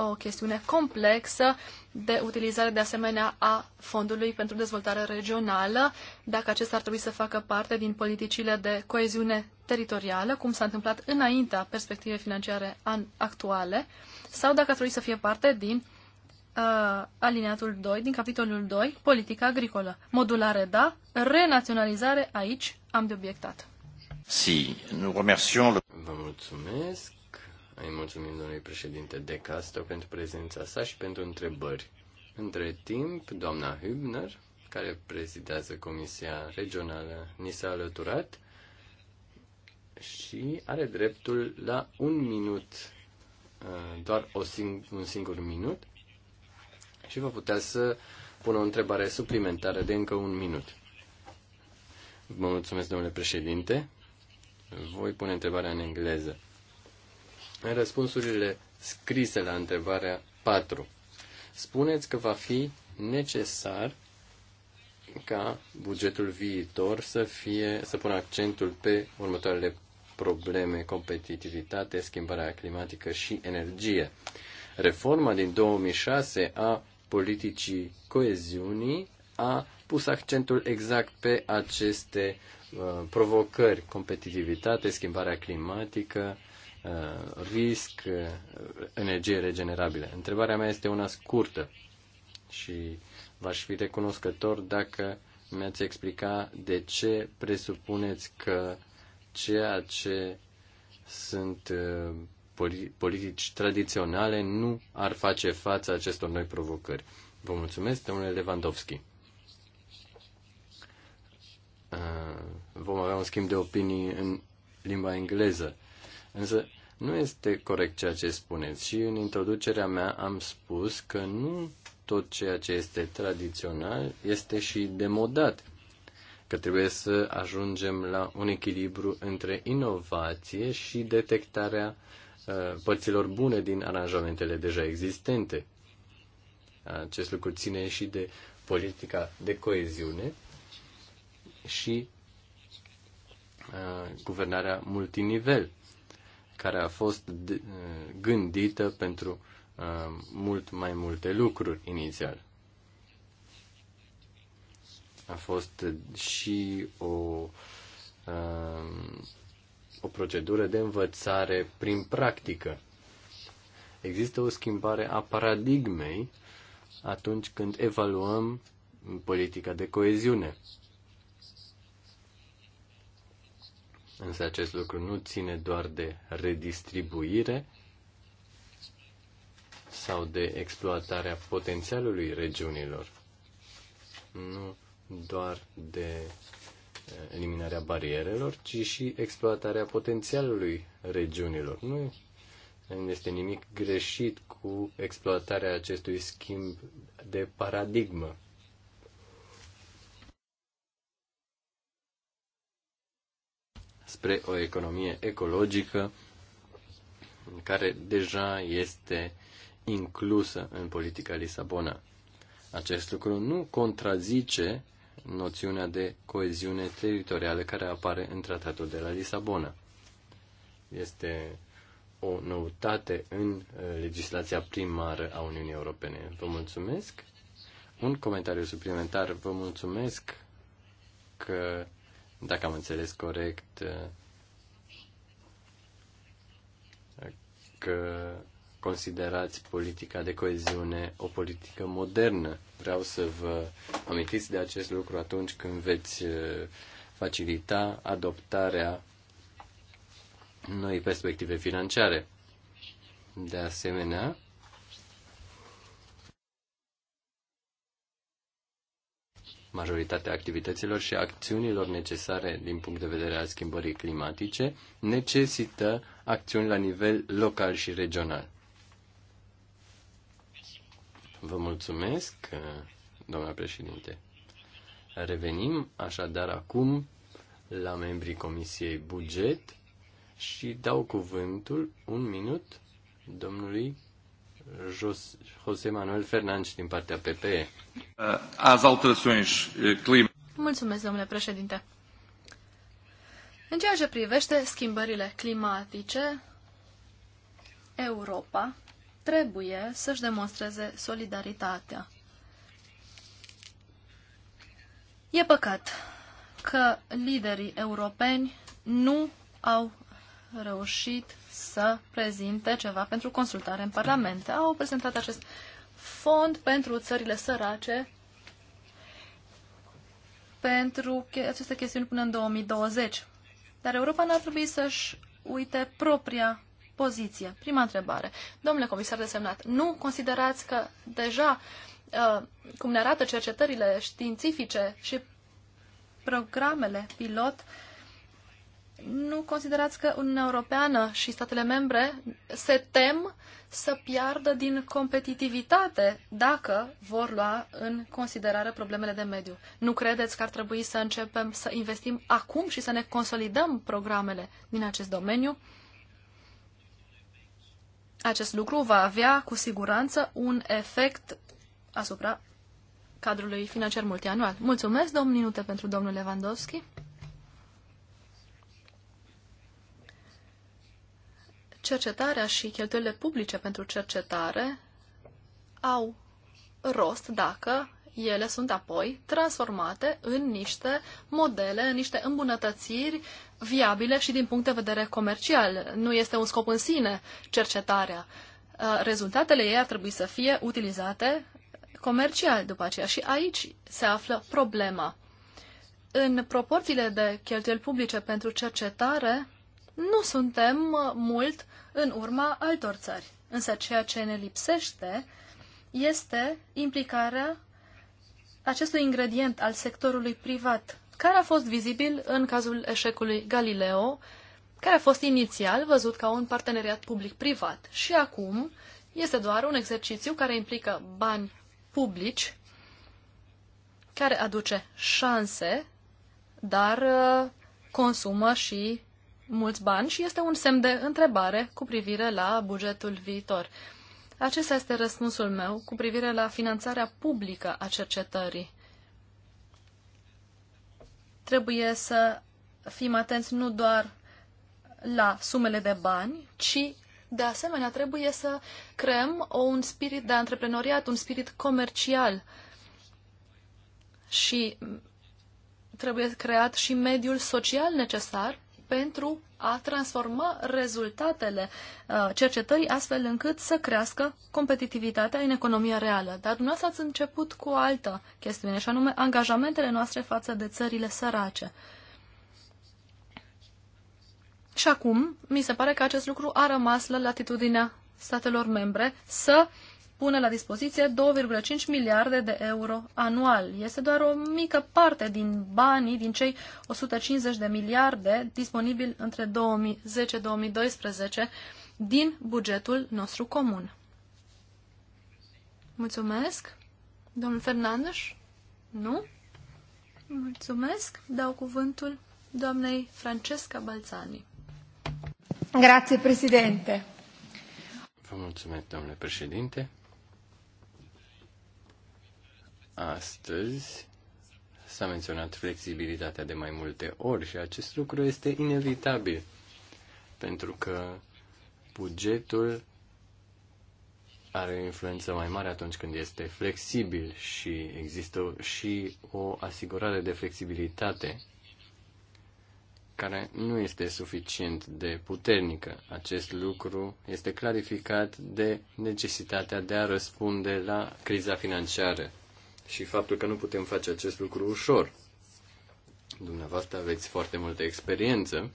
S3: o chestiune complexă de utilizare de asemenea a Fondului pentru Dezvoltare Regională, dacă acesta ar trebui să facă parte din politicile de coeziune teritorială, cum s-a întâmplat înaintea perspectivei financiare actuale, sau dacă ar trebui să fie parte din uh, alineatul 2, din capitolul 2, politica agricolă. Modulare da, renaționalizare aici am de obiectat.
S1: Si, nu remercions Vă mulțumesc. Îi mulțumim domnului președinte De Castro pentru prezența sa și pentru întrebări. Între timp, doamna Hübner, care prezidează Comisia Regională, ni s-a alăturat și are dreptul la un minut, uh, doar o sing- un singur minut, și vă putea să pun o întrebare suplimentară de încă un minut. Vă mulțumesc, domnule președinte. Voi pune întrebarea în engleză. În răspunsurile scrise la întrebarea 4, spuneți că va fi necesar ca bugetul viitor să fie să pună accentul pe următoarele probleme, competitivitate, schimbarea climatică și energie. Reforma din 2006 a politicii coeziunii a pus accentul exact pe aceste uh, provocări, competitivitate, schimbarea climatică, uh, risc, uh, energie regenerabilă Întrebarea mea este una scurtă și v-aș fi recunoscător dacă mi-ați explica de ce presupuneți că ceea ce sunt uh, politici tradiționale nu ar face față acestor noi provocări. Vă mulțumesc, domnule Lewandowski. Uh, vom avea un schimb de opinii în limba engleză. Însă nu este corect ceea ce spuneți și în introducerea mea am spus că nu tot ceea ce este tradițional este și demodat, că trebuie să ajungem la un echilibru între inovație și detectarea uh, părților bune din aranjamentele deja existente. Acest lucru ține și de politica de coeziune și guvernarea multinivel, care a fost gândită pentru mult mai multe lucruri inițial. A fost și o o procedură de învățare prin practică. Există o schimbare a paradigmei atunci când evaluăm politica de coeziune. Însă acest lucru nu ține doar de redistribuire sau de exploatarea potențialului regiunilor, nu doar de eliminarea barierelor, ci și exploatarea potențialului regiunilor. Nu este nimic greșit cu exploatarea acestui schimb de paradigmă. spre o economie ecologică care deja este inclusă în politica Lisabona. Acest lucru nu contrazice noțiunea de coeziune teritorială care apare în tratatul de la Lisabona. Este o noutate în uh, legislația primară a Uniunii Europene. Vă mulțumesc. Un comentariu suplimentar. Vă mulțumesc că, dacă am înțeles corect, uh, că considerați politica de coeziune o politică modernă. Vreau să vă amintiți de acest lucru atunci când veți uh, facilita adoptarea noi perspective financiare. De asemenea, majoritatea activităților și acțiunilor necesare din punct de vedere al schimbării climatice necesită acțiuni la nivel local și regional. Vă mulțumesc, doamna președinte. Revenim așadar acum la membrii Comisiei Buget și dau cuvântul un minut domnului José Manuel Fernandes din partea PPE. Uh, as alterações uh, clima.
S3: Mulțumesc, domnule președinte. În ceea ce privește schimbările climatice, Europa trebuie să-și demonstreze solidaritatea. E păcat că liderii europeni nu au reușit să prezinte ceva pentru consultare în Parlament. Au prezentat acest fond pentru țările sărace pentru aceste chestiuni până în 2020. Dar Europa n-ar trebui să-și uite propria poziție. Prima întrebare. Domnule comisar desemnat, nu considerați că deja, uh, cum ne arată cercetările științifice și programele pilot, nu considerați că Uniunea Europeană și statele membre se tem să piardă din competitivitate dacă vor lua în considerare problemele de mediu? Nu credeți că ar trebui să începem să investim acum și să ne consolidăm programele din acest domeniu? acest lucru va avea cu siguranță un efect asupra cadrului financiar multianual. Mulțumesc, două minute pentru domnul Lewandowski. Cercetarea și cheltuielile publice pentru cercetare au rost dacă ele sunt apoi transformate în niște modele, în niște îmbunătățiri viabile și din punct de vedere comercial. Nu este un scop în sine cercetarea. Uh, rezultatele ei ar trebui să fie utilizate comercial după aceea și aici se află problema. În proporțiile de cheltuieli publice pentru cercetare, nu suntem mult în urma altor țări. Însă ceea ce ne lipsește este implicarea acestui ingredient al sectorului privat care a fost vizibil în cazul eșecului Galileo, care a fost inițial văzut ca un parteneriat public-privat și acum este doar un exercițiu care implică bani publici, care aduce șanse, dar uh, consumă și mulți bani și este un semn de întrebare cu privire la bugetul viitor. Acesta este răspunsul meu cu privire la finanțarea publică a cercetării trebuie să fim atenți nu doar la sumele de bani, ci de asemenea trebuie să creăm un spirit de antreprenoriat, un spirit comercial și trebuie creat și mediul social necesar pentru a transforma rezultatele uh, cercetării astfel încât să crească competitivitatea în economia reală. Dar dumneavoastră ați început cu o altă chestiune, și anume angajamentele noastre față de țările sărace. Și acum, mi se pare că acest lucru a rămas la latitudinea statelor membre să uh, pune la dispoziție 2,5 miliarde de euro anual. Este doar o mică parte din banii, din cei 150 de miliarde disponibili între 2010-2012 din bugetul nostru comun. Mulțumesc. Domnul Fernandes? Nu? Mulțumesc. Dau cuvântul doamnei Francesca Balzani.
S2: Grazie, președinte.
S1: Vă mulțumesc, domnule președinte astăzi s-a menționat flexibilitatea de mai multe ori și acest lucru este inevitabil pentru că bugetul are o influență mai mare atunci când este flexibil și există și o asigurare de flexibilitate care nu este suficient de puternică. Acest lucru este clarificat de necesitatea de a răspunde la criza financiară și faptul că nu putem face acest lucru ușor. Dumneavoastră aveți foarte multă experiență.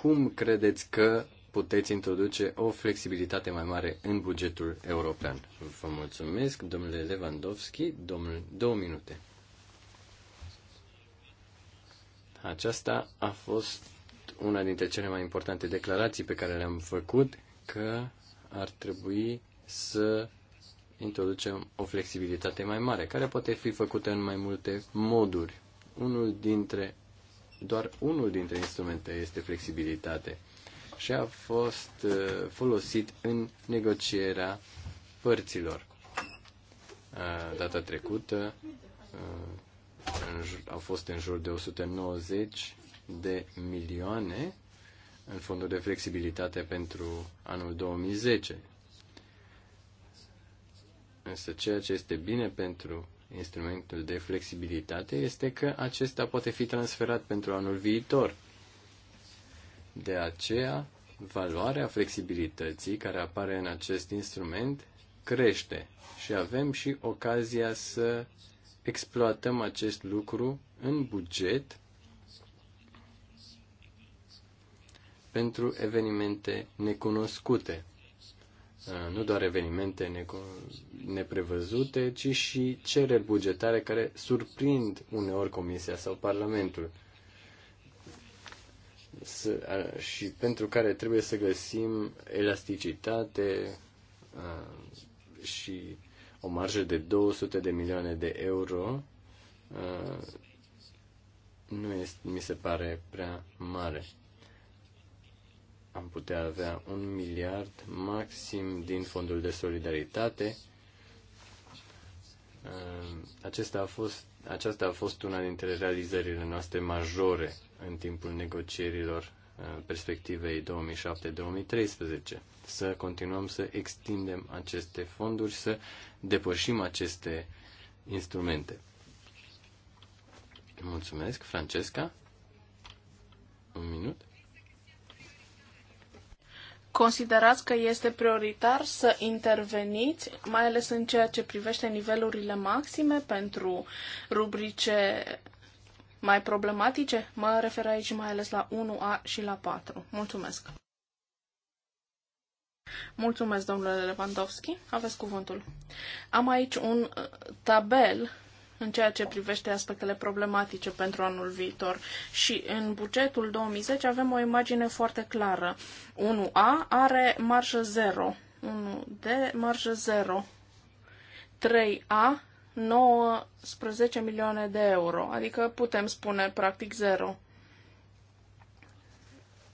S1: Cum credeți că puteți introduce o flexibilitate mai mare în bugetul european? Vă mulțumesc, domnule Lewandowski, domnul, două minute. Aceasta a fost una dintre cele mai importante declarații pe care le-am făcut, că ar trebui să introducem o flexibilitate mai mare, care poate fi făcută în mai multe moduri. Unul dintre, doar unul dintre instrumente este flexibilitate și a fost uh, folosit în negocierea părților. Uh, data trecută uh, au fost în jur de 190 de milioane în fondul de flexibilitate pentru anul 2010 Însă ceea ce este bine pentru instrumentul de flexibilitate este că acesta poate fi transferat pentru anul viitor. De aceea, valoarea flexibilității care apare în acest instrument crește și avem și ocazia să exploatăm acest lucru în buget pentru evenimente necunoscute. Uh, nu doar evenimente neprevăzute, ci și cereri bugetare care surprind uneori Comisia sau Parlamentul uh, și pentru care trebuie să găsim elasticitate uh, și o marjă de 200 de milioane de euro nu este, mi se pare prea mare am putea avea un miliard maxim din fondul de solidaritate. Uh, acesta a fost, aceasta a fost una dintre realizările noastre majore în timpul negocierilor uh, perspectivei 2007-2013. Să continuăm să extindem aceste fonduri, să depășim aceste instrumente. Mulțumesc, Francesca. Un minut.
S2: Considerați că este prioritar să interveniți, mai ales în ceea ce privește nivelurile maxime pentru rubrice mai problematice? Mă refer aici mai ales la 1A și la 4. Mulțumesc! Mulțumesc, domnule Lewandowski. Aveți cuvântul. Am aici un uh, tabel în ceea ce privește aspectele problematice pentru anul viitor. Și în bugetul 2010 avem o imagine foarte clară. 1A are marjă 0, 1D marjă 0, 3A 19 milioane de euro, adică putem spune practic 0.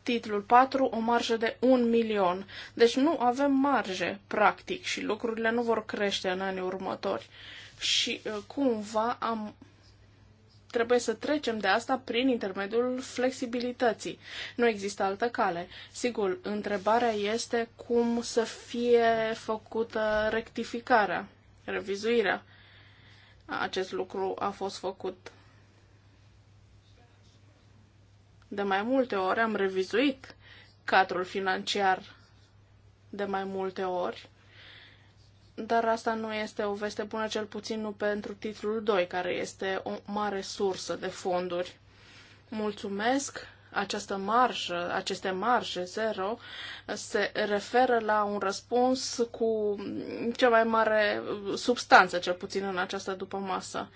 S2: Titlul 4, o marjă de 1 milion. Deci nu avem marje, practic, și lucrurile nu vor crește în anii următori. Uh, și uh, cumva am trebuie să trecem de asta prin intermediul flexibilității. Nu există altă cale. Sigur, întrebarea este cum să fie făcută rectificarea, revizuirea. Acest lucru a fost făcut de mai multe ori. Am revizuit cadrul financiar de mai multe ori dar asta nu este o veste bună, cel puțin nu pentru titlul 2, care este o mare sursă de fonduri. Mulțumesc! Această marjă, aceste marje zero se referă la un răspuns cu cea mai mare substanță, cel puțin în această după masă.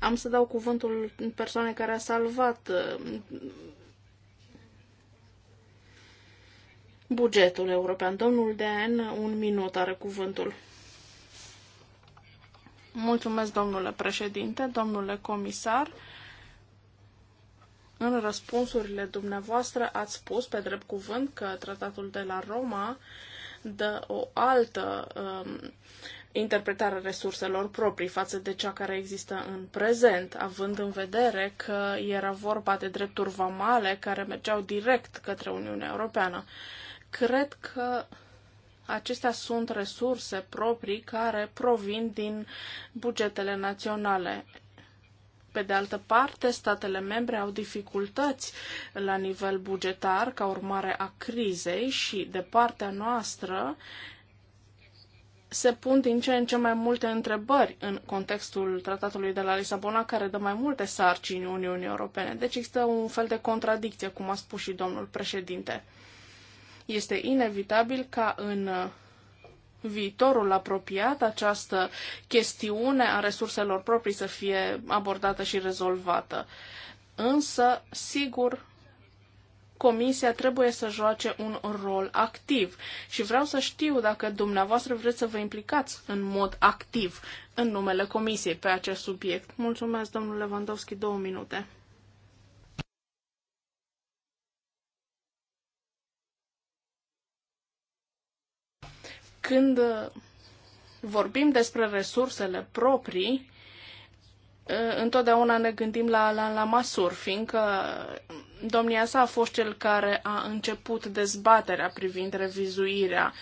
S2: Am să dau cuvântul persoanei care a salvat uh, bugetul european. Domnul Dean, un minut are cuvântul. Mulțumesc, domnule președinte, domnule comisar. În răspunsurile dumneavoastră ați spus pe drept cuvânt că tratatul de la Roma dă o altă um, interpretare a resurselor proprii față de cea care există în prezent, având în vedere că era vorba de drepturi vamale care mergeau direct către Uniunea Europeană. Cred că Acestea sunt resurse proprii care provin din bugetele naționale. Pe de altă parte, statele membre au dificultăți la nivel bugetar ca urmare a crizei și de partea noastră se pun din ce în ce mai multe întrebări în contextul tratatului de la Lisabona, care dă mai multe sarcini Uniunii Europene. Deci există un fel de contradicție, cum a spus și domnul președinte. Este inevitabil ca în uh, viitorul apropiat această chestiune a resurselor proprii să fie abordată și rezolvată. Însă, sigur, Comisia trebuie să joace un rol activ și vreau să știu dacă dumneavoastră vreți să vă implicați în mod activ în numele Comisiei pe acest subiect. Mulțumesc, domnule Lewandowski, două minute. Când uh, vorbim despre resursele proprii, uh, întotdeauna ne gândim la la, la Masur, fiindcă uh, domnia sa a fost cel care a început dezbaterea privind revizuirea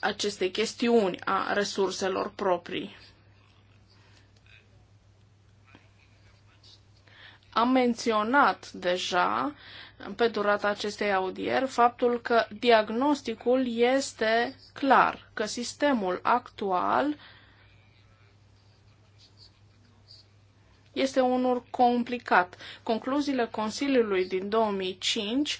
S2: acestei chestiuni a resurselor proprii. Am menționat deja uh, pe durata acestei audieri faptul că diagnosticul este clar, că sistemul actual este unul complicat. Concluziile Consiliului din 2005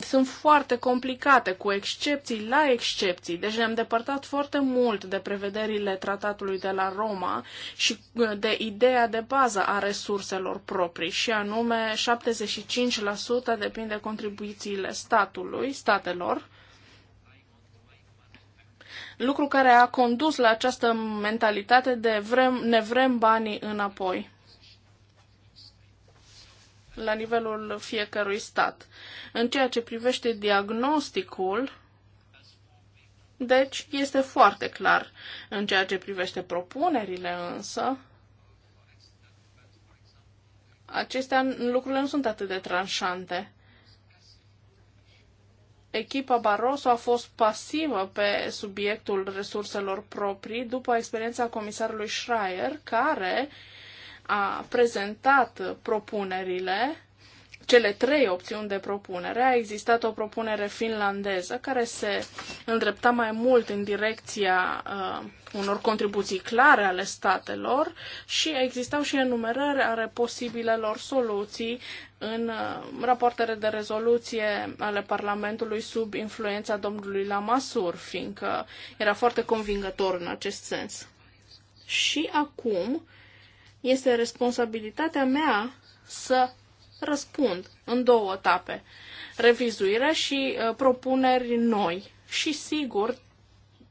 S2: sunt foarte complicate, cu excepții la excepții. Deci ne-am depărtat foarte mult de prevederile tratatului de la Roma și uh, de ideea de bază a resurselor proprii, și anume 75% depinde contribuțiile statului, statelor, lucru care a condus la această mentalitate de vrem, ne vrem banii înapoi la nivelul fiecărui stat. În ceea ce privește diagnosticul, deci este foarte clar. În ceea ce privește propunerile însă, acestea lucrurile nu sunt atât de tranșante. Echipa Barroso a fost pasivă pe subiectul resurselor proprii după experiența comisarului Schreier, care uh, a prezentat propunerile, cele trei opțiuni de propunere, a existat o propunere finlandeză care se îndrepta mai mult în direcția uh, unor contribuții clare ale statelor și existau și enumerări ale posibilelor soluții în uh, rapoartele de rezoluție ale Parlamentului sub influența domnului Lamasur, fiindcă era foarte convingător în acest sens. Și acum, este responsabilitatea mea să răspund în două etape. Revizuirea și uh, propuneri noi. Și sigur,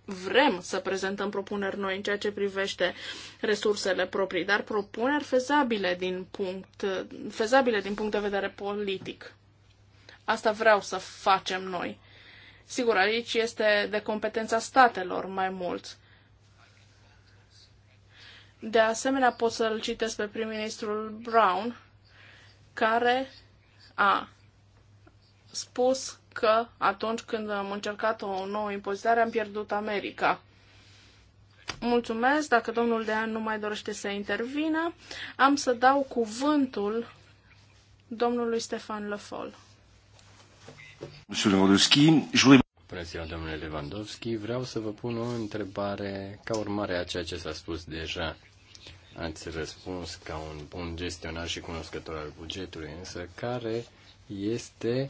S2: vrem să prezentăm propuneri noi în ceea ce privește resursele proprii, dar propuneri fezabile din punct, uh, fezabile din punct de vedere politic. Asta vreau să facem noi. Sigur, aici este de competența statelor mai mult. De asemenea, pot să-l citesc pe prim-ministrul Brown, care a spus că atunci când am încercat o nouă impozitare am pierdut America. Mulțumesc, dacă domnul Dean nu mai dorește să intervină, am să dau cuvântul domnului Stefan Lefol.
S1: Bună ziua, domnule Lewandowski. Vreau să vă pun o întrebare ca urmare a ceea ce s-a spus deja. Ați răspuns ca un bun gestionar și cunoscător al bugetului, însă care este,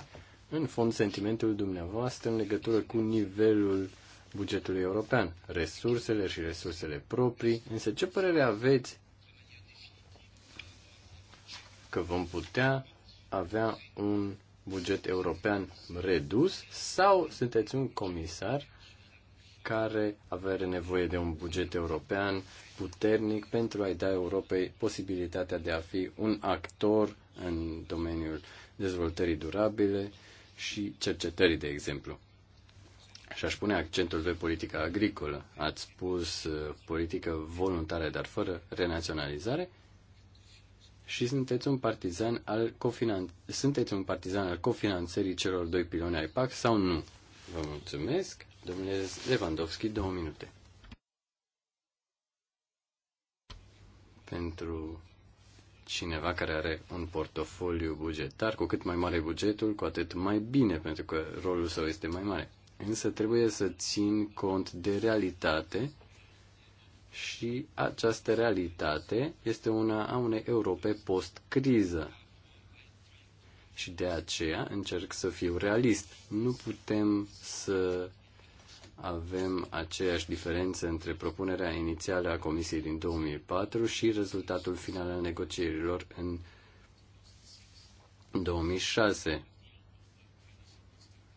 S1: în fond, sentimentul dumneavoastră în legătură cu nivelul bugetului european, resursele și resursele proprii. Însă ce părere aveți că vom putea avea un buget european redus sau sunteți un comisar care avea nevoie de un buget european puternic pentru a-i da Europei posibilitatea de a fi un actor în domeniul dezvoltării durabile și cercetării, de exemplu. Și aș pune accentul pe politica agricolă. Ați spus uh, politică voluntară, dar fără renaționalizare. Și sunteți un partizan al cofinan- sunteți un partizan al cofinanțării celor doi piloni ai PAC sau nu? Vă mulțumesc. Domnule Lewandowski, două minute. pentru cineva care are un portofoliu bugetar, cu cât mai mare bugetul, cu atât mai bine, pentru că rolul său este mai mare. Însă trebuie să țin cont de realitate și această realitate este una a unei Europe post-criză. Și de aceea încerc să fiu realist. Nu putem să avem aceeași diferență între propunerea inițială a Comisiei din 2004 și rezultatul final al negocierilor în 2006,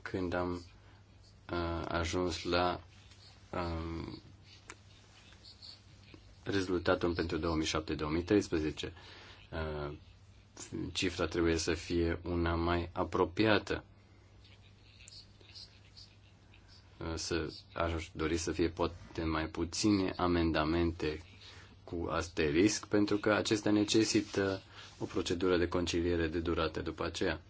S1: când am uh, ajuns la uh, rezultatul pentru 2007-2013. Uh, cifra trebuie să fie una mai apropiată. să aș dori să fie poate mai puține amendamente cu asterisc, pentru că acestea necesită o procedură de conciliere de durată după aceea.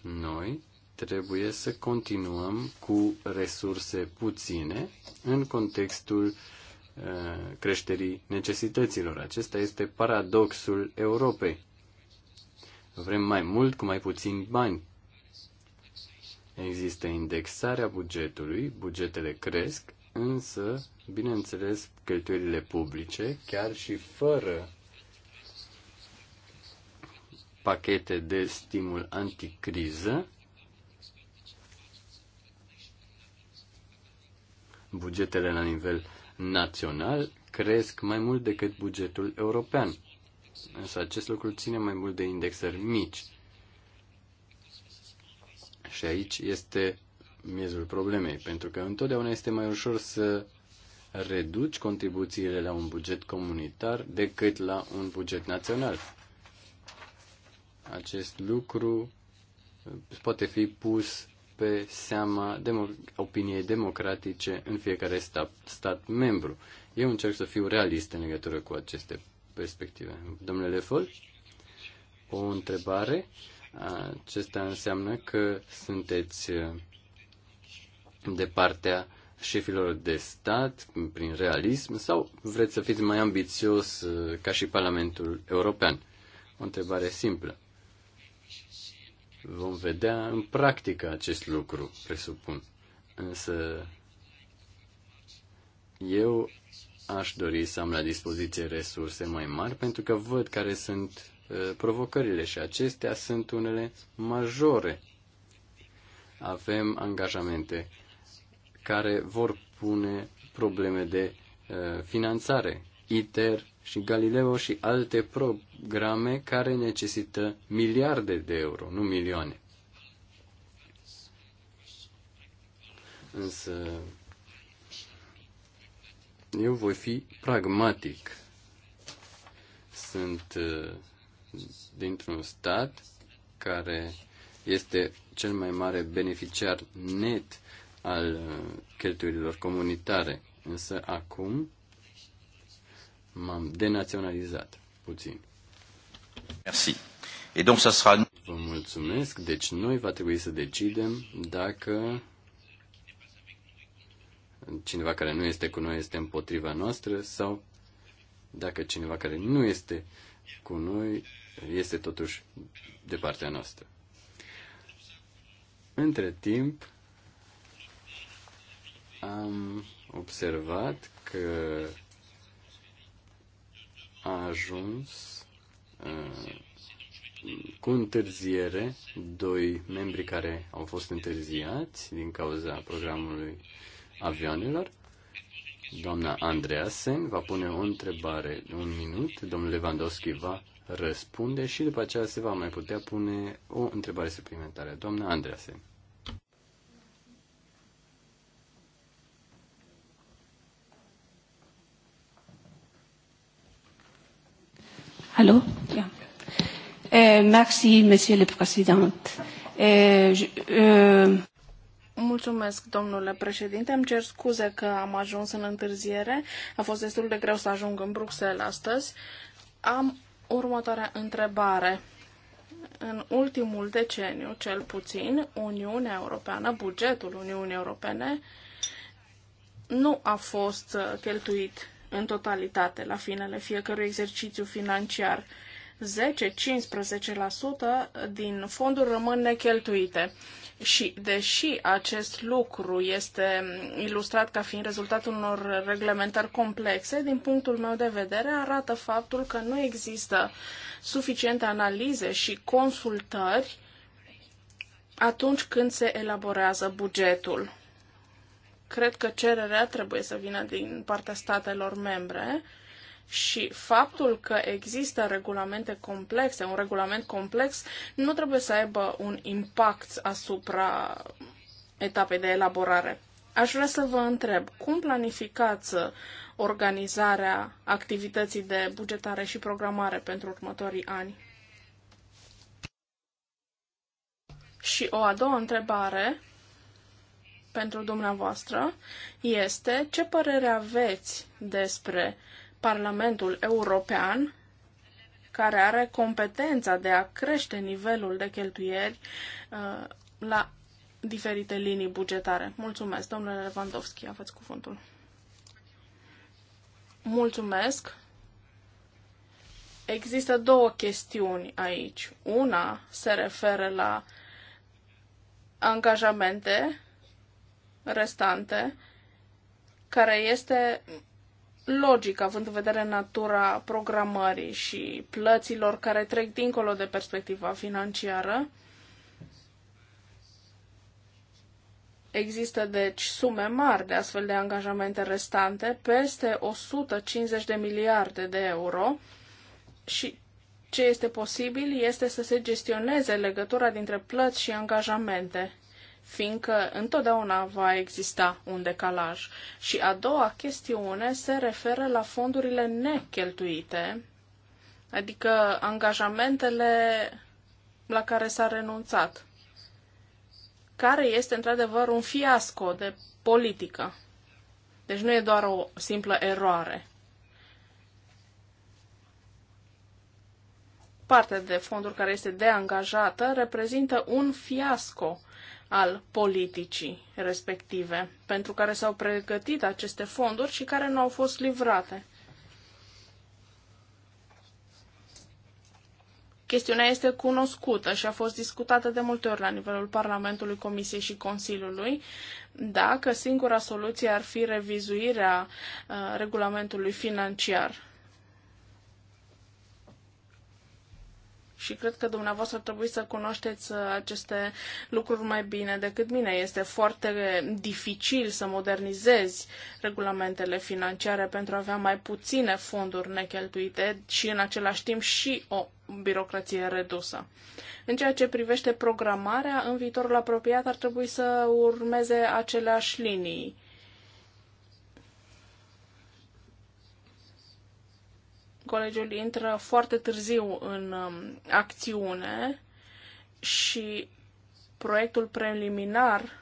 S1: Noi trebuie să continuăm cu resurse puține în contextul uh, creșterii necesităților. Acesta este paradoxul Europei. Vrem mai mult cu mai puțini bani. Există indexarea bugetului, bugetele cresc, însă, bineînțeles, cheltuielile publice, chiar și fără pachete de stimul anticriză, bugetele la nivel național cresc mai mult decât bugetul european. Însă acest lucru ține mai mult de indexări mici. Și aici este miezul problemei, pentru că întotdeauna este mai ușor să reduci contribuțiile la un buget comunitar decât la un buget național. Acest lucru uh, poate fi pus pe seama demo- opiniei democratice în fiecare stat, stat membru. Eu încerc să fiu realist în legătură cu aceste perspective. Domnule Lefol, o întrebare. Uh, acesta înseamnă că sunteți uh, de partea șefilor de stat prin realism sau vreți să fiți mai ambițios uh, ca și Parlamentul European? O întrebare simplă. Vom vedea în practică acest lucru, presupun. Însă eu aș dori să am la dispoziție resurse mai mari pentru că văd care sunt Uh, provocările și acestea sunt unele majore. Avem angajamente care vor pune probleme de uh, finanțare, ITER și Galileo și alte programe care necesită miliarde de euro, nu milioane. Însă eu voi fi pragmatic. Sunt uh, dintr-un stat care este cel mai mare beneficiar net al uh, cheltuielilor comunitare. Însă acum m-am denaționalizat puțin. Merci. Et donc ça sera... Vă mulțumesc. Deci noi va trebui să decidem dacă cineva care nu este cu noi este împotriva noastră sau dacă cineva care nu este uh, cu noi este totuși de partea noastră. Între timp, am observat că a ajuns uh, cu întârziere doi membri care au fost întârziați din cauza programului avioanelor Doamna Andreasen va pune o întrebare de un minut, domnul Lewandowski va răspunde și după aceea se va mai putea pune o întrebare suplimentară. Doamna Andreasen.
S2: Allô yeah. eh, Merci, Monsieur le Président. Eh, je, euh... Mulțumesc, domnule președinte. Îmi cer scuze că am ajuns în întârziere. A fost destul de greu să ajung în Bruxelles astăzi. Am următoarea întrebare. În ultimul deceniu, cel puțin, Uniunea Europeană, bugetul Uniunii Europene, nu a fost uh, cheltuit în totalitate la finele fiecărui exercițiu financiar. 10-15% din fonduri rămân necheltuite. Și deși acest lucru este ilustrat ca fiind rezultatul unor reglementări complexe, din punctul meu de vedere arată faptul că nu există suficiente analize și consultări atunci când se elaborează bugetul. Cred că cererea trebuie să vină din partea statelor membre și faptul că există regulamente complexe, un regulament complex, nu trebuie să aibă un impact asupra etapei de elaborare. Aș vrea să vă întreb, cum planificați organizarea activității de bugetare și programare pentru următorii ani? Și o a doua întrebare pentru dumneavoastră este ce părere aveți despre Parlamentul European, care are competența de a crește nivelul de cheltuieri uh, la diferite linii bugetare. Mulțumesc, domnule Lewandowski, aveți cuvântul. Mulțumesc. Există două chestiuni aici. Una se referă la angajamente restante, care este logic, având în vedere natura programării și plăților care trec dincolo de perspectiva financiară. Există deci sume mari de astfel de angajamente restante, peste 150 de miliarde de euro și ce este posibil este să se gestioneze legătura dintre plăți și angajamente fiindcă întotdeauna va exista un decalaj. Și a doua chestiune se referă la fondurile necheltuite, adică angajamentele la care s-a renunțat, care este într-adevăr un fiasco de politică. Deci nu e doar o simplă eroare. Partea de fonduri care este deangajată reprezintă un fiasco al politicii respective, pentru care s-au pregătit aceste fonduri și care nu au fost livrate. Chestiunea este cunoscută și a fost discutată de multe ori la nivelul Parlamentului, Comisiei și Consiliului. Dacă singura soluție ar fi revizuirea uh, regulamentului financiar și cred că dumneavoastră trebuie să cunoașteți uh, aceste lucruri mai bine decât mine. Este foarte dificil să modernizezi regulamentele financiare pentru a avea mai puține fonduri necheltuite și în același timp și o birocrație redusă. În ceea ce privește programarea, în viitorul apropiat ar trebui să urmeze aceleași linii colegiul intră foarte târziu în um, acțiune și proiectul preliminar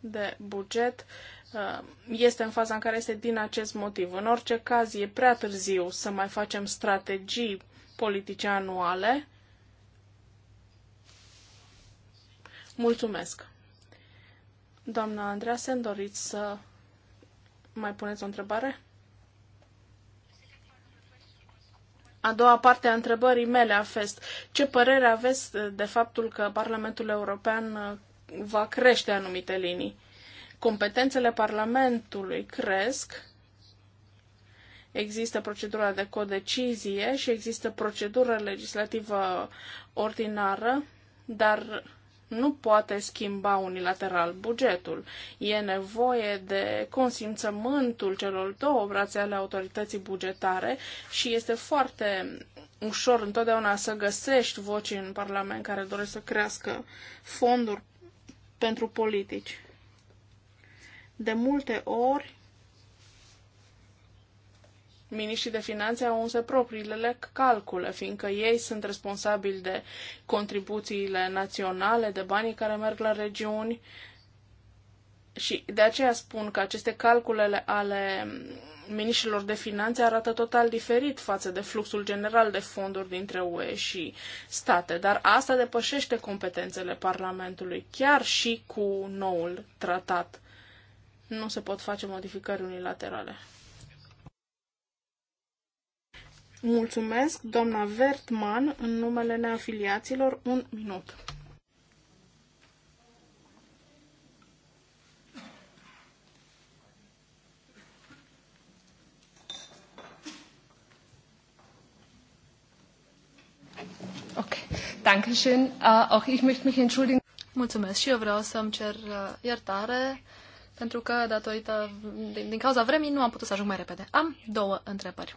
S2: de buget uh, este în faza în care este din acest motiv. În orice caz, e prea târziu să mai facem strategii politice anuale. Mulțumesc! Doamna Andreasen, doriți să mai puneți o întrebare? a doua parte a întrebării mele a fost ce părere aveți de faptul că Parlamentul European uh, va crește anumite linii? Competențele Parlamentului cresc, există procedura de codecizie și există procedura legislativă ordinară, dar nu poate schimba unilateral bugetul. E nevoie de consimțământul celor două brațe ale autorității bugetare și este foarte ușor întotdeauna să găsești voci în Parlament care doresc să crească fonduri pentru politici. De multe ori, Miniștrii de finanțe au însă propriile calcule, fiindcă ei sunt responsabili de contribuțiile naționale, de banii care merg la regiuni. Și de aceea spun că aceste calculele ale miniștrilor de finanțe arată total diferit față de fluxul general de fonduri dintre UE și state, dar asta depășește competențele Parlamentului, chiar și cu noul tratat. Nu se pot face modificări unilaterale. Mulțumesc, doamna Vertman, în numele neafiliaților, un minut.
S3: Dankeschön. Äh, auch ich möchte mich entschuldigen. Mulțumesc și eu vreau să-mi cer uh, iertare pentru că datorită, din, din cauza vremii nu am putut să ajung mai repede. Am două întrebări.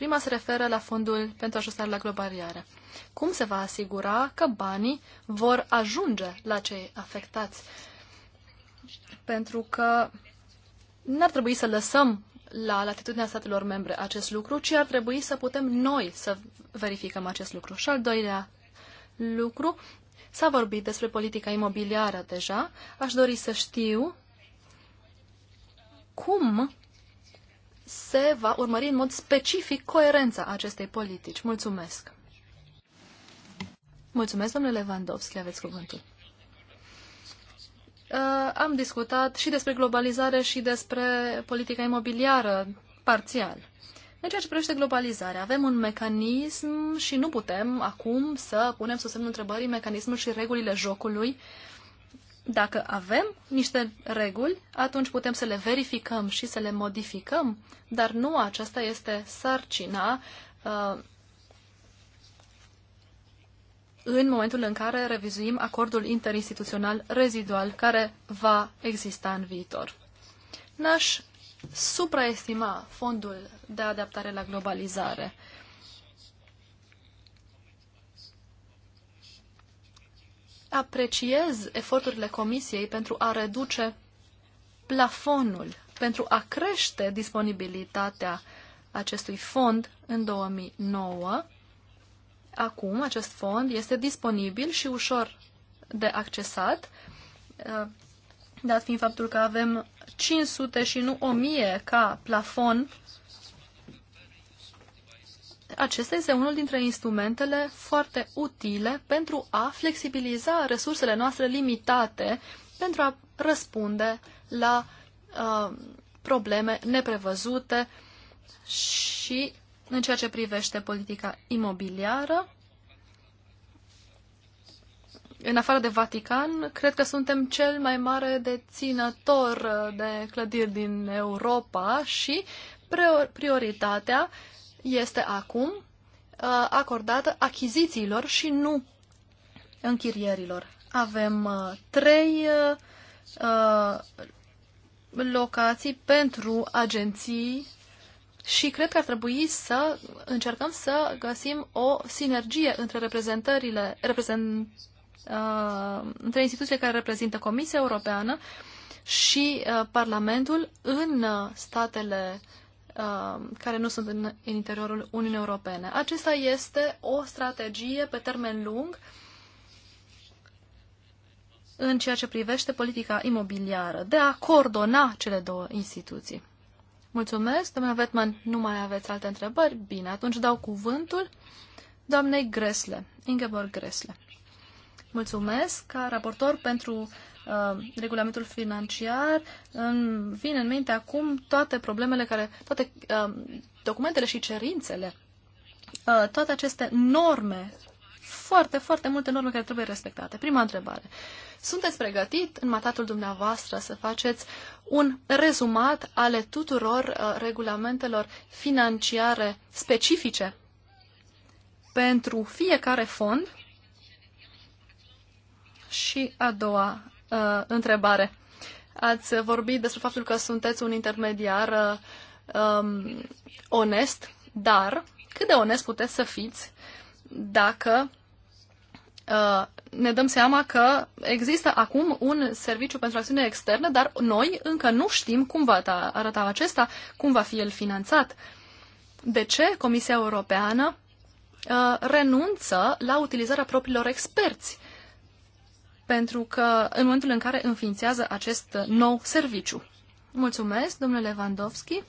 S3: Prima se referă la fondul pentru ajustare la globalizare. Cum se va asigura că banii vor ajunge la cei afectați? Pentru că n-ar trebui să lăsăm la latitudinea statelor membre acest lucru, ci ar trebui să putem noi să verificăm acest lucru. Și al doilea lucru, s-a vorbit despre politica imobiliară deja. Aș dori să știu cum se va urmări în mod specific coerența acestei politici. Mulțumesc! Mulțumesc, domnule Lewandowski, aveți cuvântul. Uh, am discutat și despre globalizare și despre politica imobiliară, parțial. În ceea ce privește globalizarea, avem un mecanism și nu putem acum să punem sub semnul întrebării mecanismul și regulile jocului dacă avem niște reguli, atunci putem să le verificăm și să le modificăm, dar nu aceasta este sarcina uh, în momentul în care revizuim acordul interinstituțional rezidual care va exista în viitor. N-aș supraestima fondul de adaptare la globalizare. apreciez eforturile Comisiei pentru a reduce plafonul, pentru a crește disponibilitatea acestui fond în 2009. Acum acest fond este disponibil și ușor de accesat, uh, dat fiind faptul că avem 500 și nu 1000 ca plafon acesta este unul dintre instrumentele foarte utile pentru a flexibiliza resursele noastre limitate pentru a răspunde la uh, probleme neprevăzute și în ceea ce privește politica imobiliară. În afară de Vatican, cred că suntem cel mai mare deținător uh, de clădiri din Europa și prioritatea este acum uh, acordată achizițiilor și nu închirierilor. Avem uh, trei uh, locații pentru agenții și cred că ar trebui să încercăm să găsim o sinergie între reprezentările, reprezent, uh, între instituțiile care reprezintă Comisia Europeană și uh, Parlamentul în statele Um, care nu sunt în, în interiorul Uniunii Europene. Acesta este o strategie pe termen lung în ceea ce privește politica imobiliară, de a coordona cele două instituții. Mulțumesc, domnule Vetman, nu mai aveți alte întrebări? Bine, atunci dau cuvântul doamnei Gresle, Ingeborg Gresle. Mulțumesc ca raportor pentru Uh, regulamentul financiar, îmi vin în minte acum toate problemele care, toate uh, documentele și cerințele, uh, toate aceste norme, foarte, foarte multe norme care trebuie respectate. Prima întrebare. Sunteți pregătit în matatul dumneavoastră să faceți un rezumat ale tuturor regulamentelor financiare specifice pentru fiecare fond? Și a doua uh, întrebare. Ați vorbit despre faptul că sunteți un intermediar uh, um, onest, dar cât de onest puteți să fiți dacă uh, ne dăm seama că există acum un serviciu pentru acțiune externă, dar noi încă nu știm cum va arăta acesta, cum va fi el finanțat. De ce Comisia Europeană uh, renunță la utilizarea propriilor experți? pentru că în momentul în care înființează acest nou serviciu. Mulțumesc, domnule Lewandowski.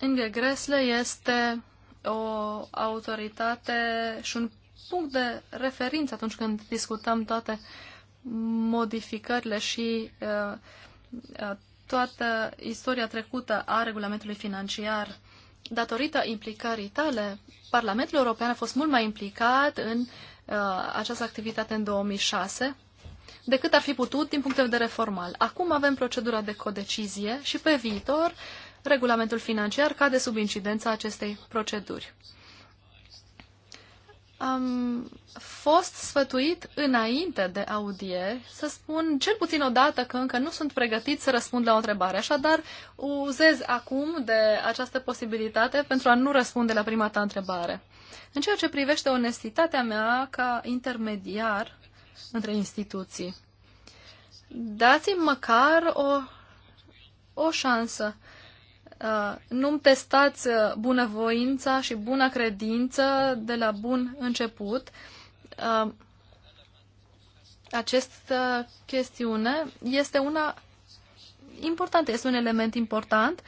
S3: Inge Gresle este o autoritate și un punct de referință atunci când discutăm toate modificările și uh, uh, toată istoria trecută a regulamentului financiar. Datorită implicării tale, Parlamentul European a fost mult mai implicat în Uh, această activitate în 2006 decât ar fi putut din punct de vedere formal. Acum avem procedura de codecizie și pe viitor regulamentul financiar cade sub incidența acestei proceduri. Am fost sfătuit înainte de audie să spun cel puțin o dată că încă nu sunt pregătit să răspund la o întrebare. Așadar, uzez acum de această posibilitate pentru a nu răspunde la prima ta întrebare. În ceea ce privește onestitatea mea ca intermediar între instituții, dați-mi măcar o, o șansă. Uh, nu-mi testați uh, bunăvoința și buna credință de la bun început. Uh, această chestiune este una importantă, este un element important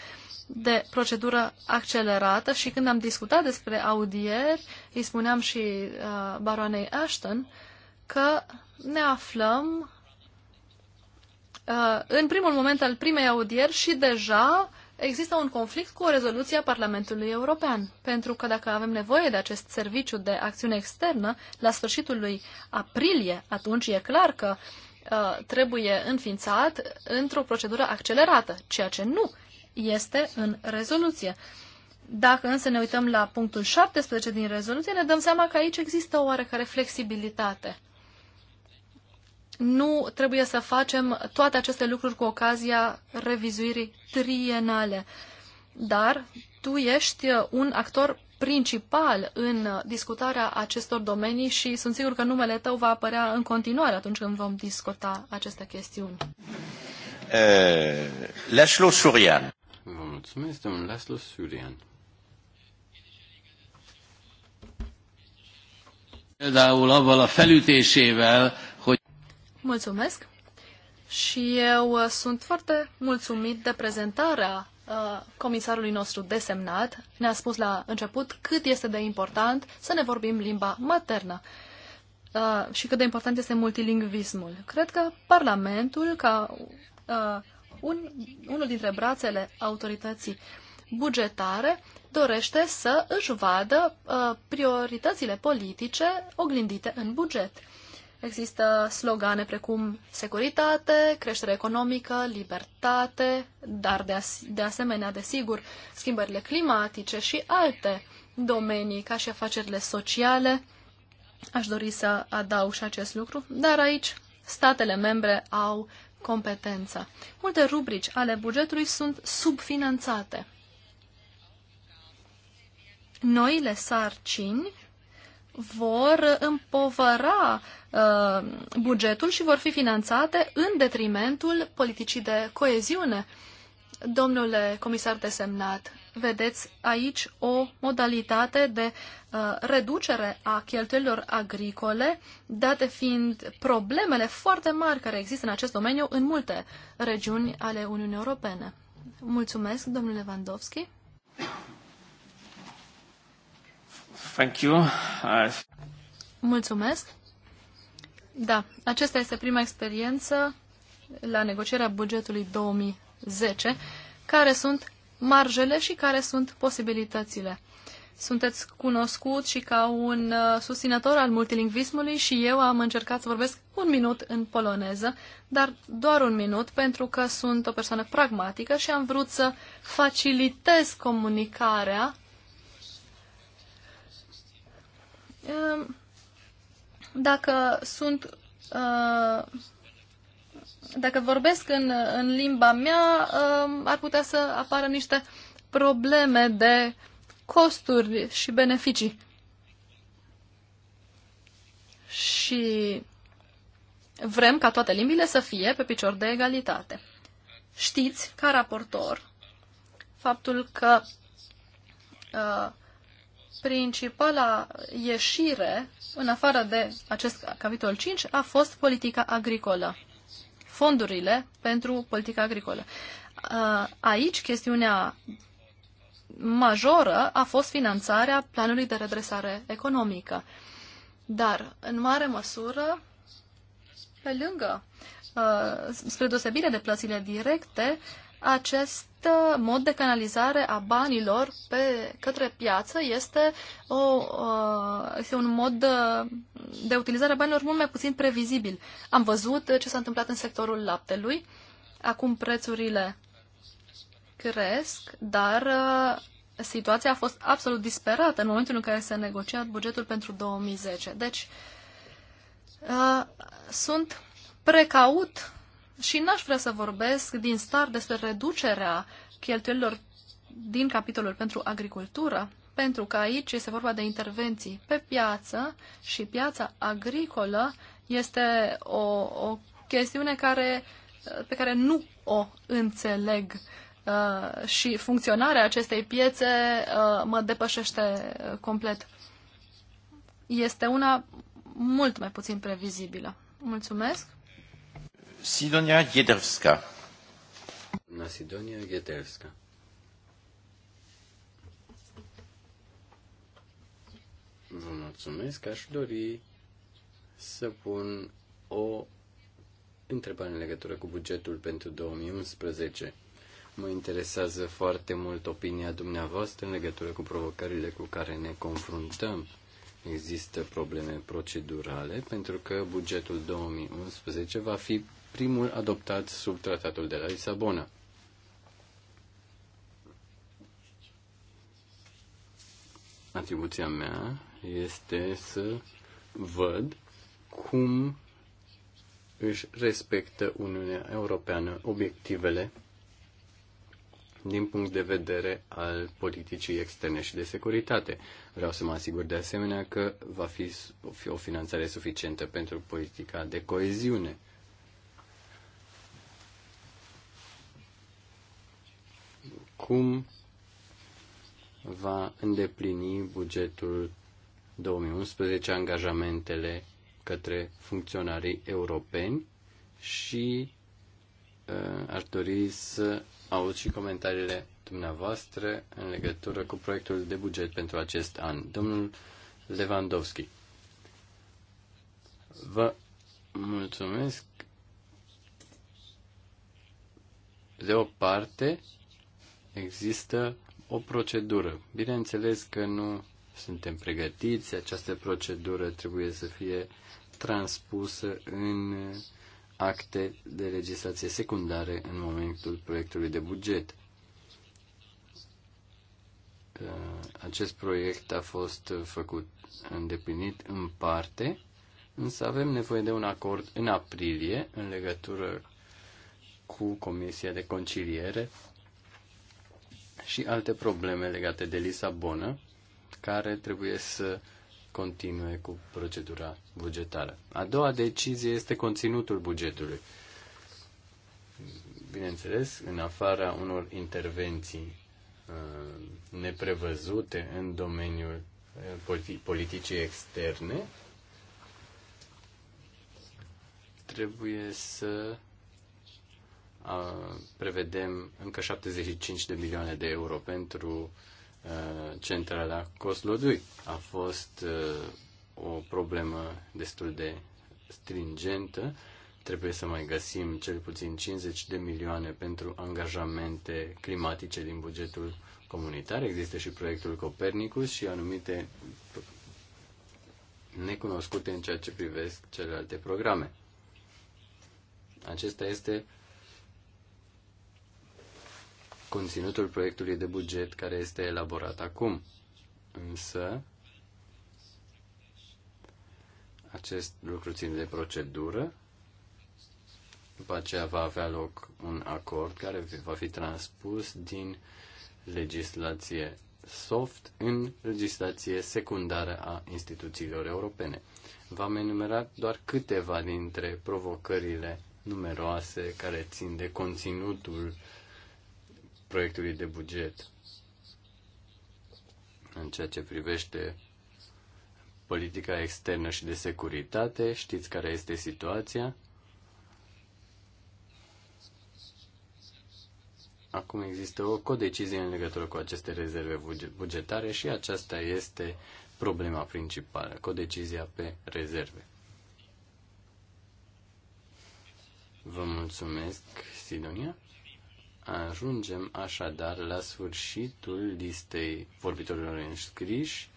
S3: de procedură accelerată și când am discutat despre audieri, îi spuneam și uh, baroanei Ashton că ne aflăm uh, în primul moment al primei audieri și deja există un conflict cu o rezoluție a Parlamentului European. Pentru că dacă avem nevoie de acest serviciu de acțiune externă, la sfârșitul lui aprilie, atunci e clar că uh, trebuie înființat într-o procedură accelerată, ceea ce nu este în rezoluție. Dacă însă ne uităm la punctul 17 din rezoluție, ne dăm seama că aici există o oarecare flexibilitate. Nu trebuie să facem toate aceste lucruri cu ocazia revizuirii trienale, dar tu ești un actor principal în discutarea acestor domenii și sunt sigur că numele tău va apărea în continuare atunci când vom discuta aceste chestiuni.
S1: Uh, eh, Surian. Vă mulțumesc, domnul Laslo Surian. Például avval a felütésével, hogy...
S3: Mulțumesc. Și eu uh, sunt foarte mulțumit de prezentarea uh, comisarului nostru desemnat. Ne-a spus la început cât este de important să ne vorbim limba maternă uh, și cât de important este multilingvismul. Cred că Parlamentul, ca un, unul dintre brațele autorității bugetare dorește să își vadă uh, prioritățile politice oglindite în buget. Există slogane precum securitate, creștere economică, libertate, dar de, as- de asemenea, desigur, schimbările climatice și alte domenii, ca și afacerile sociale. Aș dori să adaug și acest lucru, dar aici statele membre au competența. Multe rubrici ale bugetului sunt subfinanțate. Noile sarcini vor împovăra uh, bugetul și vor fi finanțate în detrimentul politicii de coeziune. Domnule comisar desemnat, vedeți aici o modalitate de uh, reducere a cheltuielilor agricole, date fiind problemele foarte mari care există în acest domeniu în multe regiuni ale Uniunii Europene. Mulțumesc, domnule Lewandowski. Thank you. Mulțumesc. Da, acesta este prima experiență la negocierea bugetului 2010, care sunt marjele și care sunt posibilitățile. Sunteți cunoscut și ca un uh, susținător al multilingvismului și eu am încercat să vorbesc un minut în poloneză, dar doar un minut pentru că sunt o persoană pragmatică și am vrut să facilitez comunicarea ehm, dacă sunt uh, dacă vorbesc în, în limba mea, um, ar putea să apară niște probleme de costuri și beneficii. Și vrem ca toate limbile să fie pe picior de egalitate. Știți, ca raportor, faptul că uh, principala ieșire, în afară de acest capitol 5, a fost politica agricolă fondurile pentru politica agricolă. Uh, aici, chestiunea majoră a fost finanțarea planului de redresare economică. Dar, în mare măsură, pe lângă, uh, spre deosebire de plățile directe, acest Uh, mod de canalizare a banilor pe, către piață este, o, uh, este un mod uh, de utilizare a banilor mult mai puțin previzibil. Am văzut ce s-a întâmplat în sectorul laptelui. Acum prețurile cresc, dar situația a fost absolut disperată în momentul în care s-a negociat bugetul pentru 2010. Deci, sunt precaut și n-aș vrea să vorbesc din start despre reducerea cheltuielilor din capitolul pentru agricultură, pentru că aici este vorba de intervenții pe piață și piața agricolă este o, o chestiune care, pe care nu o înțeleg uh, și funcționarea acestei piețe uh, mă depășește uh, complet. Este una mult mai puțin previzibilă. Mulțumesc!
S1: Sidonia Giedelska. Doamna Sidonia Giedelska. Vă mulțumesc. Aș dori să pun o întrebare în legătură cu bugetul pentru 2011. Mă interesează foarte mult opinia dumneavoastră în legătură cu provocările cu care ne confruntăm. Există probleme procedurale pentru că bugetul 2011 va fi primul adoptat sub tratatul de la Lisabona. Atribuția mea este să văd cum își respectă Uniunea Europeană obiectivele din punct de vedere al politicii externe și de securitate. Vreau să mă asigur de asemenea că va fi o finanțare suficientă pentru politica de coeziune cum va îndeplini bugetul 2011 angajamentele către funcționarii europeni și uh, aș dori să aud și comentariile dumneavoastră în legătură cu proiectul de buget pentru acest an. Domnul Lewandowski, vă mulțumesc de o parte există o procedură. Bineînțeles că nu suntem pregătiți, această procedură trebuie să fie transpusă în acte de legislație secundare în momentul proiectului de buget. Uh, acest proiect a fost făcut îndeplinit în parte, însă avem nevoie de un acord în aprilie în legătură cu Comisia de Conciliere și alte probleme legate de Lisabona, care trebuie să continue cu procedura bugetară. A doua decizie este conținutul bugetului. Bineînțeles, în afara unor intervenții uh, neprevăzute în domeniul uh, politicii externe, trebuie să prevedem încă 75 de milioane de euro pentru centrala Coslodui. A fost o problemă destul de stringentă. Trebuie să mai găsim cel puțin 50 de milioane pentru angajamente climatice din bugetul comunitar. Există și proiectul Copernicus și anumite necunoscute în ceea ce privesc celelalte programe. Acesta este conținutul proiectului de buget care este elaborat acum. Însă, acest lucru ține de procedură. După aceea va avea loc un acord care va fi transpus din legislație soft în legislație secundară a instituțiilor europene. V-am enumerat doar câteva dintre provocările numeroase care țin de conținutul uh, proiectului de buget în ceea ce privește politica externă și de securitate. Știți care este situația. Acum există o codecizie în legătură cu aceste rezerve bugetare și aceasta este problema principală, codecizia pe rezerve. Vă mulțumesc, Sidonia. Ajungem așadar la sfârșitul listei vorbitorilor înscriși.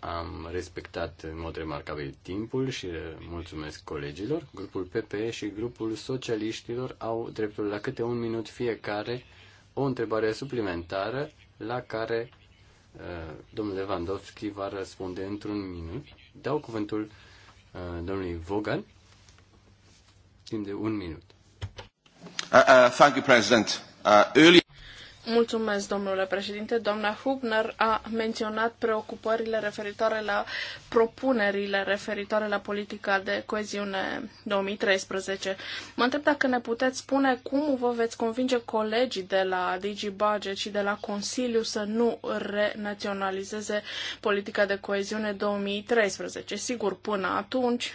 S1: Am respectat în mod remarcabil timpul și mulțumesc colegilor. Grupul PPE și grupul socialiștilor au dreptul la câte un minut fiecare o întrebare suplimentară la care uh, domnul Lewandowski va răspunde într-un minut. Dau cuvântul uh, domnului Vogan timp de un minut. Uh, uh, uh,
S2: Mulțumesc, domnule președinte. Doamna Hubner a menționat preocupările referitoare la propunerile referitoare la politica de coeziune 2013. Mă întreb dacă ne puteți spune cum vă veți convinge colegii de la Budget și de la Consiliu să nu renaționalizeze politica de coeziune 2013. Sigur, până atunci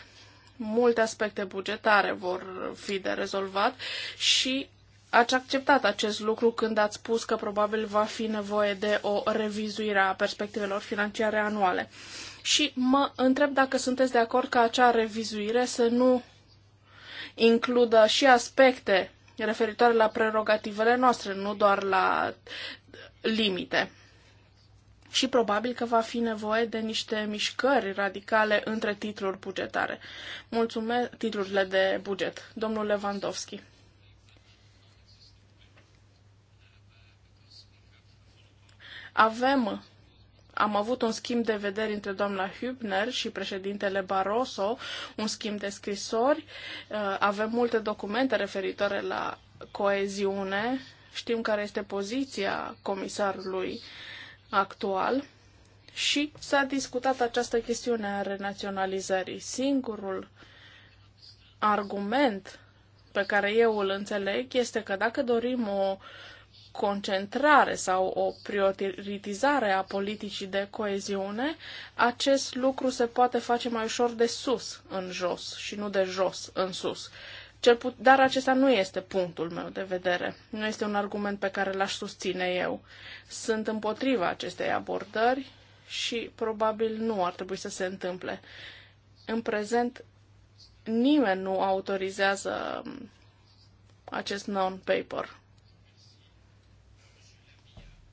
S2: Multe aspecte bugetare vor fi de rezolvat și ați acceptat acest lucru când ați spus că probabil va fi nevoie de o revizuire a perspectivelor financiare anuale. Și mă întreb dacă sunteți de acord ca acea revizuire să nu includă și aspecte referitoare la prerogativele noastre, nu doar la limite și probabil că va fi nevoie de niște mișcări radicale între titluri bugetare. Mulțumesc titlurile de buget. Domnul Lewandowski. Avem am avut un schimb de vederi între doamna Hübner și președintele Barroso, un schimb de scrisori. Uh, avem multe documente referitoare la coeziune. Știm care este poziția comisarului actual și s-a discutat această chestiune a renaționalizării. Singurul argument pe care eu îl înțeleg este că dacă dorim o concentrare sau o prioritizare a politicii de coeziune, acest lucru se poate face mai ușor de sus în jos și nu de jos în sus. Cel put- dar acesta nu este punctul meu de vedere. Nu este un argument pe care l-aș susține eu. Sunt împotriva acestei abordări și probabil nu ar trebui să se întâmple. În prezent, nimeni nu autorizează um, acest non-paper.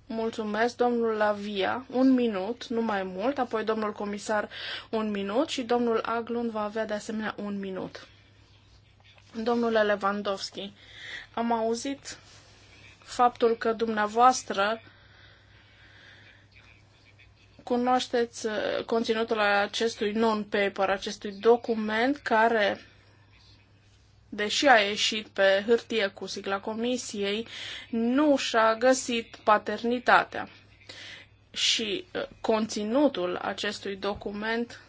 S2: Mulțumesc, domnul Lavia. Un minut, nu mai mult, apoi domnul comisar un minut și domnul Aglund va avea de asemenea un minut. Domnule Lewandowski, am auzit faptul că dumneavoastră cunoașteți uh, conținutul acestui non-paper, acestui document care, deși a ieșit pe hârtie cu sigla comisiei, nu și-a găsit paternitatea. Și uh, conținutul acestui document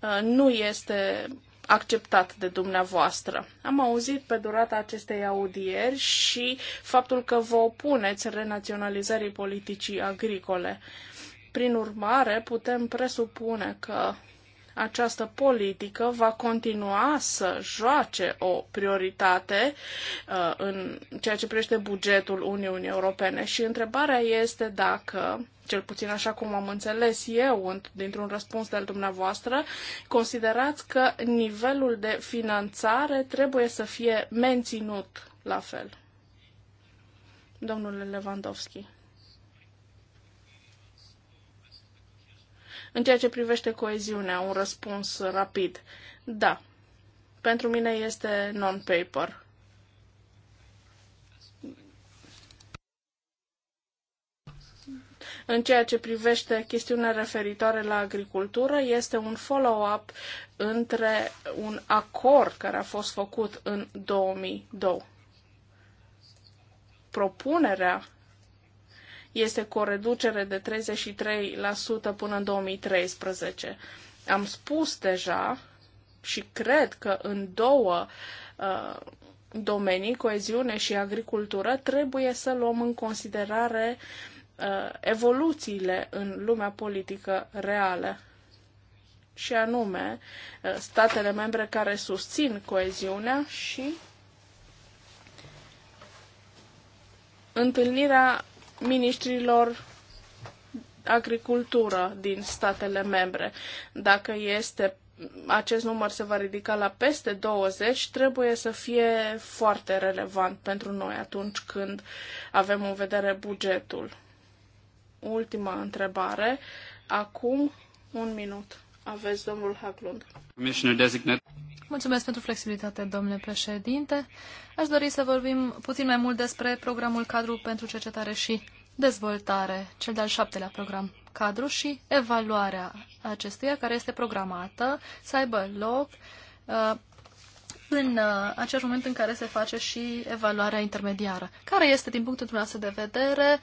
S2: uh, nu este acceptat de dumneavoastră. Am auzit pe durata acestei audieri și faptul că vă opuneți renaționalizării politicii agricole. Prin urmare, putem presupune că această politică va continua să joace o prioritate uh, în ceea ce privește bugetul Uniunii Europene și întrebarea este dacă cel puțin așa cum am înțeles eu dintr-un răspuns de-al dumneavoastră, considerați că nivelul de finanțare trebuie să fie menținut la fel. Domnule Lewandowski. În ceea ce privește coeziunea, un răspuns rapid. Da. Pentru mine este non-paper. În ceea ce privește chestiunea referitoare la agricultură, este un follow-up între un acord care a fost făcut în 2002. Propunerea este cu o reducere de 33% până în 2013. Am spus deja și cred că în două uh, domenii, coeziune și agricultură, trebuie să luăm în considerare uh, evoluțiile în lumea politică reală și anume uh, statele membre care susțin coeziunea și întâlnirea ministrilor agricultură din statele membre. Dacă este acest număr se va ridica la peste 20, trebuie să fie foarte relevant pentru noi atunci când avem în vedere bugetul. Ultima întrebare. Acum un minut. Aveți domnul Haglund.
S3: Mulțumesc pentru flexibilitate, domnule președinte. Aș dori să vorbim puțin mai mult despre programul cadru pentru cercetare și dezvoltare, cel de-al șaptelea program cadru și evaluarea acestuia care este programată să aibă loc uh, în uh, acel moment în care se face și evaluarea intermediară. Care este, din punctul dumneavoastră de vedere,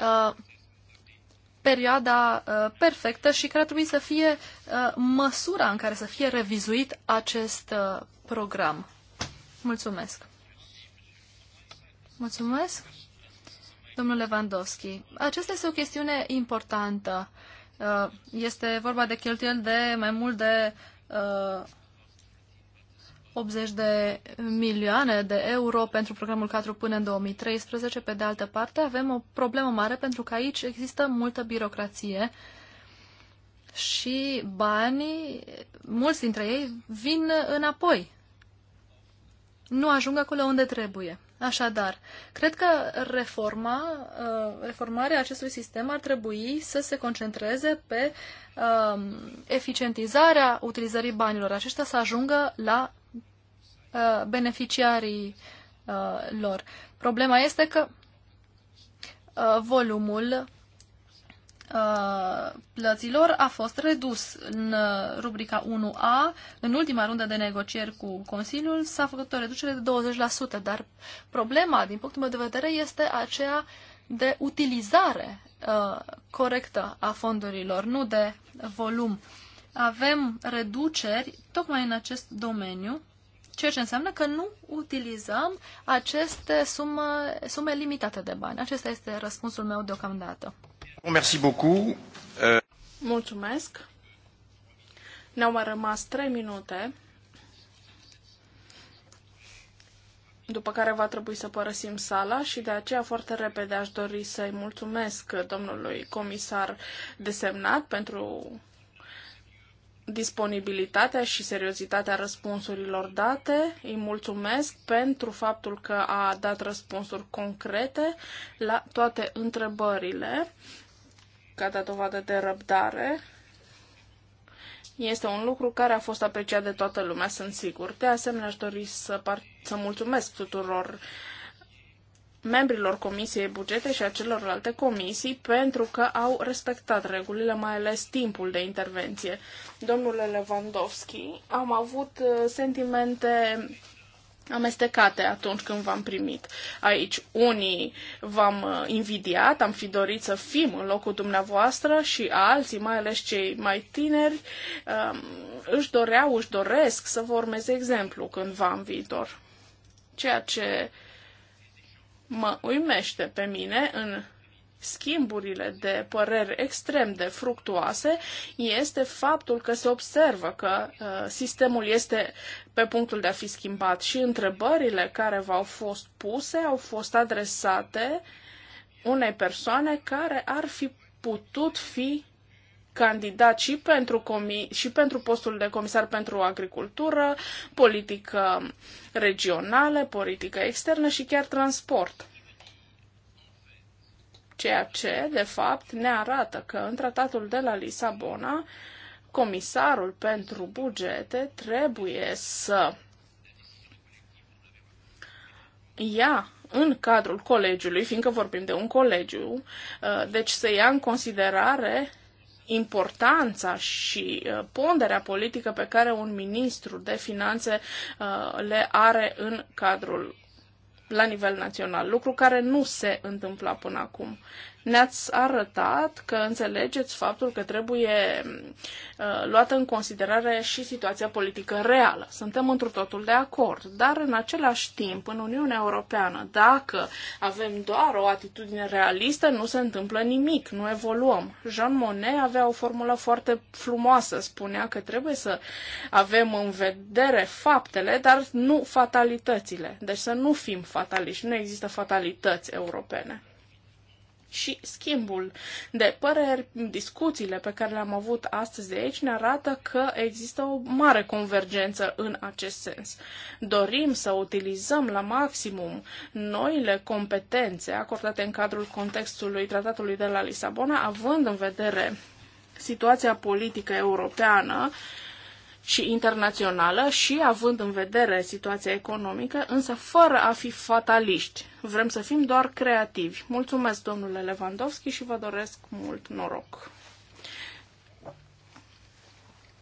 S3: uh, perioada uh, perfectă și care ar trebui să fie uh, măsura în care să fie revizuit acest uh, program. Mulțumesc! Mulțumesc, domnule Lewandowski. Aceasta este o chestiune importantă. Uh, este vorba de cheltuieli de mai mult de uh, 80 de milioane de euro pentru programul 4 până în 2013. Pe de altă parte, avem o problemă mare pentru că aici există multă birocrație și banii, mulți dintre ei, vin înapoi. Nu ajung acolo unde trebuie. Așadar, cred că reforma, uh, reformarea acestui sistem ar trebui să se concentreze pe um, eficientizarea utilizării banilor aceștia să ajungă la Uh, beneficiarii uh, lor. Problema este că uh, volumul plăților a fost redus în rubrica 1A. În ultima rundă de negocieri cu Consiliul s-a făcut o reducere de 20%, dar problema, din punctul meu de vedere, este aceea de utilizare uh, corectă a fondurilor, nu de volum. Avem reduceri tocmai în acest domeniu Ceea ce înseamnă că nu utilizăm aceste sume, sume limitate de bani. Acesta este răspunsul meu deocamdată.
S1: Oh, merci beaucoup. Euh,
S3: mulțumesc.
S2: Ne-au mai rămas 3 minute, după care va trebui să părăsim sala și de aceea foarte repede aș dori să-i mulțumesc domnului comisar desemnat pentru disponibilitatea și seriozitatea răspunsurilor date. Îi mulțumesc pentru faptul că a dat răspunsuri concrete la toate întrebările, ca dat dovadă de răbdare. Este un lucru care a fost apreciat de toată lumea, sunt sigur. De asemenea, aș dori să, par- să mulțumesc tuturor uh, membrilor Comisiei Bugete și a celorlalte comisii pentru că au respectat regulile, mai ales timpul de intervenție. Domnule Lewandowski, am avut uh, sentimente amestecate atunci când v-am primit aici. Unii v-am uh, invidiat, am fi dorit să fim în locul dumneavoastră și alții, mai ales cei mai tineri, um, își doreau, își doresc să vă urmeze exemplu cândva în viitor. Ceea ce uh, mă uimește pe mine în schimburile de păreri extrem de fructuoase este faptul că se observă că uh, sistemul este pe punctul de a fi schimbat și întrebările care v-au fost puse au fost adresate unei persoane care ar fi putut fi candidat și pentru, comi- și pentru postul de comisar pentru agricultură, politică regională, politică externă și chiar transport. Ceea ce, de fapt, ne arată că în tratatul de la Lisabona, comisarul pentru bugete trebuie să ia în cadrul colegiului, fiindcă vorbim de un colegiu, uh, deci să ia în considerare importanța și uh, ponderea politică pe care un ministru de finanțe uh, le are în cadrul la nivel național, lucru care nu se întâmpla până acum ne-ați arătat că înțelegeți faptul că trebuie uh, luată în considerare și situația politică reală. Suntem într totul de acord, dar în același timp, în Uniunea Europeană, dacă avem doar o atitudine realistă, nu se întâmplă nimic, nu evoluăm. Jean Monnet avea o formulă foarte frumoasă, spunea că trebuie să avem în vedere faptele, dar nu fatalitățile. Deci să nu fim fataliști, nu există fatalități europene și schimbul de păreri, discuțiile pe care le-am avut astăzi de aici ne arată că există o mare convergență în acest sens. Dorim să utilizăm la maximum noile competențe acordate în cadrul contextului Tratatului de la Lisabona, având în vedere situația politică europeană și internațională și având în vedere situația economică, însă fără a fi fataliști. Vrem să fim doar creativi. Mulțumesc, domnule
S3: Lewandowski, și vă doresc mult noroc.